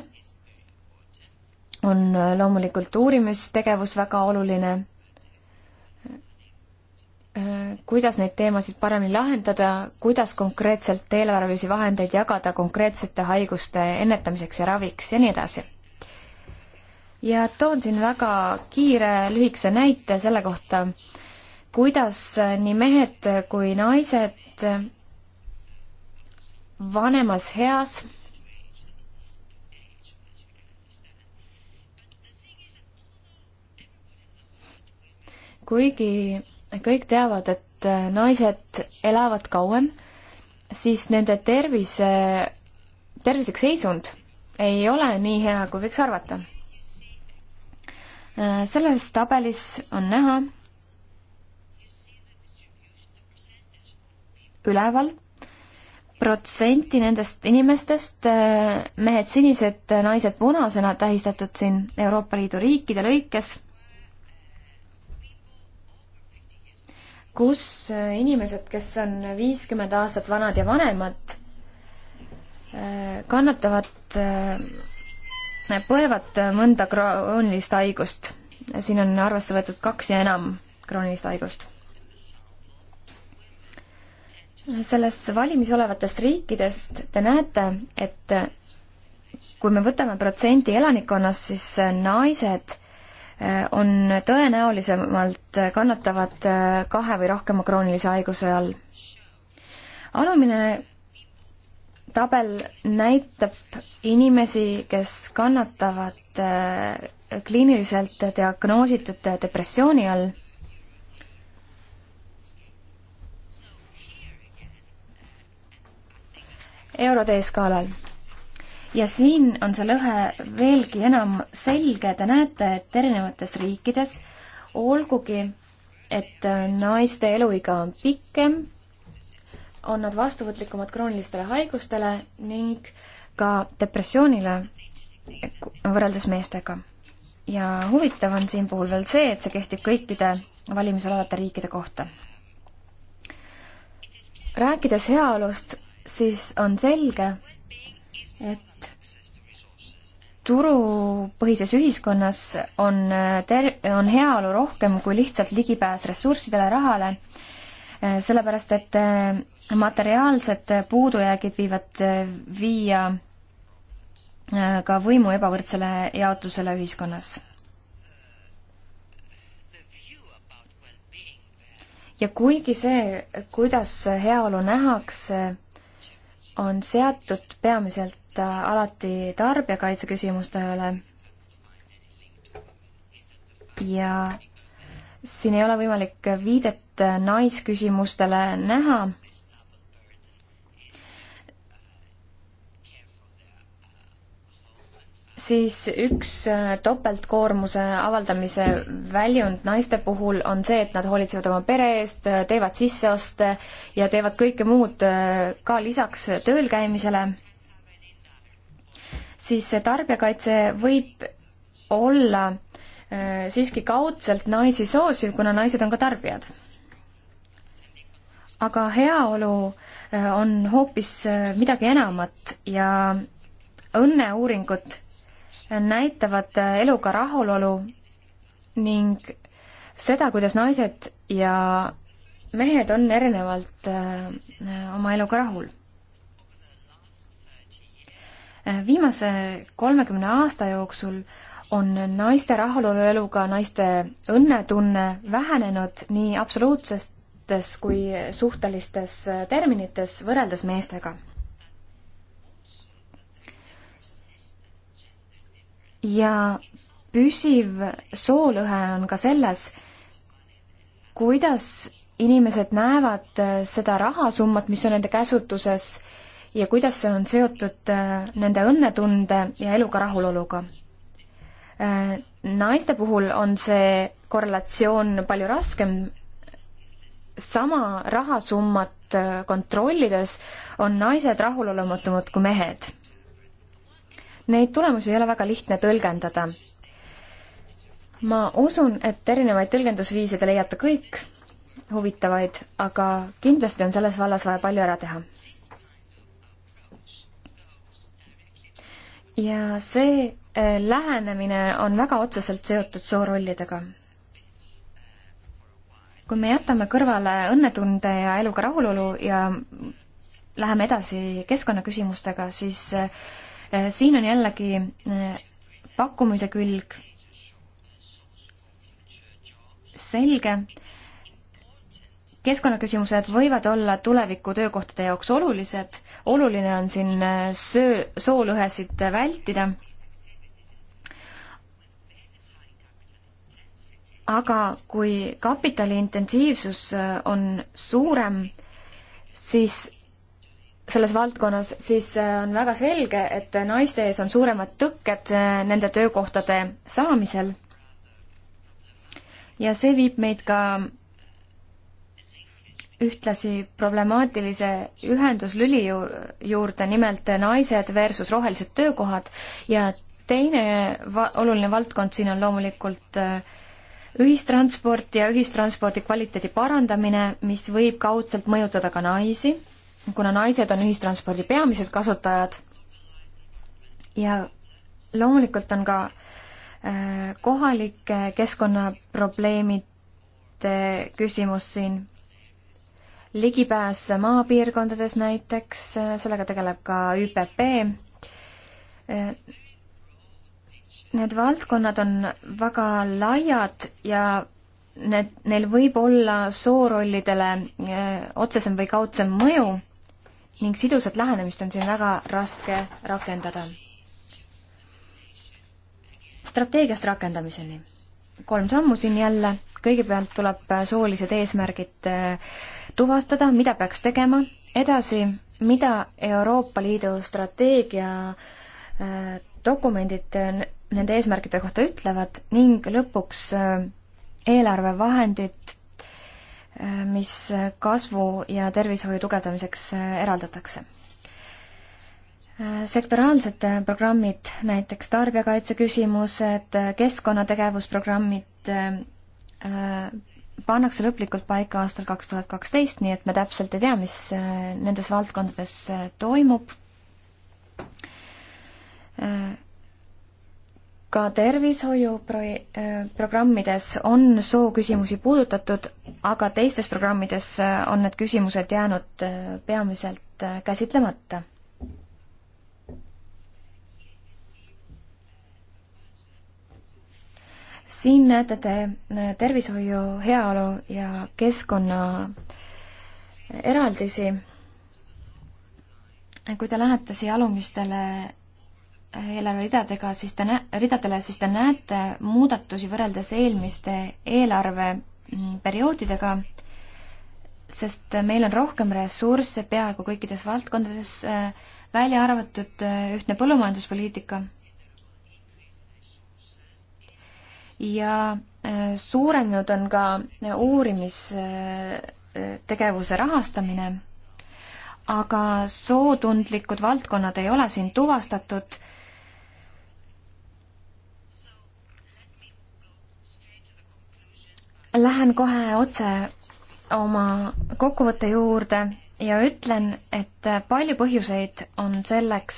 on äh, loomulikult uurimistegevus väga oluline. kuidas neid teemasid paremini lahendada, kuidas konkreetselt eelarvelisi vahendeid jagada konkreetsete haiguste ennetamiseks ja raviks ja nii edasi. ja toon siin väga kiire lühikese näite selle kohta, kuidas nii mehed kui naised vanemas eas kuigi kõik teavad, et naised elavad kauem, siis nende tervise, tervislik seisund ei ole nii hea, kui võiks arvata. selles tabelis on näha, üleval. protsenti nendest inimestest, äh, mehed sinised, naised punasena tähistatud siin Euroopa Liidu riikide lõikes, kus äh, inimesed, kes on viiskümmend aastat vanad ja vanemad, äh, kannatavad, põevad mõnda kroonilist haigust. siin on arvesse võetud kaks ja enam kroonilist haigust selles valimis olevatest riikidest te näete, et kui me võtame protsendi elanikkonnast, siis äh, naised äh, on tõenäolisemalt kannatavad äh, kahe või rohkema kroonilise haiguse all. alumine tabel näitab inimesi, kes kannatavad kliiniliselt diagnoositud depressiooni all eurode skaalal ja siin on see lõhe veelgi enam selge, te näete, et erinevates riikides, olgugi et äh, naiste eluiga on pikem, on nad vastuvõtlikumad kroonilistele haigustele ning ka depressioonile võrreldes meestega. ja huvitav on siin puhul veel see, et see kehtib kõikide valimisalade riikide kohta. rääkides heaolust, siis on selge, et turupõhises ühiskonnas on äh, ter-, on heaolu rohkem kui lihtsalt ligipääs ressurssidele, rahale, äh, sellepärast et äh, materiaalsed puudujäägid viivad viia ka võimu ebavõrdsele jaotusele ühiskonnas. ja kuigi see, kuidas heaolu nähakse, on seatud peamiselt äh, alati tarbijakaitse küsimustele ja siin ei ole võimalik viidet äh, naisküsimustele näha siis üks äh, topeltkoormuse avaldamise väljund naiste puhul on see, et nad hoolitsevad oma pere eest, äh, teevad sisseoste ja teevad kõike muud äh, ka lisaks tööl käimisele, siis see tarbijakaitse võib olla siiski kaudselt naisi soosiv, kuna naised on ka tarbijad. aga heaolu on hoopis midagi enamat ja õnneuuringut näitavad eluga rahulolu ning seda, kuidas naised ja mehed on erinevalt äh, oma eluga rahul. Äh, viimase kolmekümne aasta jooksul on naiste rahulolu eluga, naiste õnnetunne vähenenud nii absoluutsetes kui suhtelistes terminites võrreldes meestega ja püsiv soolõhe on ka selles, kuidas inimesed näevad äh, seda rahasummat, mis on nende käsutuses ja kuidas see on seotud äh, nende õnnetunde ja eluga rahuloluga. Äh, naiste puhul on see korrelatsioon palju raskem, sama rahasummat kontrollides on naised rahulolematumad kui mehed Neid tulemusi ei ole väga lihtne tõlgendada. ma usun, et erinevaid tõlgendusviise te leiate kõik huvitavaid, aga kindlasti on selles vallas vaja palju ära teha. ja see eh, lähenemine on väga otseselt seotud soorollidega kui me jätame kõrvale õnnetunde ja eluga rahulolu ja läheme edasi keskkonnaküsimustega, siis eh, Eh, siin on jällegi eh, pakkumise külg selge. keskkonnaküsimused võivad olla tuleviku töökohtade jaoks olulised, oluline on siin eh, söö, soolõhesid vältida. aga kui kapitali intensiivsus on suurem, siis selles valdkonnas, siis äh, on väga selge, et naiste ees on suuremad tõkked äh, nende töökohtade saamisel. ja see viib meid ka ühtlasi problemaatilise ühenduslüli juurde, nimelt naised versus rohelised töökohad ja teine va oluline valdkond siin on loomulikult äh, ühistransport ja ühistranspordi kvaliteedi parandamine, mis võib kaudselt mõjutada ka naisi kuna naised on ühistranspordi peamised kasutajad ja loomulikult on ka äh, kohalike keskkonnaprobleemide küsimus siin. ligipääs maapiirkondades näiteks, äh, sellega tegeleb ka ÜPP. Äh, need valdkonnad on väga laiad ja need, neil võib olla soorollidele öö, otsesem või kaudsem mõju ning sidusat lähenemist on siin väga raske rakendada. strateegiast rakendamiseni. kolm sammu siin jälle, kõigepealt tuleb äh, soolised eesmärgid äh, tuvastada, mida peaks tegema, edasi, mida Euroopa Liidu strateegia äh, dokumendid nende eesmärkide kohta ütlevad ning lõpuks eelarvevahendid mis kasvu ja tervishoiu tugevdamiseks äh, eraldatakse. Äh, sektoraalsed äh, programmid, näiteks tarbijakaitse küsimused, keskkonnategevusprogrammid, pannakse lõplikult paika aastal kaks tuhat kaksteist, nii et me täpselt ei tea, mis nendes valdkondades toimub ka tervishoiuprogrammides äh, on sooküsimusi puudutatud, aga teistes programmides äh, on need küsimused jäänud äh, peamiselt käsitlemata. siin näete te tervishoiu, heaolu ja keskkonna eraldisi. kui te lähete siia alumistele eelarveridadega, siis te nä-, ridadele, siis te näete muudatusi võrreldes eelmiste eelarveperioodidega, mm, sest meil on rohkem ressursse peaaegu kõikides valdkondades, äh, välja arvatud äh, ühtne põllumajanduspoliitika. ja äh, suurenenud on ka uurimistegevuse rahastamine, aga sootundlikud valdkonnad ei ole siin tuvastatud Lähen kohe otse oma kokkuvõtte juurde ja ütlen, et palju põhjuseid on selleks,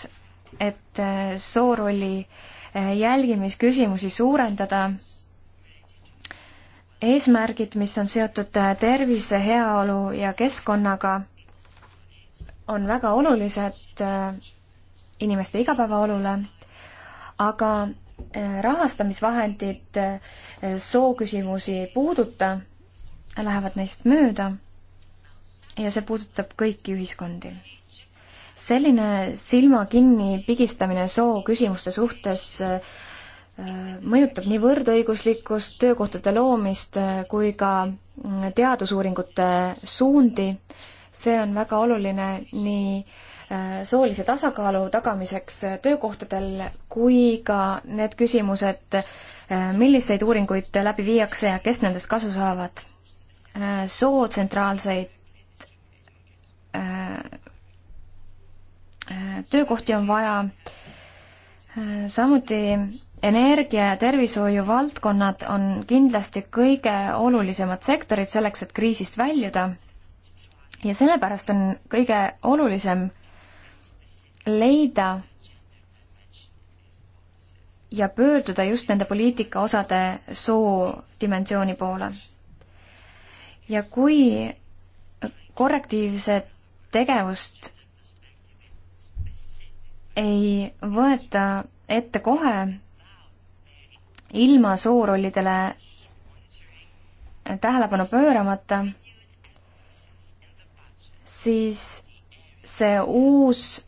et soorolli eh, jälgimisküsimusi suurendada. eesmärgid, mis on seotud eh, tervise, heaolu ja keskkonnaga, on väga olulised eh, inimeste igapäevaolule, aga Eh, rahastamisvahendid eh, sooküsimusi ei puuduta, lähevad neist mööda ja see puudutab kõiki ühiskondi. selline silma kinni pigistamine soo küsimuste suhtes eh, mõjutab nii võrdõiguslikkust, töökohtade loomist kui ka mm, teadusuuringute suundi. see on väga oluline nii äh, soolise tasakaalu tagamiseks töökohtadel kui ka need küsimused, milliseid uuringuid läbi viiakse ja kes nendest kasu saavad. sootsentraalseid äh, töökohti on vaja, samuti energia ja tervishoiu valdkonnad on kindlasti kõige olulisemad sektorid selleks, et kriisist väljuda. ja sellepärast on kõige olulisem äh, leida ja pöörduda just nende poliitikaosade soodimensiooni poole. ja kui korrektiivset tegevust ei võeta ette kohe ilma soorollidele tähelepanu pööramata, siis see uus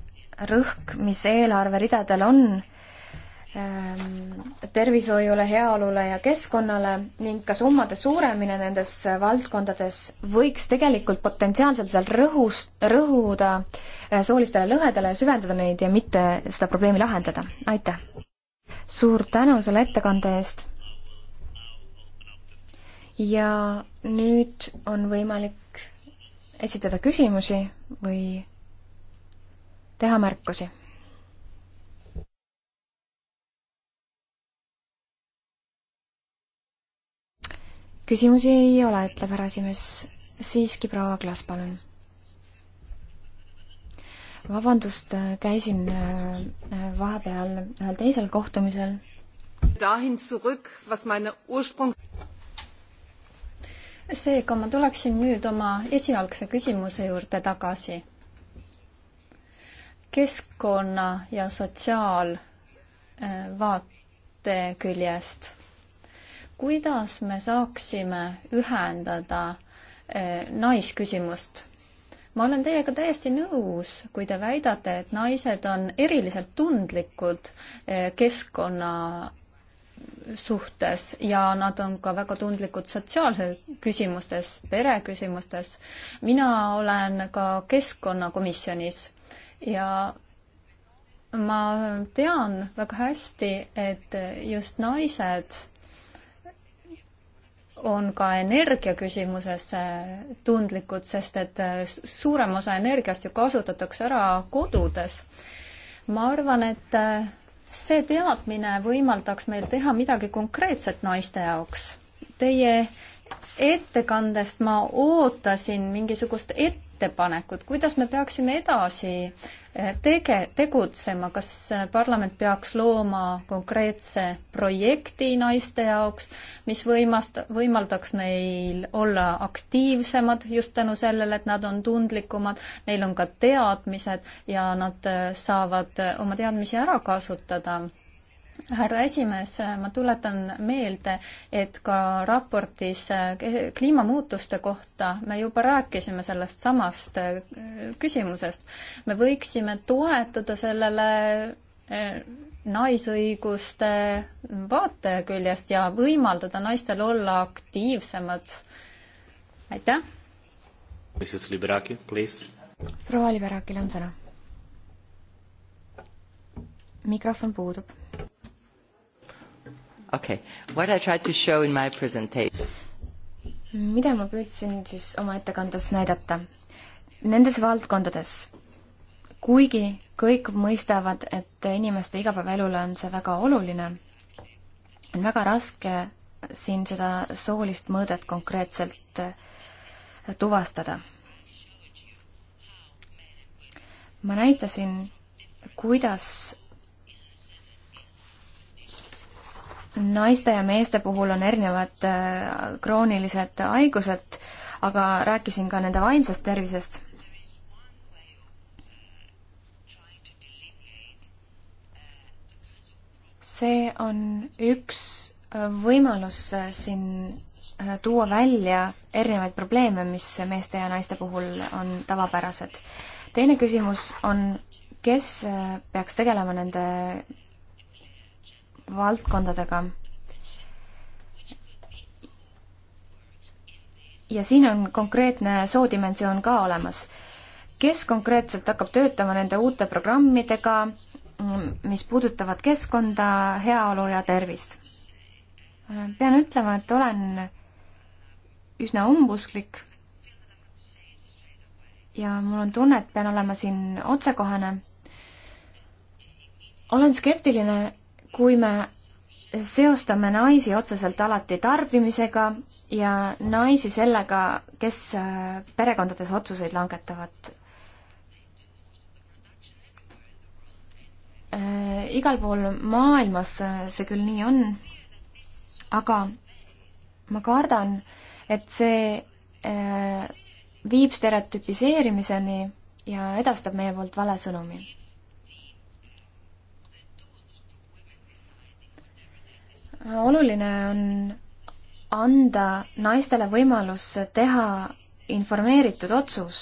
rõhk, mis eelarveridadel on ähm, tervishoiule, heaolule ja keskkonnale ning ka summade suuremine nendes valdkondades võiks tegelikult potentsiaalselt veel rõhus, rõhuda äh, soolistele lõhedele ja süvendada neid ja mitte seda probleemi lahendada. aitäh! suur tänu selle ettekande eest! ja nüüd on võimalik esitada küsimusi või teha märkusi. küsimusi ei ole, ütleb härra esimees. siiski proua Klas, palun. vabandust, käisin äh, vahepeal ühel teisel kohtumisel. seega ma tuleksin nüüd oma esialgse küsimuse juurde tagasi keskkonna ja sotsiaalvaate äh, küljest. kuidas me saaksime ühendada äh, naisküsimust? ma olen teiega täiesti nõus, kui te väidate, et naised on eriliselt tundlikud äh, keskkonna suhtes ja nad on ka väga tundlikud sotsiaalses küsimustes, pereküsimustes. mina olen ka keskkonnakomisjonis ja ma tean väga hästi, et just naised on ka energia küsimuses tundlikud, sest et suurem osa energiast ju kasutatakse ära kodudes. ma arvan, et see teadmine võimaldaks meil teha midagi konkreetset naiste jaoks. Teie ettekandest ma ootasin mingisugust et-, ettepanekut, kuidas me peaksime edasi eh, tege-, tegutsema, kas eh, parlament peaks looma konkreetse projekti naiste jaoks, mis võimast-, võimaldaks neil olla aktiivsemad just tänu sellele, et nad on tundlikumad, neil on ka teadmised ja nad eh, saavad oma teadmisi ära kasutada härra esimees, ma tuletan meelde, et ka raportis eh, kliimamuutuste kohta me juba rääkisime sellest samast eh, küsimusest. me võiksime toetuda sellele eh, naisõiguste vaateküljest ja võimaldada naistel olla aktiivsemad. aitäh. proua Liberakil on sõna. mikrofon puudub okay, what I tried to show in my presentation. mida ma püüdsin siis oma ettekandes näidata? Nendes valdkondades, kuigi kõik mõistavad, et inimeste igapäevaelule on see väga oluline, on väga raske siin seda soolist mõõdet konkreetselt äh, tuvastada. ma näitasin, kuidas naiste ja meeste puhul on erinevad äh, kroonilised haigused, aga rääkisin ka nende vaimsest tervisest. see on üks äh, võimalus äh, siin tuua välja erinevaid probleeme, mis meeste ja naiste puhul on tavapärased. teine küsimus on, kes peaks tegelema nende valdkondadega. ja siin on konkreetne soodimensioon ka olemas. kes konkreetselt hakkab töötama nende uute programmidega, mis puudutavad keskkonda, heaolu ja tervist? pean ütlema, et olen üsna umbusklik ja mul on tunne, et pean olema siin otsekohene. olen skeptiline kui me seostame naisi otseselt alati tarbimisega ja naisi sellega, kes äh, perekondades otsuseid langetavad. Äh, igal pool maailmas äh, see küll nii on, aga ma kardan, et see viib stereotüpiseerimiseni ja edastab meie poolt vale sõnumi oluline on anda naistele võimalus teha informeeritud otsus,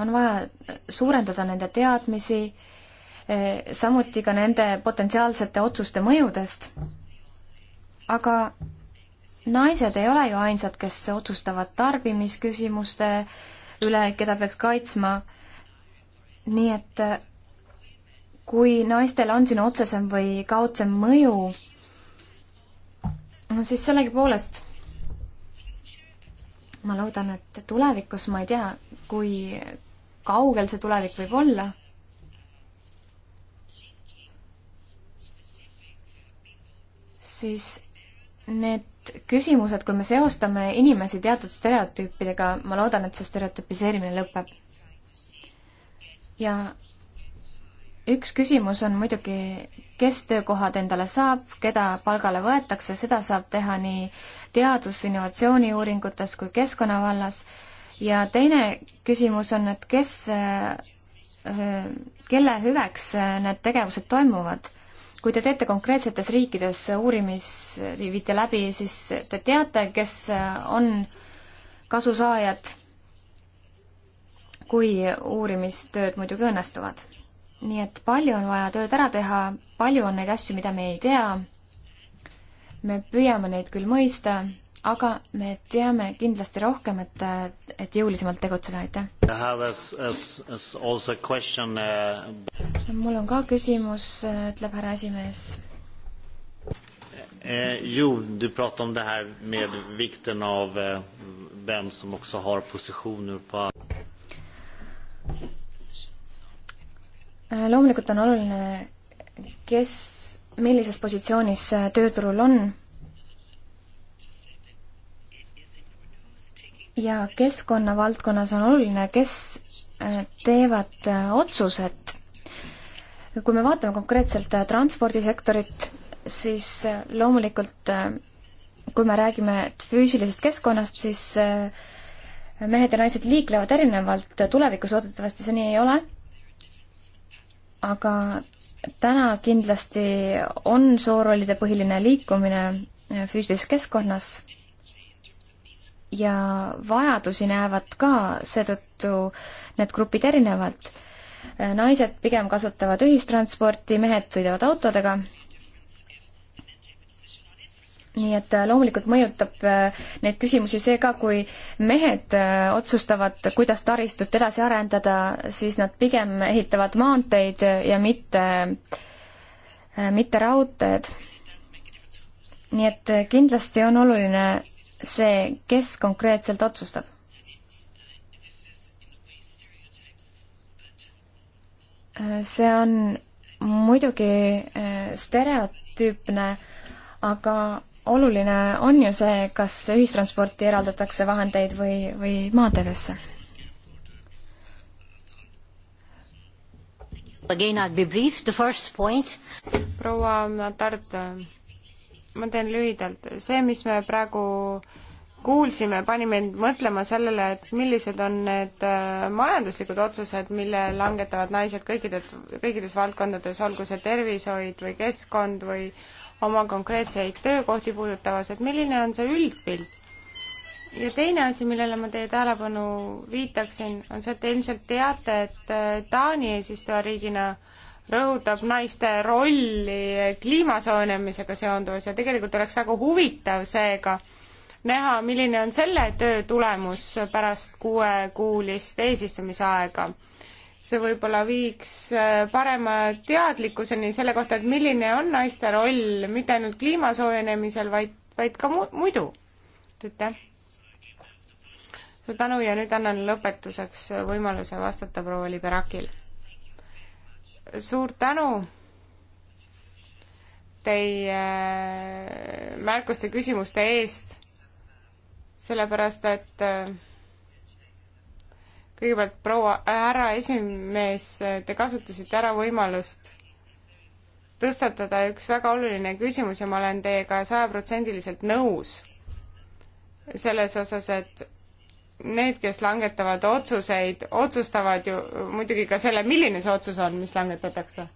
on vaja suurendada nende teadmisi, eh, samuti ka nende potentsiaalsete otsuste mõjudest. aga naised ei ole ju ainsad, kes otsustavad tarbimisküsimuste üle, keda peaks kaitsma. nii et eh, kui naistel on siin otsesem või kaudsem mõju siis sellegipoolest ma loodan, et tulevikus, ma ei tea, kui kaugel see tulevik võib olla, siis need küsimused, kui me seostame inimesi teatud stereotüüpidega, ma loodan, et see stereotüpiseerimine lõpeb. ja üks küsimus on muidugi, kes töökohad endale saab, keda palgale võetakse, seda saab teha nii teadus-, innovatsiooniuuringutes kui keskkonna vallas. ja teine küsimus on, et kes, äh, kelle hüveks need tegevused toimuvad kui te teete konkreetsetes riikides uurimisi, viite läbi, siis te teate, kes on kasusaajad, kui uurimistööd muidugi õnnestuvad nii et palju on vaja tööd ära teha, palju on neid asju, mida me ei tea. me püüame neid küll mõista, aga me teame kindlasti rohkem, et, et jõulisemalt tegutseda, aitäh. Uh, mul on ka küsimus, ütleb härra esimees. Eh, uh, jo, du pratar om det här med vikten av eh, vem som också har positioner på Äh, loomulikult on oluline, kes millises positsioonis äh, tööturul on ja keskkonna valdkonnas on oluline, kes äh, teevad otsused. kui me vaatame konkreetselt transpordisektorit, siis loomulikult kui me räägime füüsilisest keskkonnast, siis mehed ja naised liiklevad erinevalt, tulevikus loodetavasti see nii ei ole aga täna kindlasti on soorollide põhiline liikumine äh, füüsilises keskkonnas ja vajadusi näevad ka seetõttu need grupid erinevalt. Äh, naised pigem kasutavad ühistransporti, mehed sõidavad autodega nii et äh, loomulikult mõjutab äh, neid küsimusi see ka, kui mehed äh, otsustavad, kuidas taristut edasi arendada, siis nad pigem ehitavad maanteid ja mitte, mitte raudteed. nii et kindlasti on oluline see, kes konkreetselt otsustab. see on muidugi stereotüüpne, aga oluline on ju see, kas ühistransporti eraldatakse vahendeid või, või maanteedesse. proua Tart, ma teen lühidalt, see, mis me praegu kuulsime, pani mind mõtlema sellele, et millised on need äh, majanduslikud otsused, mille langetavad naised kõikides, kõikides valdkondades, olgu see tervishoid või keskkond või oma konkreetseid töökohti puudutavas, et milline on see üldpilt? ja teine asi, millele ma teie tähelepanu viitaksin, on see, et te ilmselt teate, et äh, Taani eesistujariigina rõhutab naiste rolli kliima soojenemisega seonduvas ja tegelikult oleks väga huvitav seega näha, milline on selle töö tulemus pärast kuuekuulist eesistumisaega see võib-olla viiks äh, parema teadlikkuseni selle kohta, et milline on naiste roll mitte ainult kliima soojenemisel, vaid, vaid ka mu-, muidu. aitäh! suur tänu ja nüüd annan lõpetuseks võimaluse vastata proua Liberakile. suur tänu! teie äh, märkuste, küsimuste eest, sellepärast et äh, kõigepealt proua härra esimees, te kasutasite ära võimalust tõstatada üks väga oluline küsimus ja ma olen teiega sajaprotsendiliselt nõus selles osas, et need, kes langetavad otsuseid, otsustavad ju muidugi ka selle, milline see otsus on, mis langetatakse.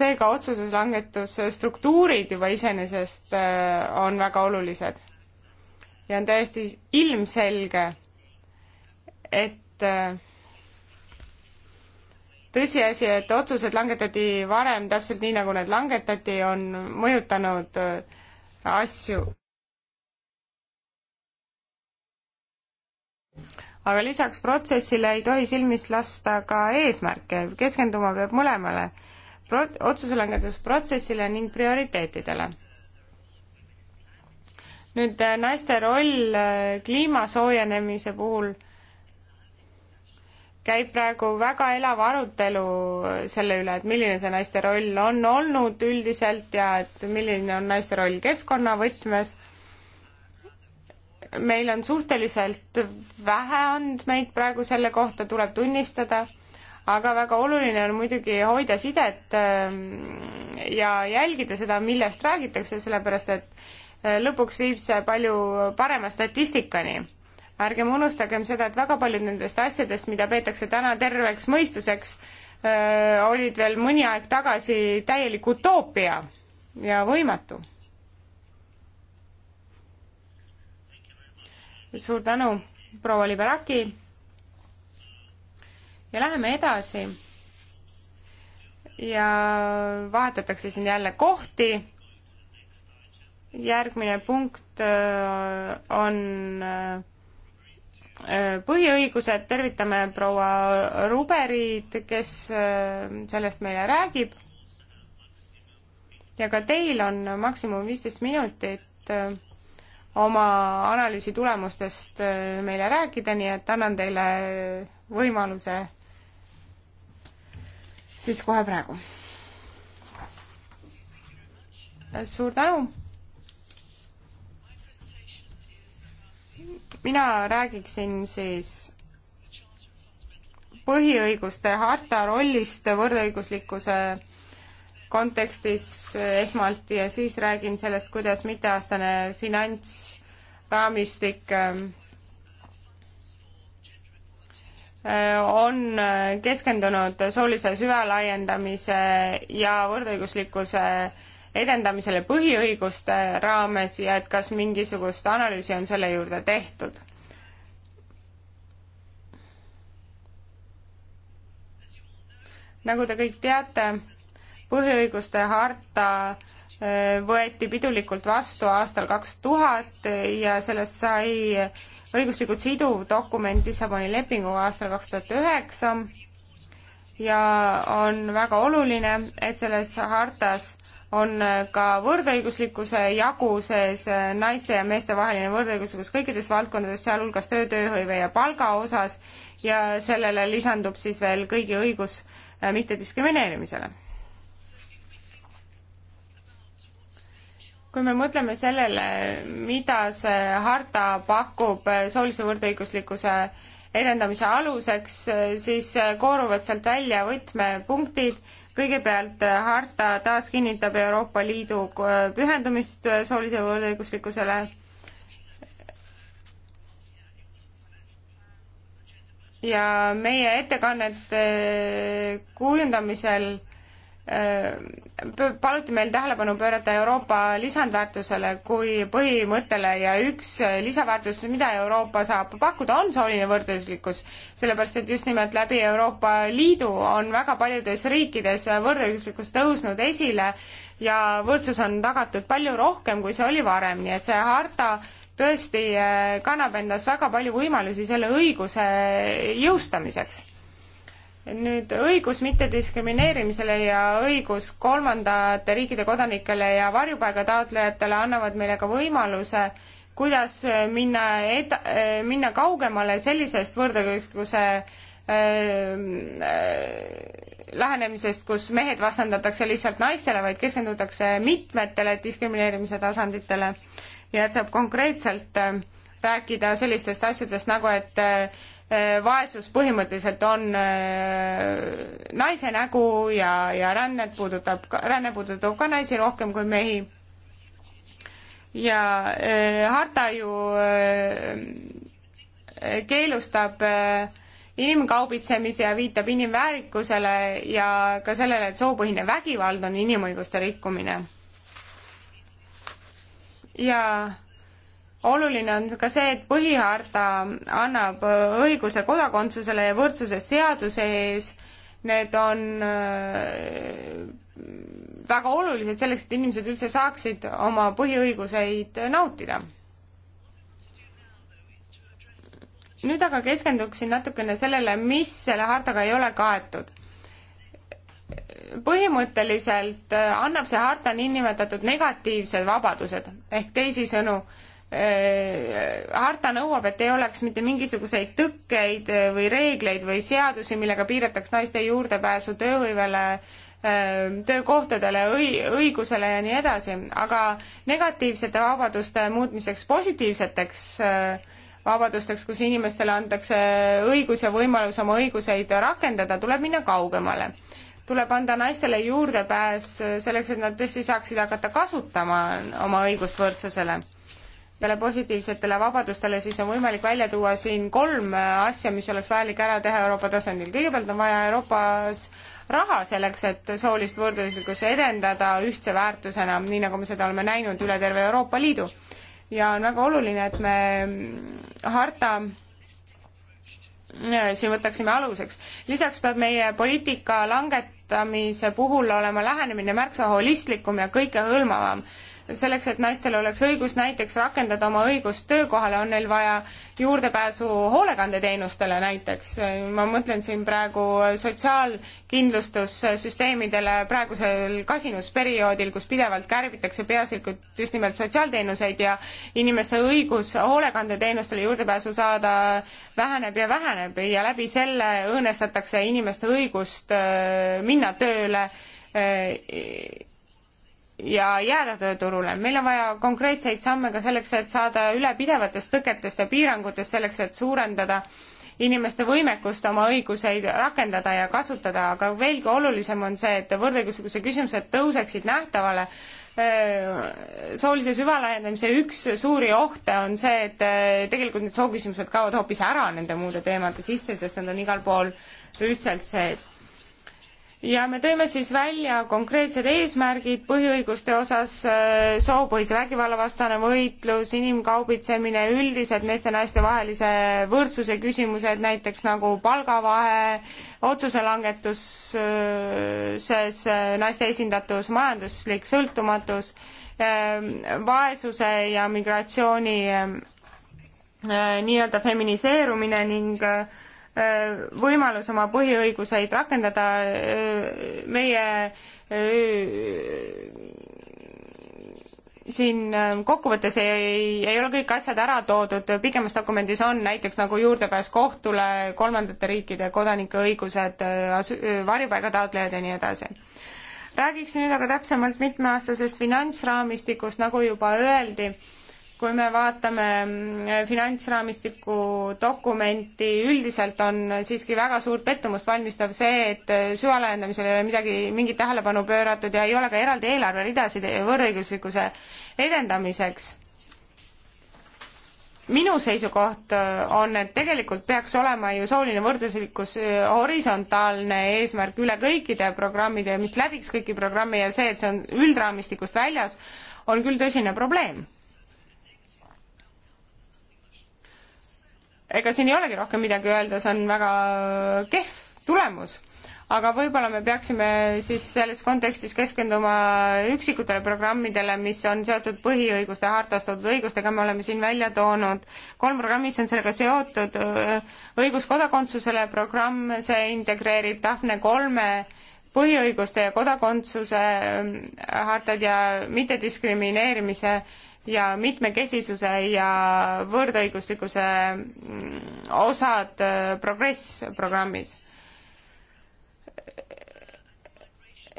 seega otsuses langetusstruktuurid juba iseenesest äh, on väga olulised. ja on täiesti ilmselge, et äh, tõsiasi, et otsused langetati varem täpselt nii, nagu need langetati, on mõjutanud äh, asju. aga lisaks protsessile ei tohi silmist lasta ka eesmärke, keskenduma peab mõlemale pro-, otsuse langetusprotsessile ning prioriteetidele. nüüd äh, naiste roll kliima soojenemise puhul käib praegu väga elav arutelu selle üle, et milline see naiste roll on olnud üldiselt ja et milline on naiste roll keskkonnavõtmes. meil on suhteliselt vähe andmeid praegu selle kohta, tuleb tunnistada, aga väga oluline on muidugi hoida sidet ähm, ja jälgida seda, millest räägitakse, sellepärast et äh, lõpuks viib see palju parema statistikani ärgem unustagem seda, et väga paljud nendest asjadest, mida peetakse täna terveks mõistuseks, olid veel mõni aeg tagasi täielik utoopia ja võimatu. suur tänu, proua Liberaki. ja läheme edasi. ja vahetatakse siin jälle kohti. järgmine punkt on põhiõigused, tervitame proua Ruberit, kes äh, sellest meile räägib. ja ka teil on maksimum viisteist minutit äh, oma analüüsi tulemustest äh, meile rääkida, nii et annan teile võimaluse siis kohe praegu. suur tänu mina räägiksin siis põhiõiguste harta rollist võrdõiguslikkuse kontekstis esmalt ja siis räägin sellest, kuidas mitteaastane finantsraamistik ähm, äh, on keskendunud soolise süvalaiendamise ja võrdõiguslikkuse edendamisele põhiõiguste raames ja et kas mingisugust analüüsi on selle juurde tehtud? nagu te kõik teate, põhiõiguste harta äh, võeti pidulikult vastu aastal kaks tuhat ja sellest sai õiguslikult siduv dokument Lissaboni lepinguga aastal kaks tuhat üheksa ja on väga oluline, et selles hartas on äh, ka võrdõiguslikkuse jagu sees, äh, naiste ja meeste vaheline võrdõiguslikkus kõikides valdkondades, sealhulgas töö, tööhõive ja palga osas ja sellele lisandub siis veel kõigi õigus äh, mittediskrimineerimisele. kui me mõtleme sellele, mida see harta pakub soolise võrdõiguslikkuse edendamise aluseks, siis kooruvad sealt välja võtmepunktid kõigepealt äh, harta taas kinnitab Euroopa Liidu äh, pühendumist äh, soolise võrdõiguslikkusele ja meie ettekannet kujundamisel Äh, paluti meil tähelepanu pöörata Euroopa lisandväärtusele kui põhimõttele ja üks lisaväärtus, mida Euroopa saab pakkuda, on sooline võrdõiguslikkus. sellepärast, et just nimelt läbi Euroopa Liidu on väga paljudes riikides võrdõiguslikkus tõusnud esile ja võrdsus on tagatud palju rohkem, kui see oli varem, nii et see harta tõesti äh, kannab endas väga palju võimalusi selle õiguse jõustamiseks nüüd õigus mittediskrimineerimisele ja õigus kolmandate riikide kodanikele ja varjupaiga taotlejatele annavad meile ka võimaluse, kuidas minna ed-, minna kaugemale sellisest võrdõiguslikkuse äh, lähenemisest, kus mehed vastandatakse lihtsalt naistele, vaid keskendutakse mitmetele diskrimineerimise tasanditele ja et saab konkreetselt äh, rääkida sellistest asjadest nagu, et äh, Äh, vaesus põhimõtteliselt on äh, naise nägu ja, ja rännet puudutab, ränne puudutab ka naisi rohkem kui mehi. ja äh, harta ju keelustab inimkaubitsemise ja viitab inimväärikusele ja ka sellele, et soopõhine vägivald on inimõiguste rikkumine. ja oluline on ka see, et põhiharta annab õiguse kodakondsusele ja võrdsuse seaduse ees. Need on äh, väga olulised selleks, et inimesed üldse saaksid oma põhiõiguseid nautida. nüüd aga keskenduksin natukene sellele, mis selle hartaga ei ole kaetud põhimõtteliselt annab see harta niinimetatud negatiivsed vabadused ehk teisisõnu äh, Äh, harta nõuab, et ei oleks mitte mingisuguseid tõkkeid äh, või reegleid või seadusi, millega piirataks naiste juurdepääsu tööhõivele, äh, töökohtadele, õigusele ja nii edasi, aga negatiivsete vabaduste muutmiseks positiivseteks vabadusteks, kus inimestele antakse õigus ja võimalus oma õiguseid rakendada, tuleb minna kaugemale tuleb anda naistele juurdepääs selleks, et nad tõesti saaksid hakata kasutama oma õigust võrdsusele peale positiivsetele vabadustele, siis on võimalik välja tuua siin kolm asja, mis oleks vajalik ära teha Euroopa tasandil. kõigepealt on vaja Euroopas raha selleks, et soolist võrdõiguslikkust edendada ühtse väärtusena, nii nagu me seda oleme näinud üle terve Euroopa Liidu. ja on väga oluline, et me harta äh, siin võtaksime aluseks. lisaks peab meie poliitika langetamise puhul olema lähenemine märksa holistlikum ja kõikehõlmavam selleks, et naistel oleks õigus näiteks rakendada oma õigust töökohale, on neil vaja juurdepääsu hoolekandeteenustele näiteks. ma mõtlen siin praegu sotsiaalkindlustussüsteemidele praegusel kasinusperioodil, kus pidevalt kärbitakse peaasjalikult just nimelt sotsiaalteenuseid ja inimeste õigus hoolekandeteenustele juurdepääsu saada väheneb ja väheneb ja läbi selle õõnestatakse inimeste õigust äh, minna tööle äh, ja jääda tööturule. meil on vaja konkreetseid samme ka selleks, et saada üle pidevatest tõketest ja piirangutest, selleks et suurendada inimeste võimekust oma õiguseid rakendada ja kasutada, aga veelgi olulisem on see, et võrdõiguslikkuse küsimused tõuseksid nähtavale. soolise süvalaiendamise üks suuri ohte on see, et tegelikult need sooküsimused kaovad hoopis ära nende muude teemade sisse, sest nad on igal pool ühtselt sees ja me tõime siis välja konkreetsed eesmärgid põhiõiguste osas, äh, soopõhise vägivalla vastane võitlus, inimkaubitsemine, üldised meeste-naiste vahelise võrdsuse küsimused, näiteks nagu palgavahe, otsuse langetuses äh, äh, naiste esindatus, majanduslik sõltumatus, ähm, vaesuse ja migratsiooni ähm, nii-öelda feminiseerumine ning äh, Äh, võimalus oma põhiõiguseid rakendada, äh, meie äh, siin kokkuvõttes ei, ei ole kõik asjad ära toodud, pikemas dokumendis on näiteks nagu juurdepääs kohtule, kolmandate riikide kodanike õigused, varjupaiga taotlejad ja nii edasi. räägiks nüüd aga täpsemalt mitmeaastasest finantsraamistikust, nagu juba öeldi kui me vaatame mm, finantsraamistiku dokumenti, üldiselt on siiski väga suurt pettumust valmistav see, et süvalaiendamisele ei ole midagi, mingit tähelepanu pööratud ja ei ole ka eraldi eelarveridasid võrdõiguslikkuse edendamiseks. minu seisukoht äh, on, et tegelikult peaks olema ju sooline võrdõiguslikkus äh, horisontaalne eesmärk üle kõikide programmide, mis läbiks kõiki programme ja see, et see on üldraamistikust väljas, on küll tõsine probleem ega siin ei olegi rohkem midagi öelda, see on väga kehv tulemus. aga võib-olla me peaksime siis selles kontekstis keskenduma üksikutele programmidele, mis on seotud põhiõiguste hartast toodud õigustega, me oleme siin välja toonud kolm programmi, mis on sellega seotud, õigus kodakondsusele programm, see integreerib Daphne kolme põhiõiguste ja kodakondsuse hartad ja mittediskrimineerimise äh, ja mitmekesisuse ja võrdõiguslikkuse mm, osad äh, progress programmis.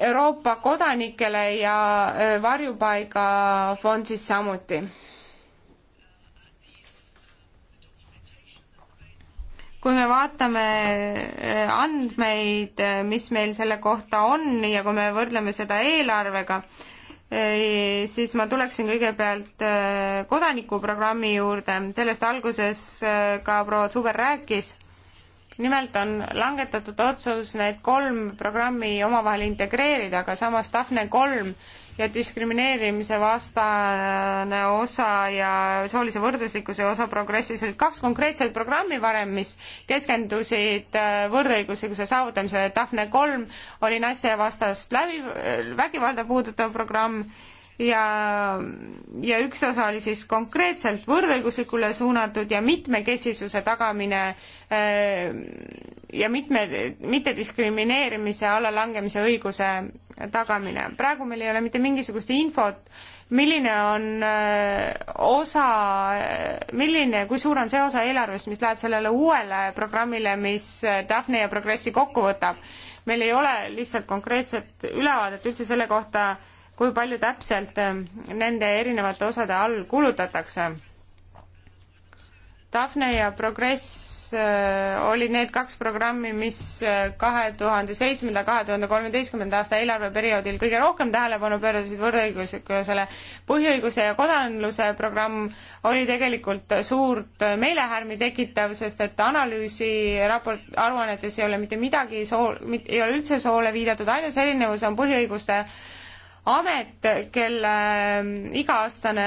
Euroopa kodanikele ja äh, varjupaigafond siis samuti. kui me vaatame äh, andmeid, mis meil selle kohta on ja kui me võrdleme seda eelarvega, siis ma tuleksin kõigepealt äh, kodanikuprogrammi juurde, sellest alguses äh, ka proua Suver rääkis nimelt on langetatud otsus need kolm programmi omavahel integreerida, aga samas Daphne kolm ja diskrimineerimise vastane osa ja soolise võrdõiguslikkuse osa progressis olid kaks konkreetset programmi varem, mis keskendusid äh, võrdõiguslikkuse saavutamisele. Daphne kolm oli naistevastast läbi, äh, vägivalda puudutav programm ja, ja üks osa oli siis konkreetselt võrdõiguslikule suunatud ja mitmekesisuse tagamine ja mitme, mittediskrimineerimise allalangemise õiguse tagamine. praegu meil ei ole mitte mingisugust infot, milline on osa, milline, kui suur on see osa eelarvest, mis läheb sellele uuele programmile, mis Daphne ja Progressi kokku võtab. meil ei ole lihtsalt konkreetset ülevaadet üldse selle kohta, kui palju täpselt äh, nende erinevate osade all kulutatakse. Daphne ja Progress äh, olid need kaks programmi, mis äh, kahe tuhande seitsmenda, kahe tuhande kolmeteistkümnenda aasta eelarveperioodil kõige rohkem tähelepanu pöörasid võrdõiguslikkusele. põhiõiguse ja kodanluse programm oli tegelikult suurt meelehärmi tekitav, sest et analüüsi raport, aruannetes ei ole mitte midagi soo-, ei ole üldse soole viidatud, ainus erinevus on põhiõiguste äh, amet, kelle ähm, iga-aastane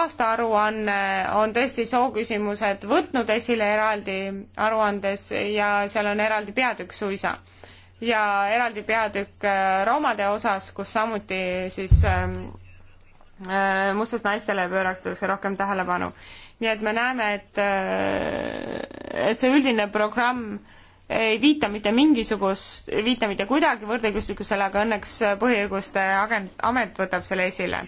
aastaaruanne on, on tõesti sooküsimused võtnud esile eraldi aruandes ja seal on eraldi peatükk suisa. ja eraldi peatükk äh, roomade osas, kus samuti siis ähm, äh, mustest naistele pööratakse rohkem tähelepanu. nii et me näeme, et, äh, et see üldine programm ei viita mitte mingisugust, viita mitte kuidagi võrdõiguslikkusele, aga õnneks põhiõiguste agent, amet võtab selle esile.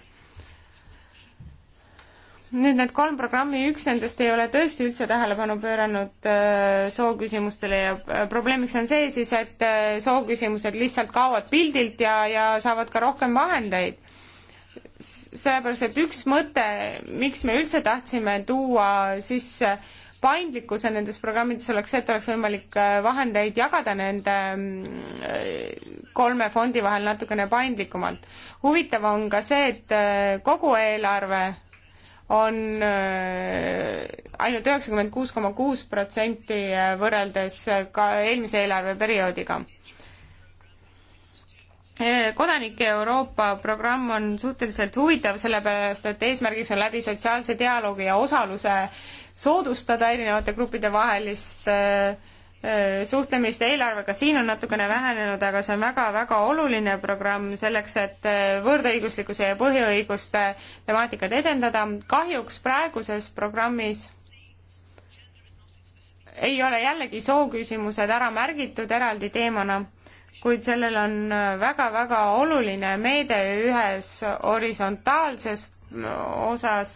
nüüd need kolm programmi, üks nendest ei ole tõesti üldse tähelepanu pööranud äh, sooküsimustele ja äh, probleemiks on see siis, et äh, sooküsimused lihtsalt kaovad pildilt ja, ja saavad ka rohkem vahendeid sellepärast, et üks mõte, miks me üldse tahtsime tuua sisse äh, paindlikkuse nendes programmides oleks see, et oleks võimalik äh, vahendeid jagada nende mm, äh, kolme fondi vahel natukene paindlikumalt. huvitav on ka see, et äh, kogu eelarve on ainult üheksakümmend kuus koma kuus protsenti võrreldes ka eelmise eelarveperioodiga Eh, kodanike Euroopa programm on suhteliselt huvitav, sellepärast et eesmärgiks on läbi sotsiaalse dialoogi ja osaluse soodustada erinevate gruppide vahelist eh, eh, suhtlemist eelarvega, siin on natukene vähenenud, aga see on väga-väga oluline programm selleks, et võrdõiguslikkuse ja põhiõiguste temaatikat edendada. kahjuks praeguses programmis ei ole jällegi sooküsimused ära märgitud eraldi teemana kuid sellel on väga-väga äh, oluline meede ühes horisontaalses mm, osas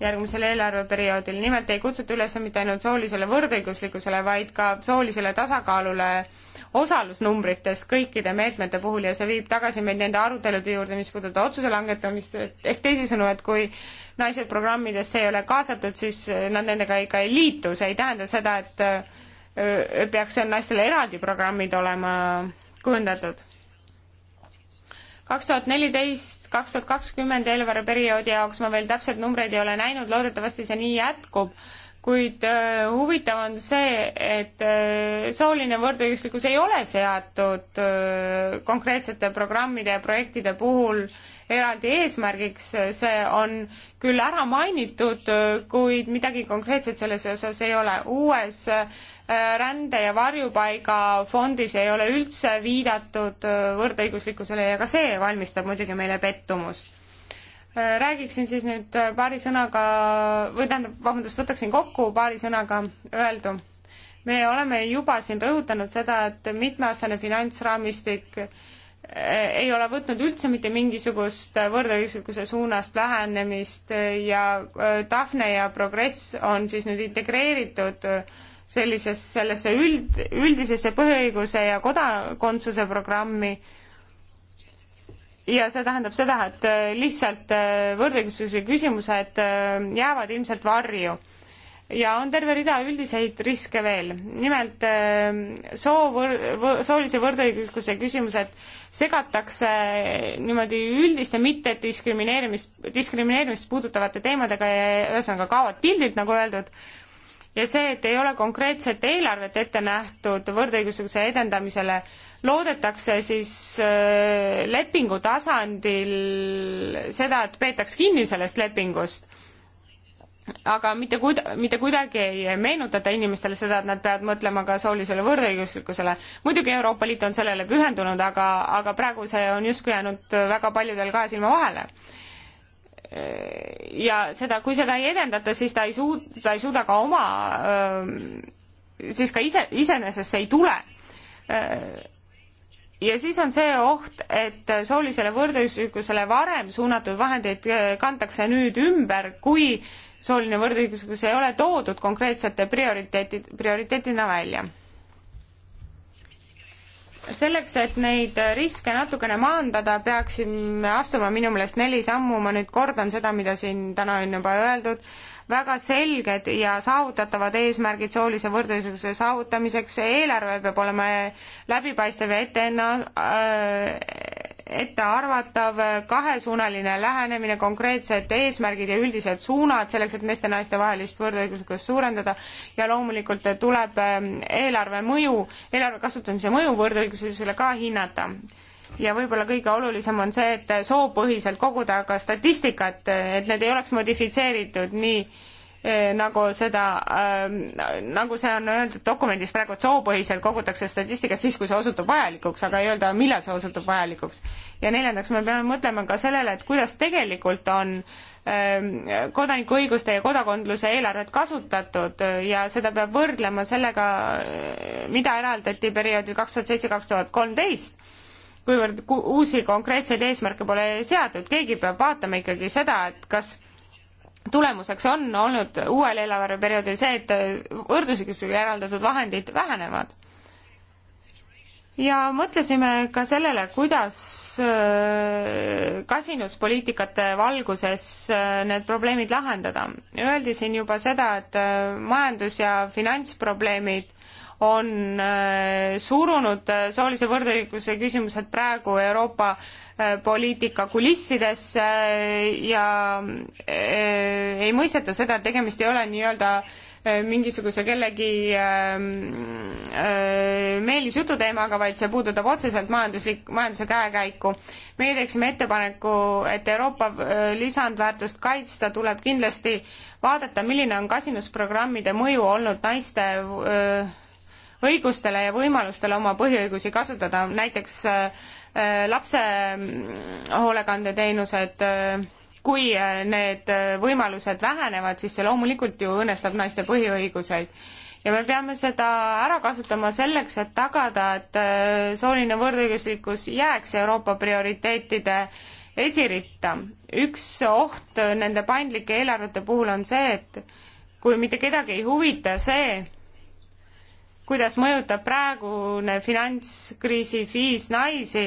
järgmisel eelarveperioodil. nimelt ei kutsuta üles mitte ainult soolisele võrdõiguslikkusele, vaid ka soolisele tasakaalule osalusnumbrites kõikide meetmete puhul ja see viib tagasi meid nende arutelude juurde, mis puudutab otsuse langetamist, ehk teisisõnu, et kui naised programmidesse ei ole kaasatud, siis äh, nad nendega ikka ei liitu, see ei tähenda seda, et äh, peaks seal naistele eraldi programmid olema kujundatud. kaks tuhat neliteist, kaks tuhat kakskümmend eelarveperioodi jaoks ma veel täpseid numbreid ei ole näinud, loodetavasti see nii jätkub, kuid huvitav on see, et sooline võrdõiguslikkus ei ole seatud konkreetsete programmide ja projektide puhul eraldi eesmärgiks, see on küll ära mainitud, kuid midagi konkreetset selles osas ei ole. uues rände- ja varjupaigafondis ei ole üldse viidatud äh, võrdõiguslikkusele ja ka see valmistab muidugi meile pettumust. Äh, räägiksin siis nüüd äh, paari sõnaga, või tähendab, vabandust, võtaksin kokku paari sõnaga öeldu. me oleme juba siin rõhutanud seda, et mitmeaastane finantsraamistik ei ole võtnud üldse mitte mingisugust võrdõiguslikkuse suunast lähenemist ja Daphne ja Progress on siis nüüd integreeritud äh, sellises, sellesse üld, üldisesse põhiõiguse ja kodakondsuse programmi. ja see tähendab seda, et äh, lihtsalt äh, võrdõiguslikkuse küsimused äh, jäävad ilmselt varju ja on terve rida üldiseid riske veel. nimelt soo võr-, soolise võrdõiguslikkuse küsimused segatakse niimoodi üldiste mitte diskrimineerimist, diskrimineerimist puudutavate teemadega ja ühesõnaga kaovad pildilt, nagu öeldud ja see, et ei ole konkreetset eelarvet ette nähtud võrdõiguslikkuse edendamisele, loodetakse siis äh, lepingu tasandil seda, et peetaks kinni sellest lepingust, aga mitte kuid-, mitte kuidagi ei meenutata inimestele seda, et nad peavad mõtlema ka soolisele võrdõiguslikkusele. muidugi Euroopa Liit on sellele pühendunud, aga, aga praegu see on justkui jäänud väga paljudel kahe silma vahele ja seda, kui seda ei edendata, siis ta ei suu-, ta ei suuda ka oma, siis ka ise, iseenesest see ei tule. ja siis on see oht, et soolisele võrdõiguslikkusele varem suunatud vahendeid kantakse nüüd ümber, kui sooline võrdõiguslikkus ei ole toodud konkreetsete prioriteetid, prioriteetina välja selleks, et neid riske natukene maandada, peaksime astuma minu meelest neli sammu, ma nüüd kordan seda, mida siin täna on juba öeldud, väga selged ja saavutatavad eesmärgid soolise võrdõiguslikkuse saavutamiseks, see eelarve peab olema läbipaistev ja ette enna- äh,, ettearvatav kahesuunaline lähenemine, konkreetsed eesmärgid ja üldised suunad selleks, et meeste ja naiste vahelist võrdõiguslikkust suurendada ja loomulikult tuleb ähm, eelarve mõju, eelarve kasutamise mõju võrdõiguslikkusele ka hinnata. ja võib-olla kõige olulisem on see, et soopõhiselt koguda ka statistikat, et need ei oleks modifitseeritud nii Eh, nagu seda, ähm, nagu see on öeldud dokumendis praegu, et soopõhiselt kogutakse statistikat siis, kui see osutub vajalikuks, aga ei öelda, millal see osutub vajalikuks. ja neljandaks, me peame mõtlema ka sellele, et kuidas tegelikult on ähm, kodanikuõiguste ja kodakondluse eelarvet kasutatud äh, ja seda peab võrdlema sellega, äh, mida eraldati perioodil kaks tuhat seitse, kaks tuhat kolmteist kuivõrd uusi konkreetseid eesmärke pole seatud, keegi peab vaatama ikkagi seda, et kas tulemuseks on olnud uuel eelarveperioodil see, et võrdluslikkusele eraldatud vahendid vähenevad. ja mõtlesime ka sellele, kuidas äh, kasinuspoliitikate valguses äh, need probleemid lahendada. Öeldi siin juba seda, et äh, majandus- ja finantsprobleemid on äh, surunud äh, soolise võrdõiguse küsimused praegu Euroopa äh, poliitika kulissidesse ja ei mõisteta seda, et tegemist ei ole nii-öelda mingisuguse kellegi ähm, meelisjutu teemaga, vaid see puudutab otseselt majanduslik, majanduse käekäiku. meie teeksime ettepaneku, et Euroopa lisandväärtust kaitsta, tuleb kindlasti vaadata, milline on kasinusprogrammide mõju olnud naiste öö, õigustele ja võimalustele oma põhiõigusi kasutada, näiteks äh, äh, lapse mm, hoolekandeteenused, äh, kui need võimalused vähenevad, siis see loomulikult ju õõnestab naiste põhiõiguseid ja me peame seda ära kasutama selleks, et tagada, et sooline võrdõiguslikkus jääks Euroopa prioriteetide esiritta. üks oht nende paindlike eelarvete puhul on see, et kui mitte kedagi ei huvita see, kuidas mõjutab praegune finantskriisi viis naisi,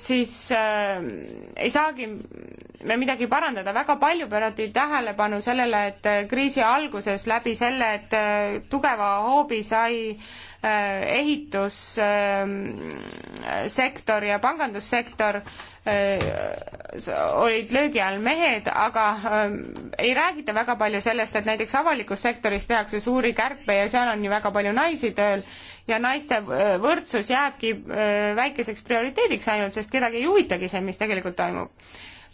siis äh, ei saagi me midagi parandada, väga palju pöörati tähelepanu sellele, et kriisi alguses läbi selle, et äh, tugeva hoobi sai Äh, ehitussektor ähm, ja pangandussektor äh, olid löögi all mehed, aga ähm, ei räägita väga palju sellest, et näiteks avalikus sektoris tehakse suuri kärpe ja seal on ju väga palju naisi tööl ja naiste võrdsus jääbki äh, väikeseks prioriteediks ainult, sest kedagi ei huvitagi see, mis tegelikult toimub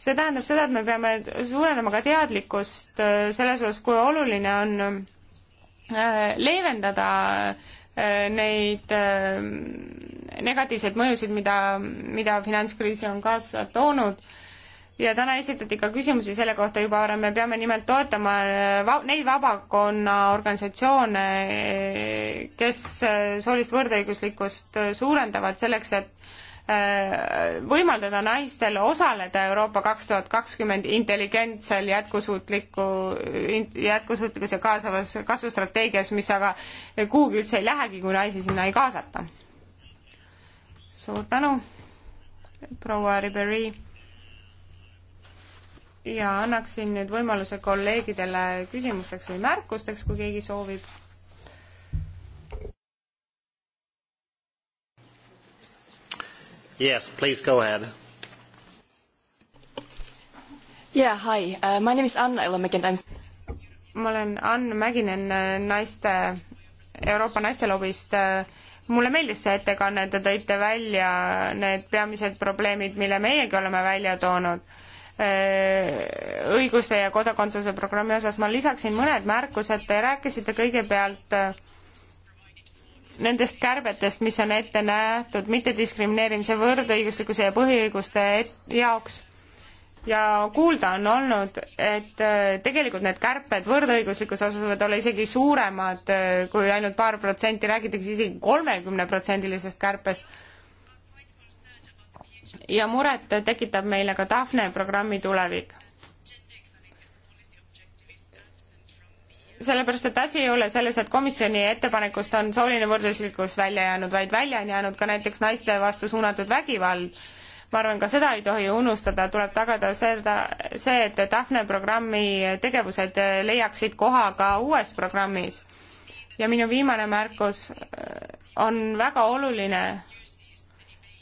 see tähendab seda, et me peame suurendama ka teadlikkust selles osas, kui oluline on leevendada äh, Äh, neid äh, negatiivseid mõjusid, mida, mida finantskriis on kaasa toonud ja täna esitati ka küsimusi selle kohta juba varem, me peame nimelt toetama äh, va-, neid vabakonna organisatsioone, kes soolist võrdõiguslikkust suurendavad selleks, et Äh, võimaldada naistel osaleda Euroopa kaks tuhat kakskümmend intelligentsel jätkusuutliku, jätkusuutlikkuse kaasavas kasvustrateegias, mis aga kuhugi üldse ei lähegi, kui naisi sinna ei kaasata. suur tänu, proua Riberi. ja annaksin nüüd võimaluse kolleegidele küsimusteks või märkusteks, kui keegi soovib Yes, please go ahead. Yeah, hi. Uh, my name is Anna Elomägi and I'm ma olen Ann Mäginen äh, naiste, Euroopa naistelobist. Äh, mulle meeldis see ettekanne, te tõite välja need peamised probleemid, mille meiegi oleme välja toonud äh, õiguste ja kodakondsuse programmi osas. ma lisaksin mõned märkused, te rääkisite kõigepealt nendest kärbetest, mis on ette nähtud mittediskrimineerimise võrdõiguslikkuse ja põhiõiguste jaoks ja kuulda on olnud, et äh, tegelikult need kärped võrdõiguslikkuse osas võivad olla isegi suuremad äh, kui ainult paar protsenti, räägitakse isegi kolmekümneprotsendilisest kärpest. ja muret tekitab meile ka Daphne programmi tulevik sellepärast, et asi ei ole selles, et komisjoni ettepanekust on sooline võrdluslikkus välja jäänud, vaid välja on jäänud ka näiteks naiste vastu suunatud vägivald. ma arvan, ka seda ei tohi unustada, tuleb tagada seda, see, et Daphne programmi tegevused leiaksid koha ka uues programmis. ja minu viimane märkus äh, on väga oluline,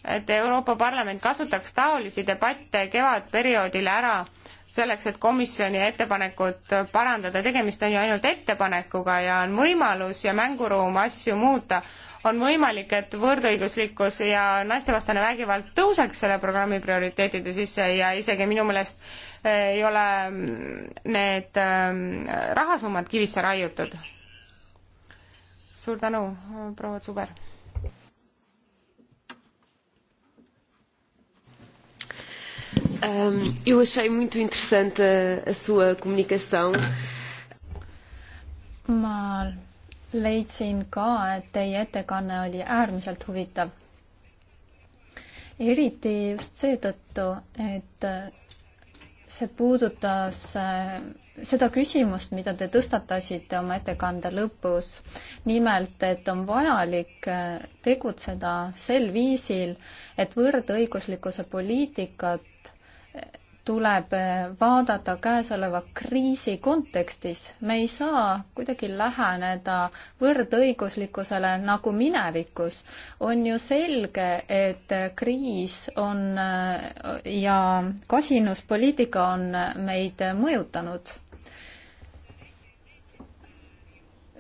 et Euroopa Parlament kasutaks taolisi debatte kevadperioodil ära selleks, et komisjoni ettepanekut parandada, tegemist on ju ainult ettepanekuga ja on võimalus ja mänguruum asju muuta. on võimalik, et võrdõiguslikkus ja naistevastane vägivald tõuseks selle programmi prioriteetide sisse ja isegi minu meelest eh, ei ole mm, need ehm, rahasummad kivisse raiutud. suur tänu, proua Zuber Um, eu achei muito interessante a, a sua comunicação. ma leidsin ka, et teie ettekanne oli äärmiselt huvitav. eriti just seetõttu, et see puudutas eh, seda küsimust, mida te tõstatasite oma ettekande lõpus. nimelt, et on vajalik eh, tegutseda sel viisil, et võrdõiguslikkuse poliitikat tuleb äh, vaadata käesoleva kriisi kontekstis. me ei saa kuidagi läheneda võrdõiguslikkusele nagu minevikus. on ju selge, et kriis on äh, ja kasinuspoliitika on meid mõjutanud.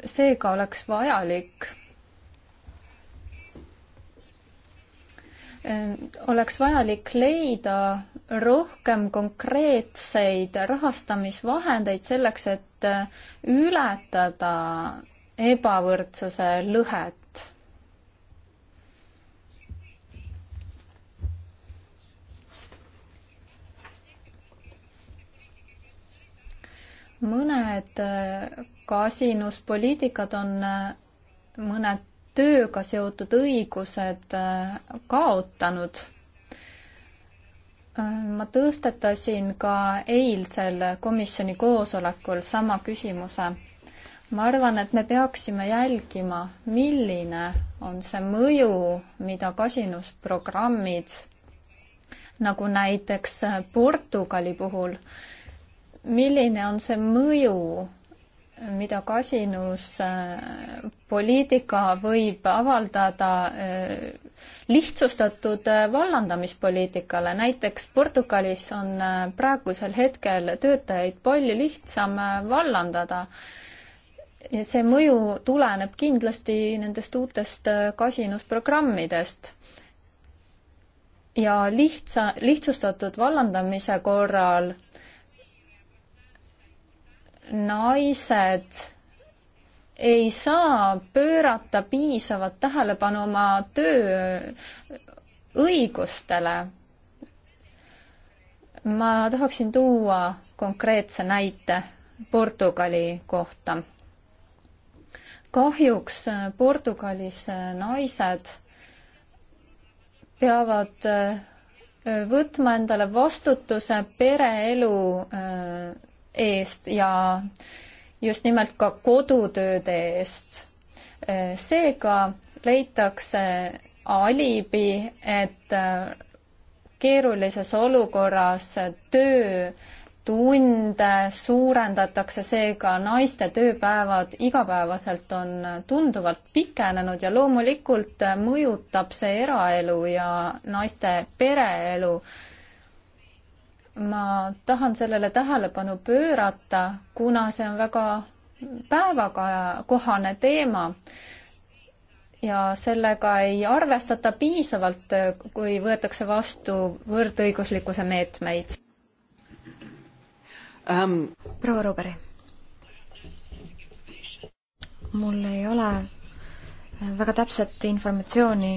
seega oleks vajalik äh, oleks vajalik leida rohkem konkreetseid rahastamisvahendeid selleks, et äh, ületada ebavõrdsuse lõhet. mõned äh, kasinuspoliitikad on äh, mõned tööga seotud õigused kaotanud ma tõstatasin ka eilsel komisjoni koosolekul sama küsimuse. ma arvan, et me peaksime jälgima, milline on see mõju, mida kasinusprogrammid nagu näiteks Portugali puhul, milline on see mõju mida kasinus äh, poliitika võib avaldada äh, lihtsustatud äh, vallandamispoliitikale. näiteks Portugalis on praegusel hetkel töötajaid palju lihtsam vallandada. ja see mõju tuleneb kindlasti nendest uutest kasinusprogrammidest ja lihtsa, lihtsustatud vallandamise korral naised ei saa pöörata piisavat tähelepanu oma tööõigustele. ma tahaksin tuua konkreetse näite Portugali kohta. kahjuks Portugalis naised peavad äh, võtma endale vastutuse pereelu äh, eest ja just nimelt ka kodutööde eest. seega leitakse alibi, et keerulises olukorras töötunde suurendatakse, seega naiste tööpäevad igapäevaselt on tunduvalt pikenenud ja loomulikult mõjutab see eraelu ja naiste pereelu ma tahan sellele tähelepanu pöörata, kuna see on väga päevakohane teema ja sellega ei arvestata piisavalt, kui võetakse vastu võrdõiguslikkuse meetmeid um.... proua Ruberi. mul ei ole väga täpset informatsiooni,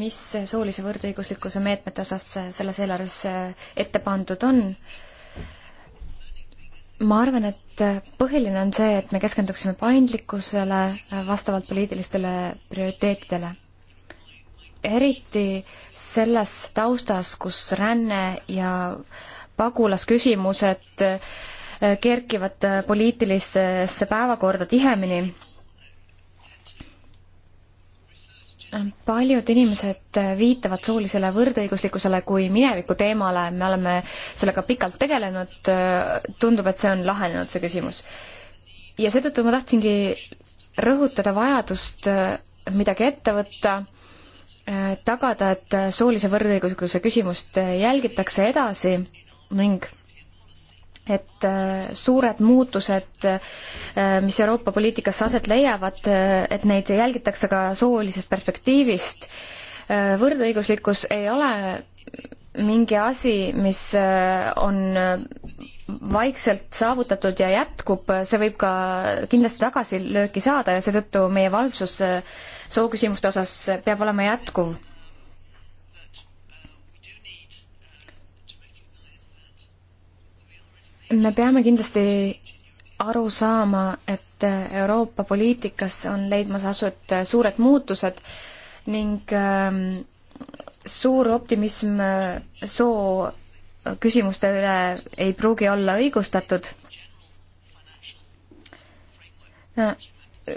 mis soolise võrdõiguslikkuse meetmete osas selles eelarves ette pandud on. ma arvan, et põhiline on see, et me keskenduksime paindlikkusele vastavalt poliitilistele prioriteetidele. eriti selles taustas, kus ränne ja pagulasküsimused kerkivad poliitilisse päevakorda tihemini paljud inimesed viitavad soolisele võrdõiguslikkusele kui mineviku teemale, me oleme sellega pikalt tegelenud, tundub, et see on lahenenud, see küsimus. ja seetõttu ma tahtsingi rõhutada vajadust midagi ette võtta, tagada, et soolise võrdõiguslikkuse küsimust jälgitakse edasi ning et äh, suured muutused, äh, mis Euroopa poliitikas aset leiavad, äh, et neid jälgitakse ka soolisest perspektiivist. võrdõiguslikkus ei ole mingi asi, mis on vaikselt saavutatud ja jätkub, see võib ka kindlasti tagasilööki saada ja seetõttu meie valvsus sooküsimuste osas peab olema jätkuv me peame kindlasti aru saama, et Euroopa poliitikas on leidmas aset suured muutused ning ähm, suur optimism soo küsimuste üle ei pruugi olla õigustatud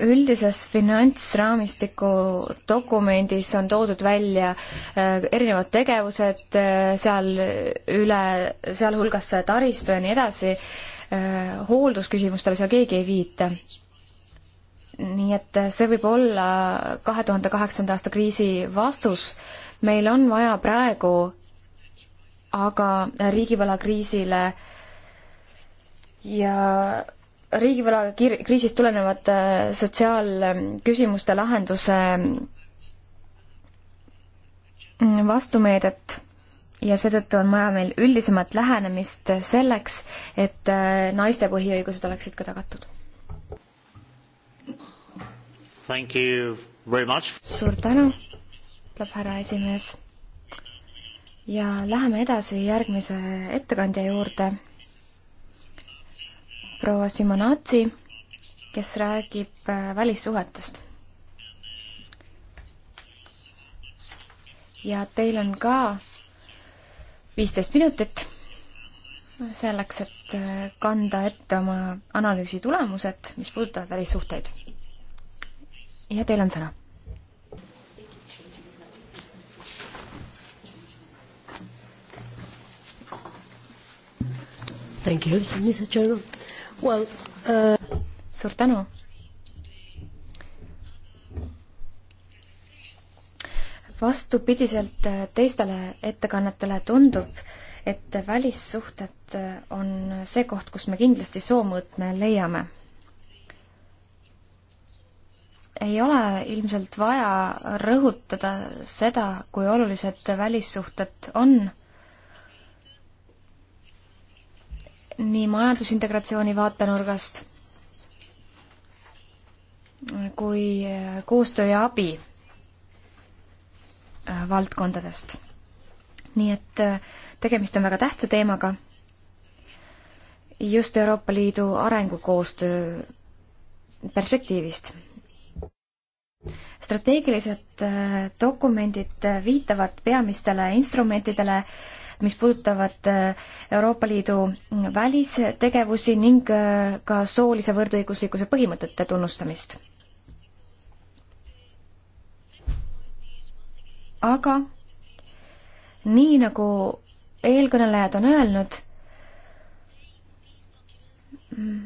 üldises finantsraamistiku dokumendis on toodud välja äh, erinevad tegevused äh, seal üle, sealhulgas taristu ja nii edasi, äh, hooldusküsimustele seal keegi ei viita. nii et see võib olla kahe tuhande kaheksanda aasta kriisi vastus, meil on vaja praegu aga riigivõlakriisile ja riigivõla kriisist tulenevate äh, sotsiaalküsimuste lahenduse mm, vastumeedet ja seetõttu on vaja meil üldisemat lähenemist selleks, et äh, naiste põhiõigused oleksid ka tagatud. suur tänu, ütleb härra esimees. ja läheme edasi järgmise ettekandja juurde proua Simonazzi, kes räägib äh, välissuhetest. ja teil on ka viisteist minutit selleks, et äh, kanda ette oma analüüsi tulemused, mis puudutavad välissuhteid. ja teil on sõna Thank you, Mr. Chairman well, uh.... suur tänu. vastupidiselt teistele ettekannetele tundub, et välissuhted on see koht, kus me kindlasti soomõõtme leiame ei ole ilmselt vaja rõhutada seda, kui olulised välissuhted on nii majandusintegratsiooni vaatenurgast kui koostöö ja abi valdkondadest. nii et äh, tegemist on väga tähtsa teemaga. just Euroopa Liidu arengukoostöö perspektiivist. strateegilised äh, dokumendid viitavad peamistele instrumentidele, mis puudutavad äh, Euroopa Liidu välistegevusi ning äh, ka soolise võrdõiguslikkuse põhimõtete tunnustamist. aga nii nagu eelkõnelejad on öelnud, mm,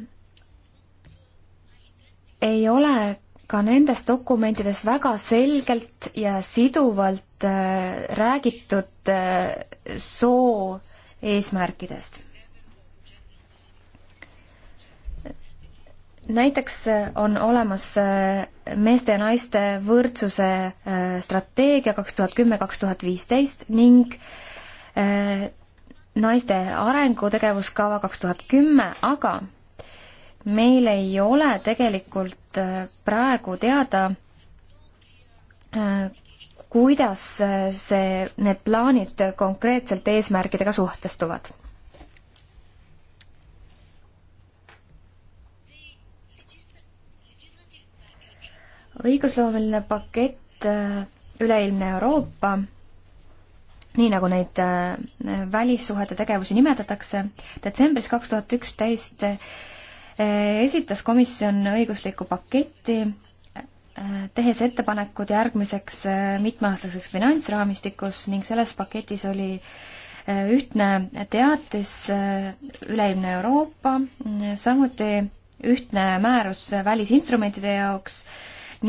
ei ole ka nendes dokumentides väga selgelt ja siduvalt äh, räägitud äh, soo eesmärkidest. näiteks äh, on olemas äh, meeste ja naiste võrdsuse äh, strateegia kaks tuhat kümme, kaks tuhat viisteist ning äh, naiste arengutegevuskava kaks tuhat kümme, aga meil ei ole tegelikult äh, praegu teada, äh, kuidas äh, see, need plaanid konkreetselt eesmärkidega suhtestuvad. õigusloomeline pakett Üleilmne Euroopa, nii nagu neid välissuhete tegevusi nimetatakse, detsembris kaks tuhat üksteist Äh, esitas komisjon õigusliku paketti, äh, tehes ettepanekud järgmiseks äh, mitmeaastaseks finantsraamistikus ning selles paketis oli ühtne teatis üleilmne Euroopa, samuti ühtne määrus välisinstrumentide jaoks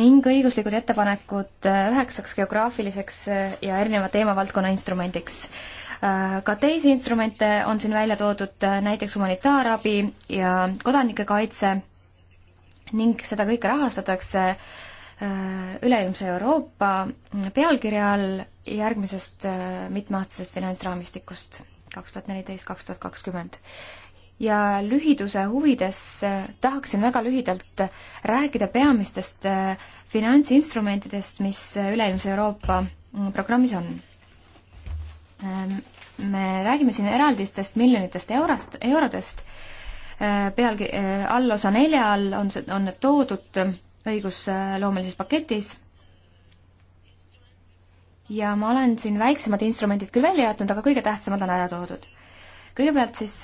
ning õiguslikud ettepanekud üheksaks geograafiliseks ja erineva teemavaldkonna instrumendiks Äh, ka teisi instrumente on siin välja toodud, äh, näiteks humanitaarabi ja kodanike kaitse ning seda kõike rahastatakse äh, üleilmse Euroopa mm, pealkirja all järgmisest mitmeaastasest finantsraamistikust kaks tuhat neliteist, kaks tuhat kakskümmend ja lühiduse huvides tahaksin väga lühidalt rääkida peamistest finantsinstrumentidest, mis üleilmse Euroopa mm, programmis on. Ähm, me räägime siin eraldistest miljonitest eurost, eurodest, äh, pealgi äh, allosa nelja all on see, on need toodud äh, õigusloomelises paketis ja ma olen siin väiksemad instrumendid küll välja jätnud, aga kõige tähtsamad on ära toodud. kõigepealt siis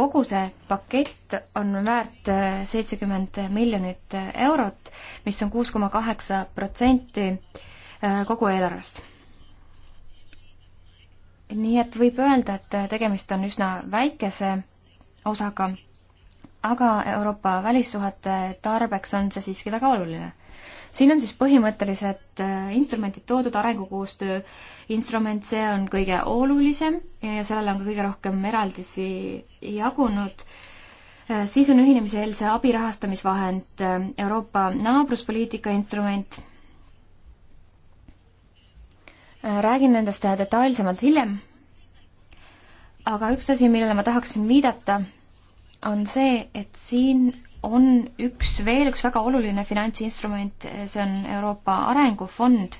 kogu see pakett on väärt seitsekümmend miljonit eurot, mis on kuus koma kaheksa protsenti kogu eelarvest nii et võib öelda, et tegemist on üsna väikese osaga, aga Euroopa välissuhete tarbeks on see siiski väga oluline. siin on siis põhimõttelised äh, instrumendid toodud, arengukoostöö instrument, see on kõige olulisem ja sellele on ka kõige rohkem eraldisi jagunud äh, siis on ühinemiseelse abi rahastamisvahend äh, Euroopa naabruspoliitika instrument räägin nendest detailsemalt hiljem. aga üks asi, millele ma tahaksin viidata, on see, et siin on üks, veel üks väga oluline finantsinstrument, see on Euroopa Arengufond,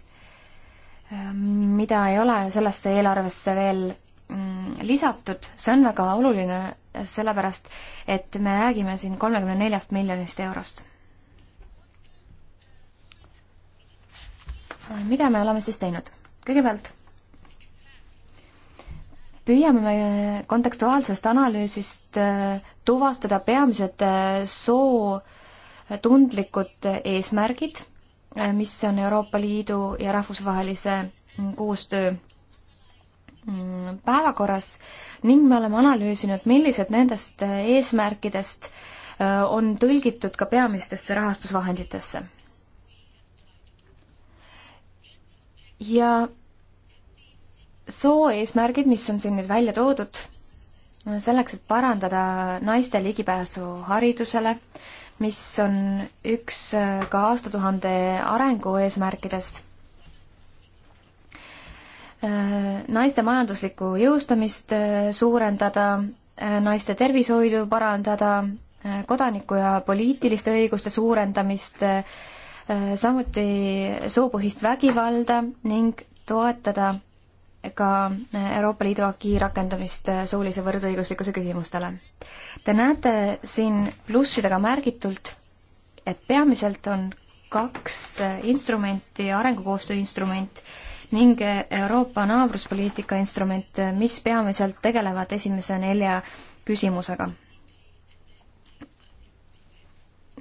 mida ei ole sellesse eelarvesse veel mm, lisatud, see on väga oluline, sellepärast et me räägime siin kolmekümne neljast miljonist eurost. mida me oleme siis teinud? kõigepealt püüame me kontekstuaalsest analüüsist äh, tuvastada peamised äh, sootundlikud eesmärgid, äh, mis on Euroopa Liidu ja rahvusvahelise mm, koostöö mm, päevakorras ning me oleme analüüsinud, millised nendest eesmärkidest on tõlgitud ka peamistesse rahastusvahenditesse ja soo eesmärgid, mis on siin nüüd välja toodud, selleks, et parandada naiste ligipääsu haridusele, mis on üks äh, ka aastatuhande arengu eesmärkidest. Äh, naiste majanduslikku jõustamist äh, suurendada, naiste tervishoidu parandada, kodaniku ja poliitiliste õiguste suurendamist, Äh, samuti soopõhist vägivalda ning toetada ka äh, Euroopa Liidu aki rakendamist äh, soolise võrdõiguslikkuse küsimustele. Te näete siin plussidega märgitult, et peamiselt on kaks instrumenti, arengukoostöö instrument ning Euroopa naabruspoliitika instrument, mis peamiselt tegelevad esimese nelja küsimusega.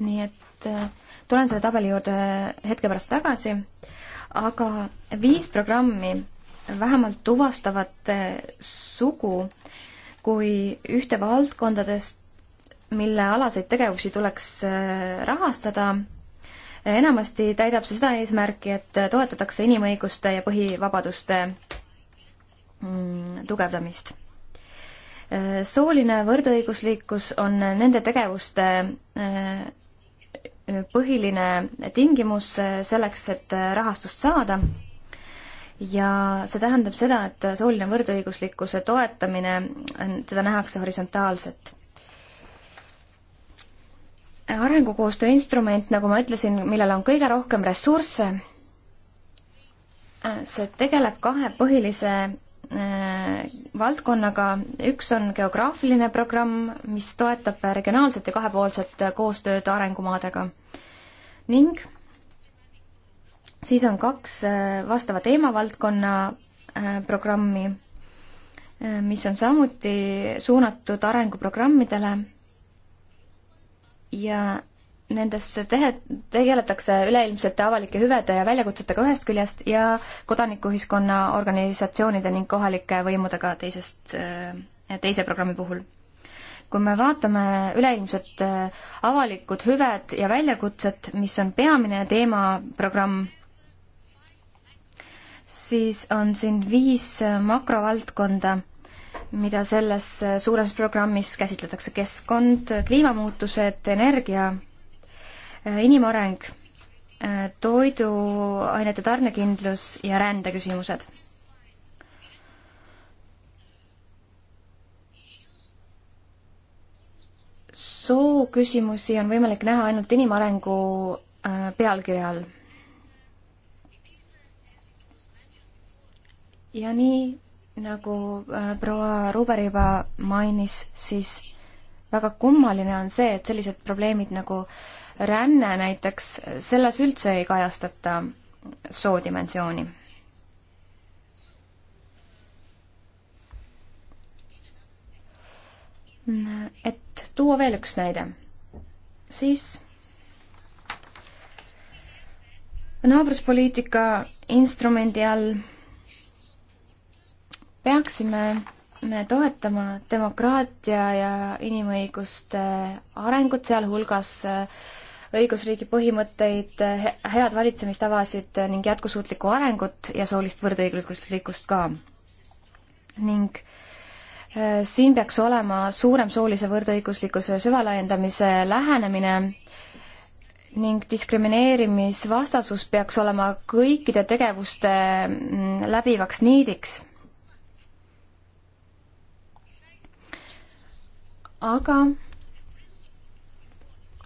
nii et äh, tulen selle tabeli juurde hetke pärast tagasi, aga viis programmi vähemalt tuvastavad eh, sugu kui ühte valdkondadest, mille alaseid tegevusi tuleks eh, rahastada, eh, enamasti täidab see seda eesmärki, et toetatakse inimõiguste ja põhivabaduste mm, tugevdamist sooline võrdõiguslikkus on nende tegevuste põhiline tingimus selleks, et rahastust saada. ja see tähendab seda, et sooline võrdõiguslikkuse toetamine, seda nähakse horisontaalselt arengukoostöö instrument, nagu ma ütlesin, millel on kõige rohkem ressursse, see tegeleb kahe põhilise Äh, valdkonnaga, üks on geograafiline programm, mis toetab regionaalset ja kahepoolset äh, koostööd arengumaadega ning siis on kaks äh, vastava teemavaldkonna programmi, mis on samuti suunatud arenguprogrammidele ja nendes tehe-, tegeletakse üleilmsete avalike hüvede ja väljakutsetega ühest küljest ja kodanikuühiskonna organisatsioonide ning kohalike võimudega teisest, äh, teise programmi puhul. kui me vaatame üleilmsed äh, avalikud hüved ja väljakutsed, mis on peamine teema programm, siis on siin viis äh, makrovaldkonda mida selles suures programmis käsitletakse keskkond, kliimamuutused, energia, Äh, inimareng, äh, toiduainete tarnekindlus ja rändeküsimused soo küsimusi on võimalik näha ainult inimarengu äh, pealkirja all. ja nii, nagu proua Ruber juba mainis, siis väga kummaline on see, et sellised probleemid nagu äh, ränne näiteks, selles üldse ei kajastata soodimensiooni et tuua veel üks näide, siis naabruspoliitika instrumendi all peaksime me toetama demokraatia ja inimõiguste arengut, sealhulgas äh, õigusriigi põhimõtteid, head valitsemistavasid ning jätkusuutlikku arengut ja soolist võrdõiguslikkust ka. ning äh, siin peaks olema suurem soolise võrdõiguslikkuse süvalaiendamise lähenemine ning diskrimineerimisvastasus peaks olema kõikide tegevuste mm, läbivaks niidiks aga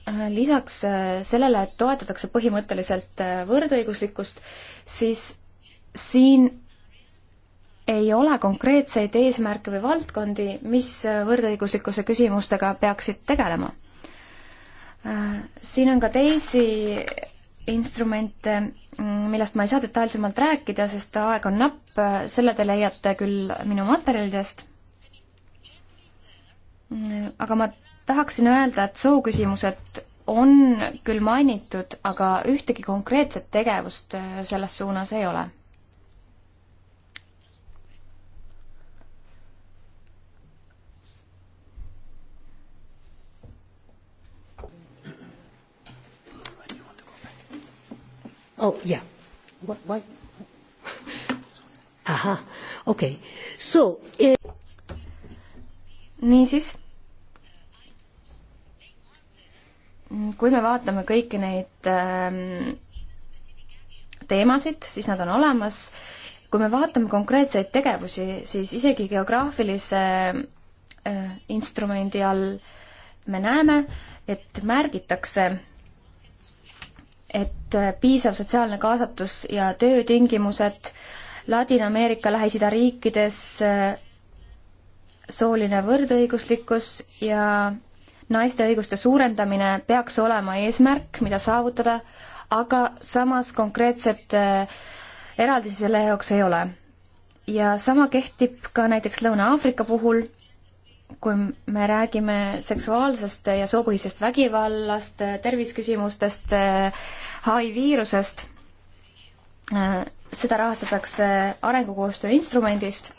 Äh, lisaks äh, sellele, et toetatakse põhimõtteliselt äh, võrdõiguslikkust, siis siin ei ole konkreetseid eesmärke või valdkondi, mis võrdõiguslikkuse küsimustega peaksid tegelema. siin on ka teisi instrumente, mm, millest ma ei saa detailsemalt rääkida, sest aeg on napp, selle te leiate küll minu materjalidest. Mm, aga ma tahaksin öelda, et sooküsimused on küll mainitud, aga ühtegi konkreetset tegevust äh, selles suunas ei ole. Oh yeah, what, what? ahah, okei okay., so eh.... niisiis Mm, kui me vaatame kõiki neid ähm, teemasid, siis nad on olemas. kui me vaatame konkreetseid tegevusi, siis isegi geograafilise äh, instrumendi all me näeme, et märgitakse, et äh, piisav sotsiaalne kaasatus ja töötingimused Ladina-Ameerika, Lähis-Ida riikides, äh, sooline võrdõiguslikkus ja naiste õiguste suurendamine peaks olema eesmärk, mida saavutada, aga samas konkreetset äh, eraldisi selle jaoks ei ole. ja sama kehtib ka näiteks Lõuna-Aafrika puhul, kui me räägime seksuaalsest ja soopõhisest vägivallast, terviseküsimustest, HIV-viirusest, äh, äh, seda rahastatakse arengukoostöö instrumendist,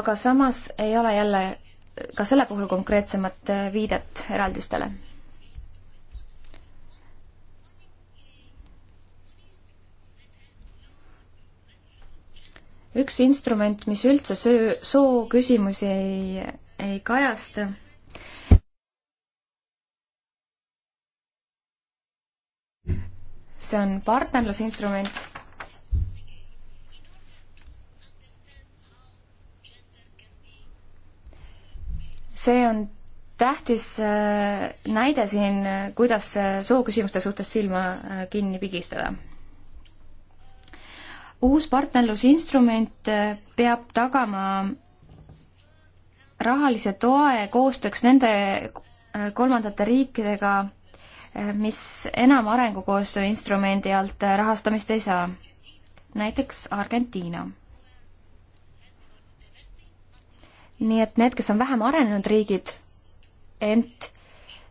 aga samas ei ole jälle ka selle puhul konkreetsemat viidet eraldistele. üks instrument, mis üldse söö, soo küsimusi ei, ei kajasta, see on partnerlusinstrument see on tähtis äh, näide siin, kuidas äh, sooküsimuste suhtes silma äh, kinni pigistada. uus partnerlusinstrument peab tagama rahalise toe koostööks nende kolmandate riikidega, mis enam arengukoostöö instrumendi alt rahastamist ei saa. näiteks Argentiina nii et need, kes on vähem arenenud riigid, ent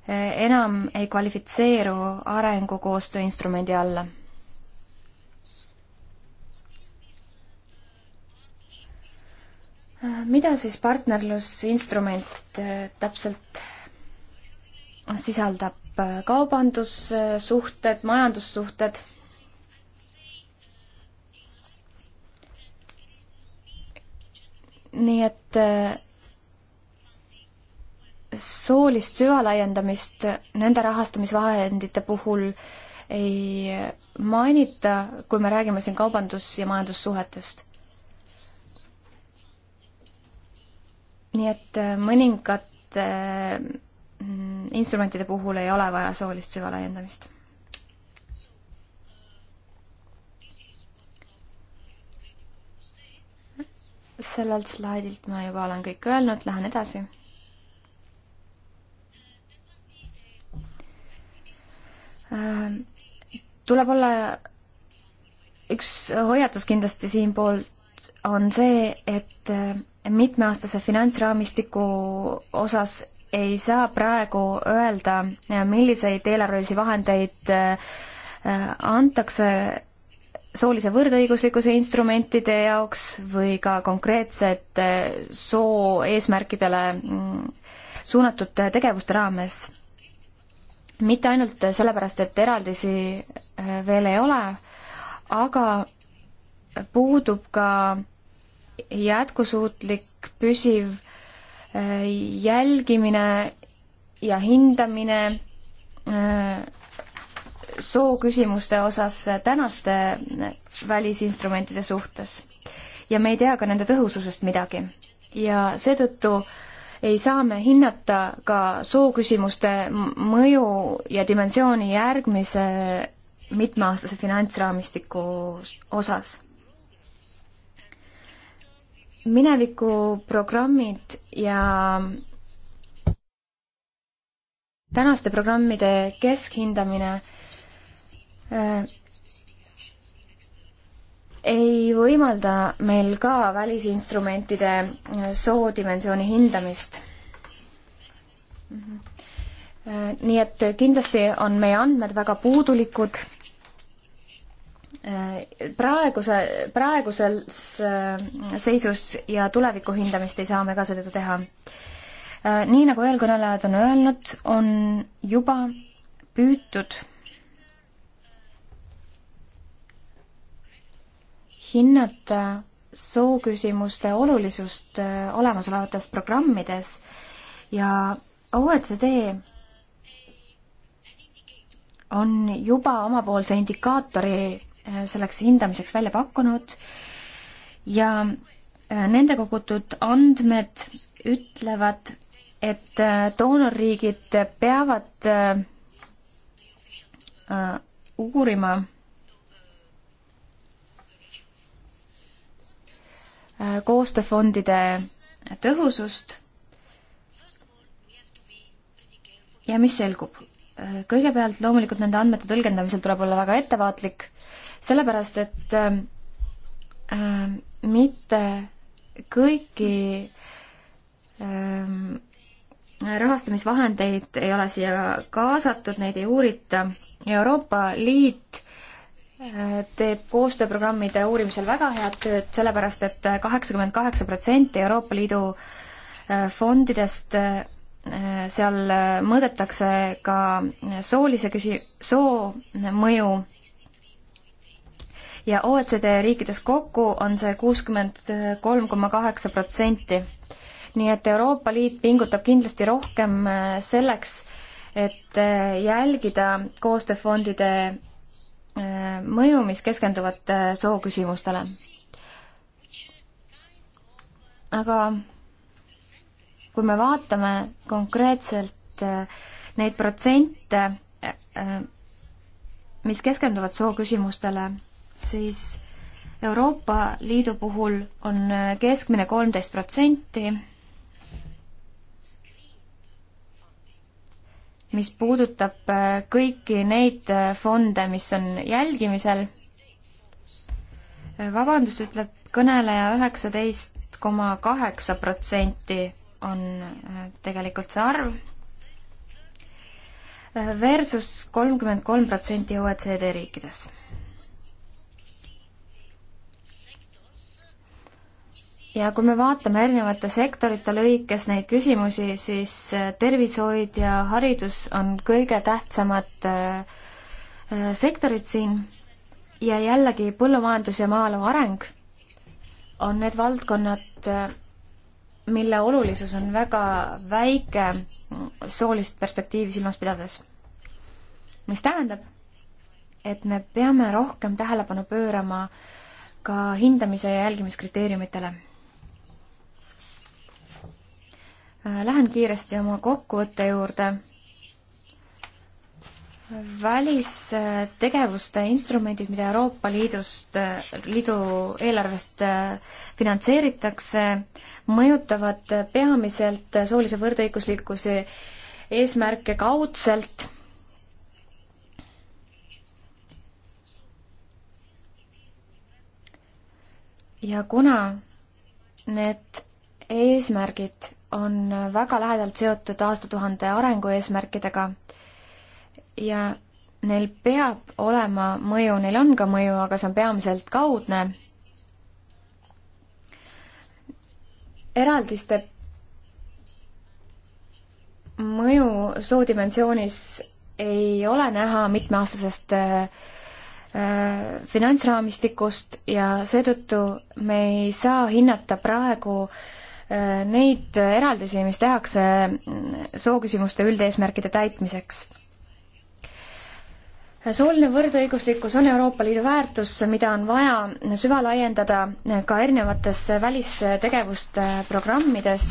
eh, enam ei kvalifitseeru arengukoostöö instrumendi alla. mida siis partnerlusinstrument eh, täpselt sisaldab? kaubandussuhted, majandussuhted nii et äh, soolist süvalaiendamist nende rahastamisvahendite puhul ei mainita, kui me räägime siin kaubandus- ja majandussuhetest. nii et äh, mõningate äh, instrumentide puhul ei ole vaja soolist süvalaiendamist sellelt slaidilt ma juba olen kõik öelnud, lähen edasi. Äh, tuleb olla üks hoiatus kindlasti siinpoolt on see, et äh, mitmeaastase finantsraamistiku osas ei saa praegu öelda, äh, milliseid eelarvelisi vahendeid antakse soolise võrdõiguslikkuse instrumentide jaoks või ka konkreetsete soo eesmärkidele mm, suunatud tegevuste raames. mitte ainult sellepärast, et eraldisi äh, veel ei ole, aga puudub ka jätkusuutlik püsiv äh, jälgimine ja hindamine äh, sooküsimuste osas tänaste välisinstrumentide suhtes. ja me ei tea ka nende tõhususest midagi. ja seetõttu ei saa me hinnata ka sooküsimuste mõju ja dimensiooni järgmise mitmeaastase finantsraamistiku osas. minevikuprogrammid ja tänaste programmide keskhindamine äh, Äh, ei võimalda meil ka välisinstrumentide äh, soodimensiooni hindamist. Mhm. Äh, nii et kindlasti on meie andmed väga puudulikud. praeguse, praeguses seisus ja tuleviku hindamist ei saa me ka seetõttu teha. nii nagu eelkõnelejad on öelnud, on juba püütud hinnata sooküsimuste olulisust äh, olemasolevates programmides ja OECD on juba omapoolse indikaatori äh, selleks hindamiseks välja pakkunud ja äh, nende kogutud andmed ütlevad, et doonorriigid peavad uurima Äh, koostööfondide tõhusust. ja mis selgub? Äh, kõigepealt loomulikult nende andmete tõlgendamisel tuleb olla väga ettevaatlik, sellepärast et äh, äh, mitte kõiki äh, rahastamisvahendeid ei ole siia kaasatud, neid ei uurita. Euroopa Liit teeb koostööprogrammide uurimisel väga head tööd, sellepärast et kaheksakümmend kaheksa protsenti Euroopa Liidu äh, fondidest äh, seal äh, mõõdetakse ka soolise küsi-, soo mõju ja OECD riikides kokku on see kuuskümmend kolm koma kaheksa protsenti. nii et Euroopa Liit pingutab kindlasti rohkem selleks, et jälgida koostööfondide mõju, mis keskenduvad äh, sooküsimustele. aga kui me vaatame konkreetselt äh, neid protsente, äh, mis keskenduvad sooküsimustele, siis Euroopa Liidu puhul on keskmine kolmteist protsenti mis puudutab äh, kõiki neid äh, fonde, mis on jälgimisel. Äh, vabandust, ütleb kõneleja, üheksateist koma kaheksa protsenti on tegelikult see arv versus kolmkümmend kolm protsenti OECD riikides ja kui me vaatame erinevate sektorite lõikes neid küsimusi, siis äh, tervishoid ja haridus on kõige tähtsamad äh, äh, sektorid siin ja jällegi põllumajandus ja maaelu areng on need valdkonnad, mille olulisus on väga väike mm, soolist perspektiivi silmas pidades. mis tähendab, et me peame rohkem tähelepanu pöörama ka hindamise ja jälgimiskriteeriumitele Äh, lähen kiiresti oma kokkuvõtte juurde. välistegevuste instrumendid, mida Euroopa Liidust, äh, liidu eelarvest äh, finantseeritakse, mõjutavad peamiselt soolise võrdõiguslikkuse eesmärke kaudselt ja kuna need eesmärgid on väga lähedalt seotud aastatuhande arengueesmärkidega ja neil peab olema mõju, neil on ka mõju, aga see on peamiselt kaudne. eraldiste mõju soodimensioonis ei ole näha mitmeaastasest äh, finantsraamistikust ja seetõttu me ei saa hinnata praegu äh, neid eraldisi, mis tehakse sooküsimuste üldeesmärkide täitmiseks. sooline võrdõiguslikkus on Euroopa Liidu väärtus, mida on vaja süvalaiendada ka erinevates välistegevuste programmides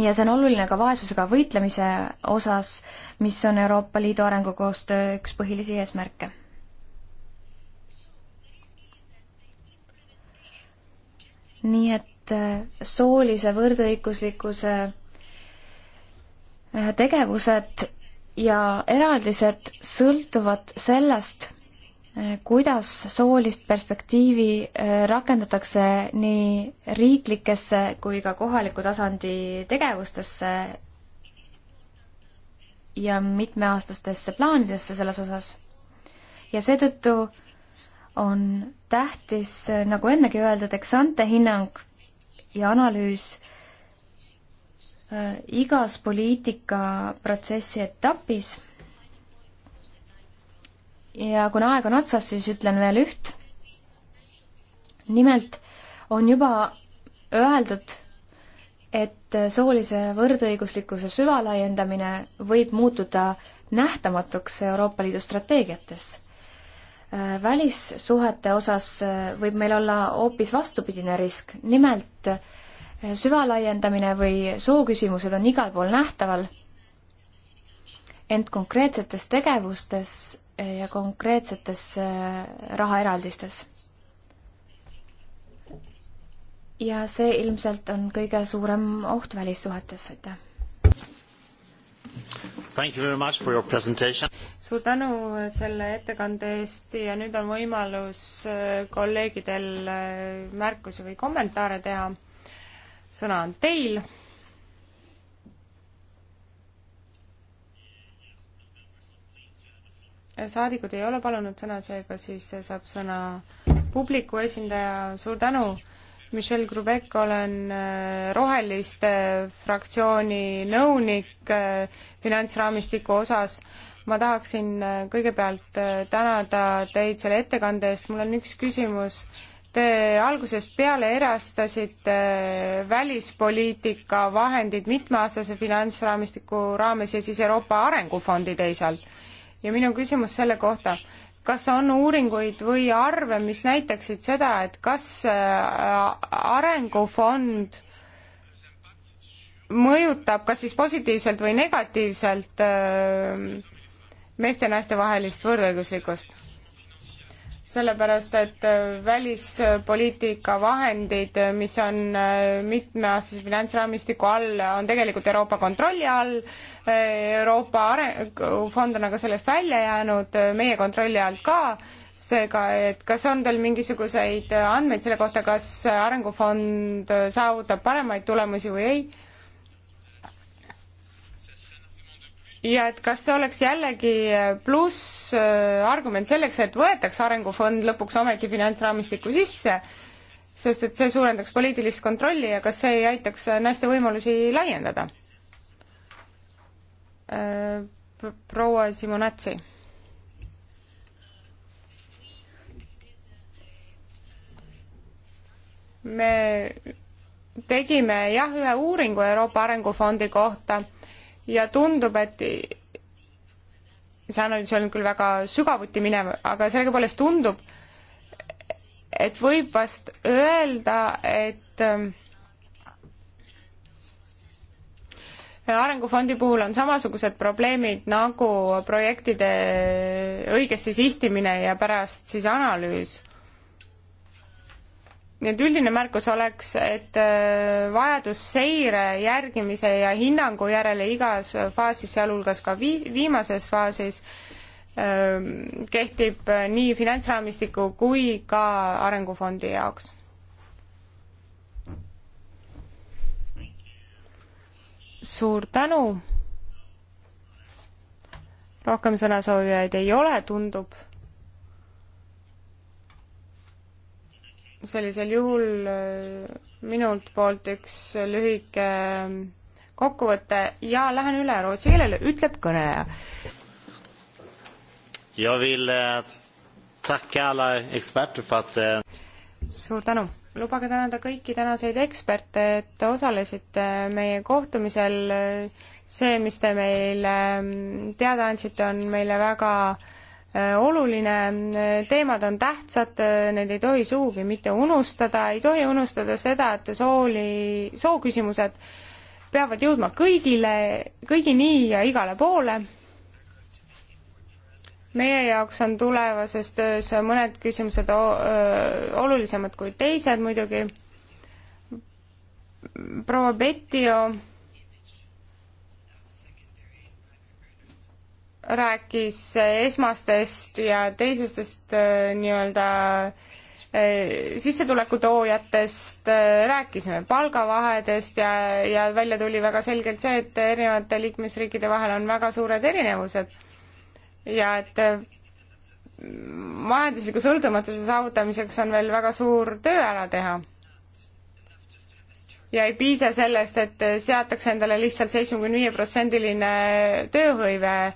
ja see on oluline ka vaesusega võitlemise osas, mis on Euroopa Liidu arengukoostöö üks põhilisi eesmärke. nii et et eh, soolise võrdõiguslikkuse eh, tegevused ja eraldised sõltuvad sellest, eh, kuidas soolist perspektiivi rakendatakse nii riiklikesse kui ka kohaliku tasandi tegevustesse ja mitmeaastastesse plaanidesse selles osas. ja seetõttu on tähtis, nagu ennegi öeldud, eksante hinnang ja analüüs äh, igas poliitikaprotsessi etapis. ja kuna aeg on otsas, siis ütlen veel üht. nimelt on juba öeldud, et soolise võrdõiguslikkuse süvalaiendamine võib muutuda nähtamatuks Euroopa Liidu strateegiates. Äh, välissuhete osas äh, võib meil olla hoopis vastupidine risk, nimelt äh, süvalaiendamine või sooküsimused on igal pool nähtaval, ent konkreetsetes tegevustes ja konkreetsetes rahaeraldistes. ja see ilmselt on kõige suurem oht välissuhetes, aitäh suur tänu selle ettekande eest ja nüüd on võimalus äh, kolleegidel äh, märkusi või kommentaare teha. sõna on teil. Äh, saadikud ei ole palunud sõna, seega siis saab sõna publiku esindaja, suur tänu Michel Grubek, olen äh, Roheliste fraktsiooni nõunik äh, finantsraamistiku osas. ma tahaksin äh, kõigepealt tänada teid selle ettekande eest, mul on üks küsimus. Te algusest peale erastasite välispoliitika vahendid mitmeaastase finantsraamistiku raames ja siis Euroopa Arengufondi teisalt. ja minu küsimus selle kohta, kas on uuringuid või arve, mis näitaksid seda, et kas äh, arengufond mõjutab kas siis positiivselt või negatiivselt äh, meeste ja naiste vahelist võrdõiguslikkust? sellepärast et äh, välispoliitika vahendid, äh, mis on äh, mitmeaastase finantsraamistiku all, on tegelikult Euroopa kontrolli all, Euroopa Arengufond on aga sellest välja jäänud, meie kontrolli alt ka, seega, et kas on teil mingisuguseid andmeid selle kohta, kas Arengufond saavutab paremaid tulemusi või ei? ja et kas see oleks jällegi äh, pluss äh, argument selleks, et võetaks arengufond lõpuks ometi finantsraamistikku sisse, sest et see suurendaks poliitilist kontrolli ja kas see ei aitaks äh, naiste võimalusi laiendada? proua Simonatsi. me tegime jah, ühe uuringu Euroopa Arengufondi kohta ja tundub, et see analüüs ei olnud küll väga sügavuti minev, aga sellegipoolest tundub, et võib vast öelda, et ähm, arengufondi puhul on samasugused probleemid nagu projektide õigesti sihtimine ja pärast siis analüüs nii et üldine märkus oleks, et äh, vajadus seire järgimise ja hinnangu järele igas faasis, sealhulgas ka viis, viimases faasis, ähm, kehtib äh, nii finantsraamistiku kui ka arengufondi jaoks. suur tänu. rohkem sõnasoovijaid ei ole, tundub sellisel juhul äh, minult poolt üks lühike ähm, kokkuvõte ja lähen üle rootsi keelele, ütleb kõneleja. Jag vill äh, tacka alla experter för att äh, suur tänu! lubage tänada kõiki tänaseid eksperte, et osalesite meie kohtumisel. see, mis te meile ähm, teada andsite, on meile väga äh, Äh, oluline, äh, teemad on tähtsad, äh, neid ei tohi sugugi mitte unustada, ei tohi unustada seda, et sooli, sooküsimused peavad jõudma kõigile, kõigini ja igale poole. meie jaoks on tulevases töös mõned küsimused olulisemad kui teised muidugi. proua Betio rääkis esmastest ja teisestest äh, nii-öelda äh, sissetulekutoojatest, äh, rääkisime palgavahedest ja, ja välja tuli väga selgelt see, et erinevate liikmesriikide vahel on väga suured erinevused ja et majandusliku sõltumatuse saavutamiseks on veel väga suur töö ära teha. ja ei piisa sellest, et seatakse endale lihtsalt seitsmekümne viie protsendiline tööhõive äh,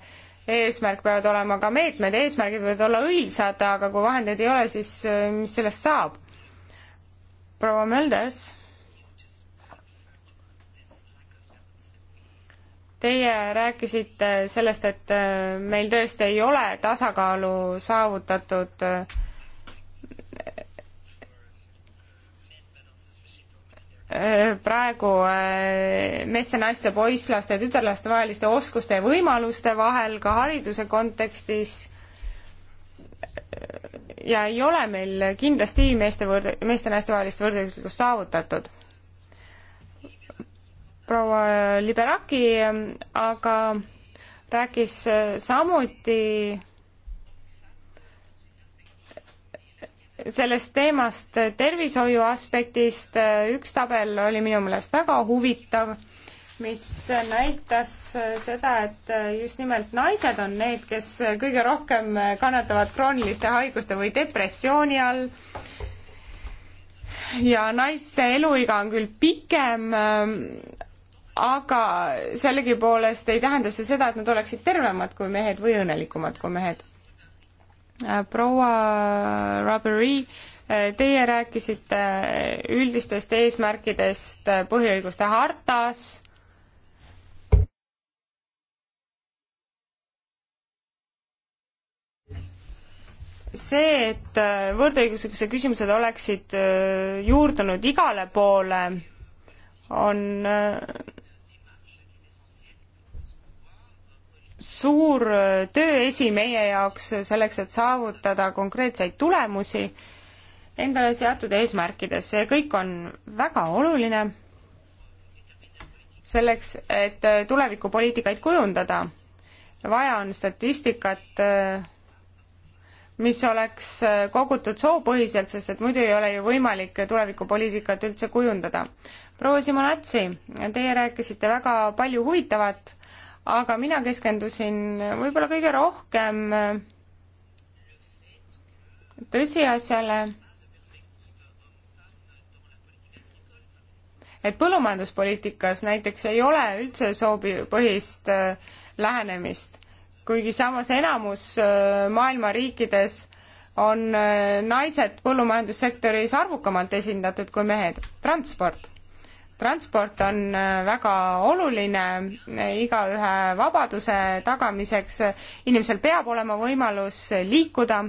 eesmärk peavad olema ka meetmed, eesmärgid võivad olla õilsad, aga kui vahendeid ei ole, siis äh, mis sellest saab? proua Mölders? Teie rääkisite sellest, et äh, meil tõesti ei ole tasakaalu saavutatud äh, Äh, praegu äh, meeste, naiste, poisslaste ja tütarlaste vaheliste oskuste ja võimaluste vahel ka hariduse kontekstis. Äh, ja ei ole meil kindlasti meeste võrd-, meeste ja naiste vahelist võrdõiguslikkust saavutatud. proua Liberaki aga rääkis samuti sellest teemast äh, tervishoiu aspektist äh, üks tabel oli minu meelest väga huvitav, mis äh, näitas seda, et just nimelt naised on need, kes kõige rohkem kannatavad krooniliste haiguste või depressiooni all. ja naiste eluiga on küll pikem, ähm, aga sellegipoolest ei tähenda see seda, et nad oleksid tervemad kui mehed või õnnelikumad kui mehed Äh, proua Robbery, äh, teie rääkisite äh, üldistest eesmärkidest põhiõiguste hartas see, et võrdõiguslikkuse küsimused oleksid juurdunud igale poole, on suur äh, tööesi meie jaoks selleks, et saavutada konkreetseid tulemusi endale seatud eesmärkides, see kõik on väga oluline selleks, et äh, tulevikupoliitikaid kujundada. vaja on statistikat, äh, mis oleks kogutud soopõhiselt, sest et muidu ei ole ju võimalik tulevikupoliitikat üldse kujundada. proua Simonatsi, teie rääkisite väga palju huvitavat aga mina keskendusin võib-olla kõige rohkem äh, tõsiasjale, et põllumajanduspoliitikas näiteks ei ole üldse soopõhist äh, lähenemist, kuigi samas enamus äh, maailma riikides on naised põllumajandussektoris arvukamalt esindatud kui mehed. transport transport on äh, väga oluline äh, igaühe vabaduse tagamiseks, inimesel peab olema võimalus liikuda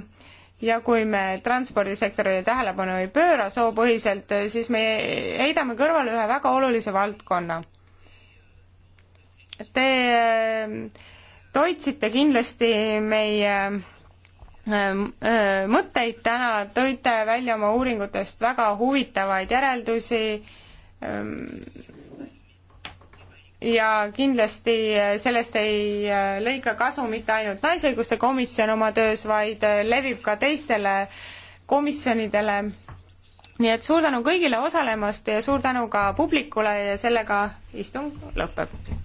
ja kui me transpordisektorile tähelepanu ei pööra soopõhiselt, äh, siis me heidame kõrvale ühe väga olulise valdkonna. Te toitsite kindlasti meie ähm, mõtteid täna, tõite välja oma uuringutest väga huvitavaid järeldusi Ehm, ja kindlasti eh, sellest ei eh, lõika kasu mitte ainult Naisõiguste Komisjon oma töös, vaid eh, levib ka teistele komisjonidele. nii et suur tänu kõigile osalemast ja suur tänu ka publikule ja sellega istung lõpeb.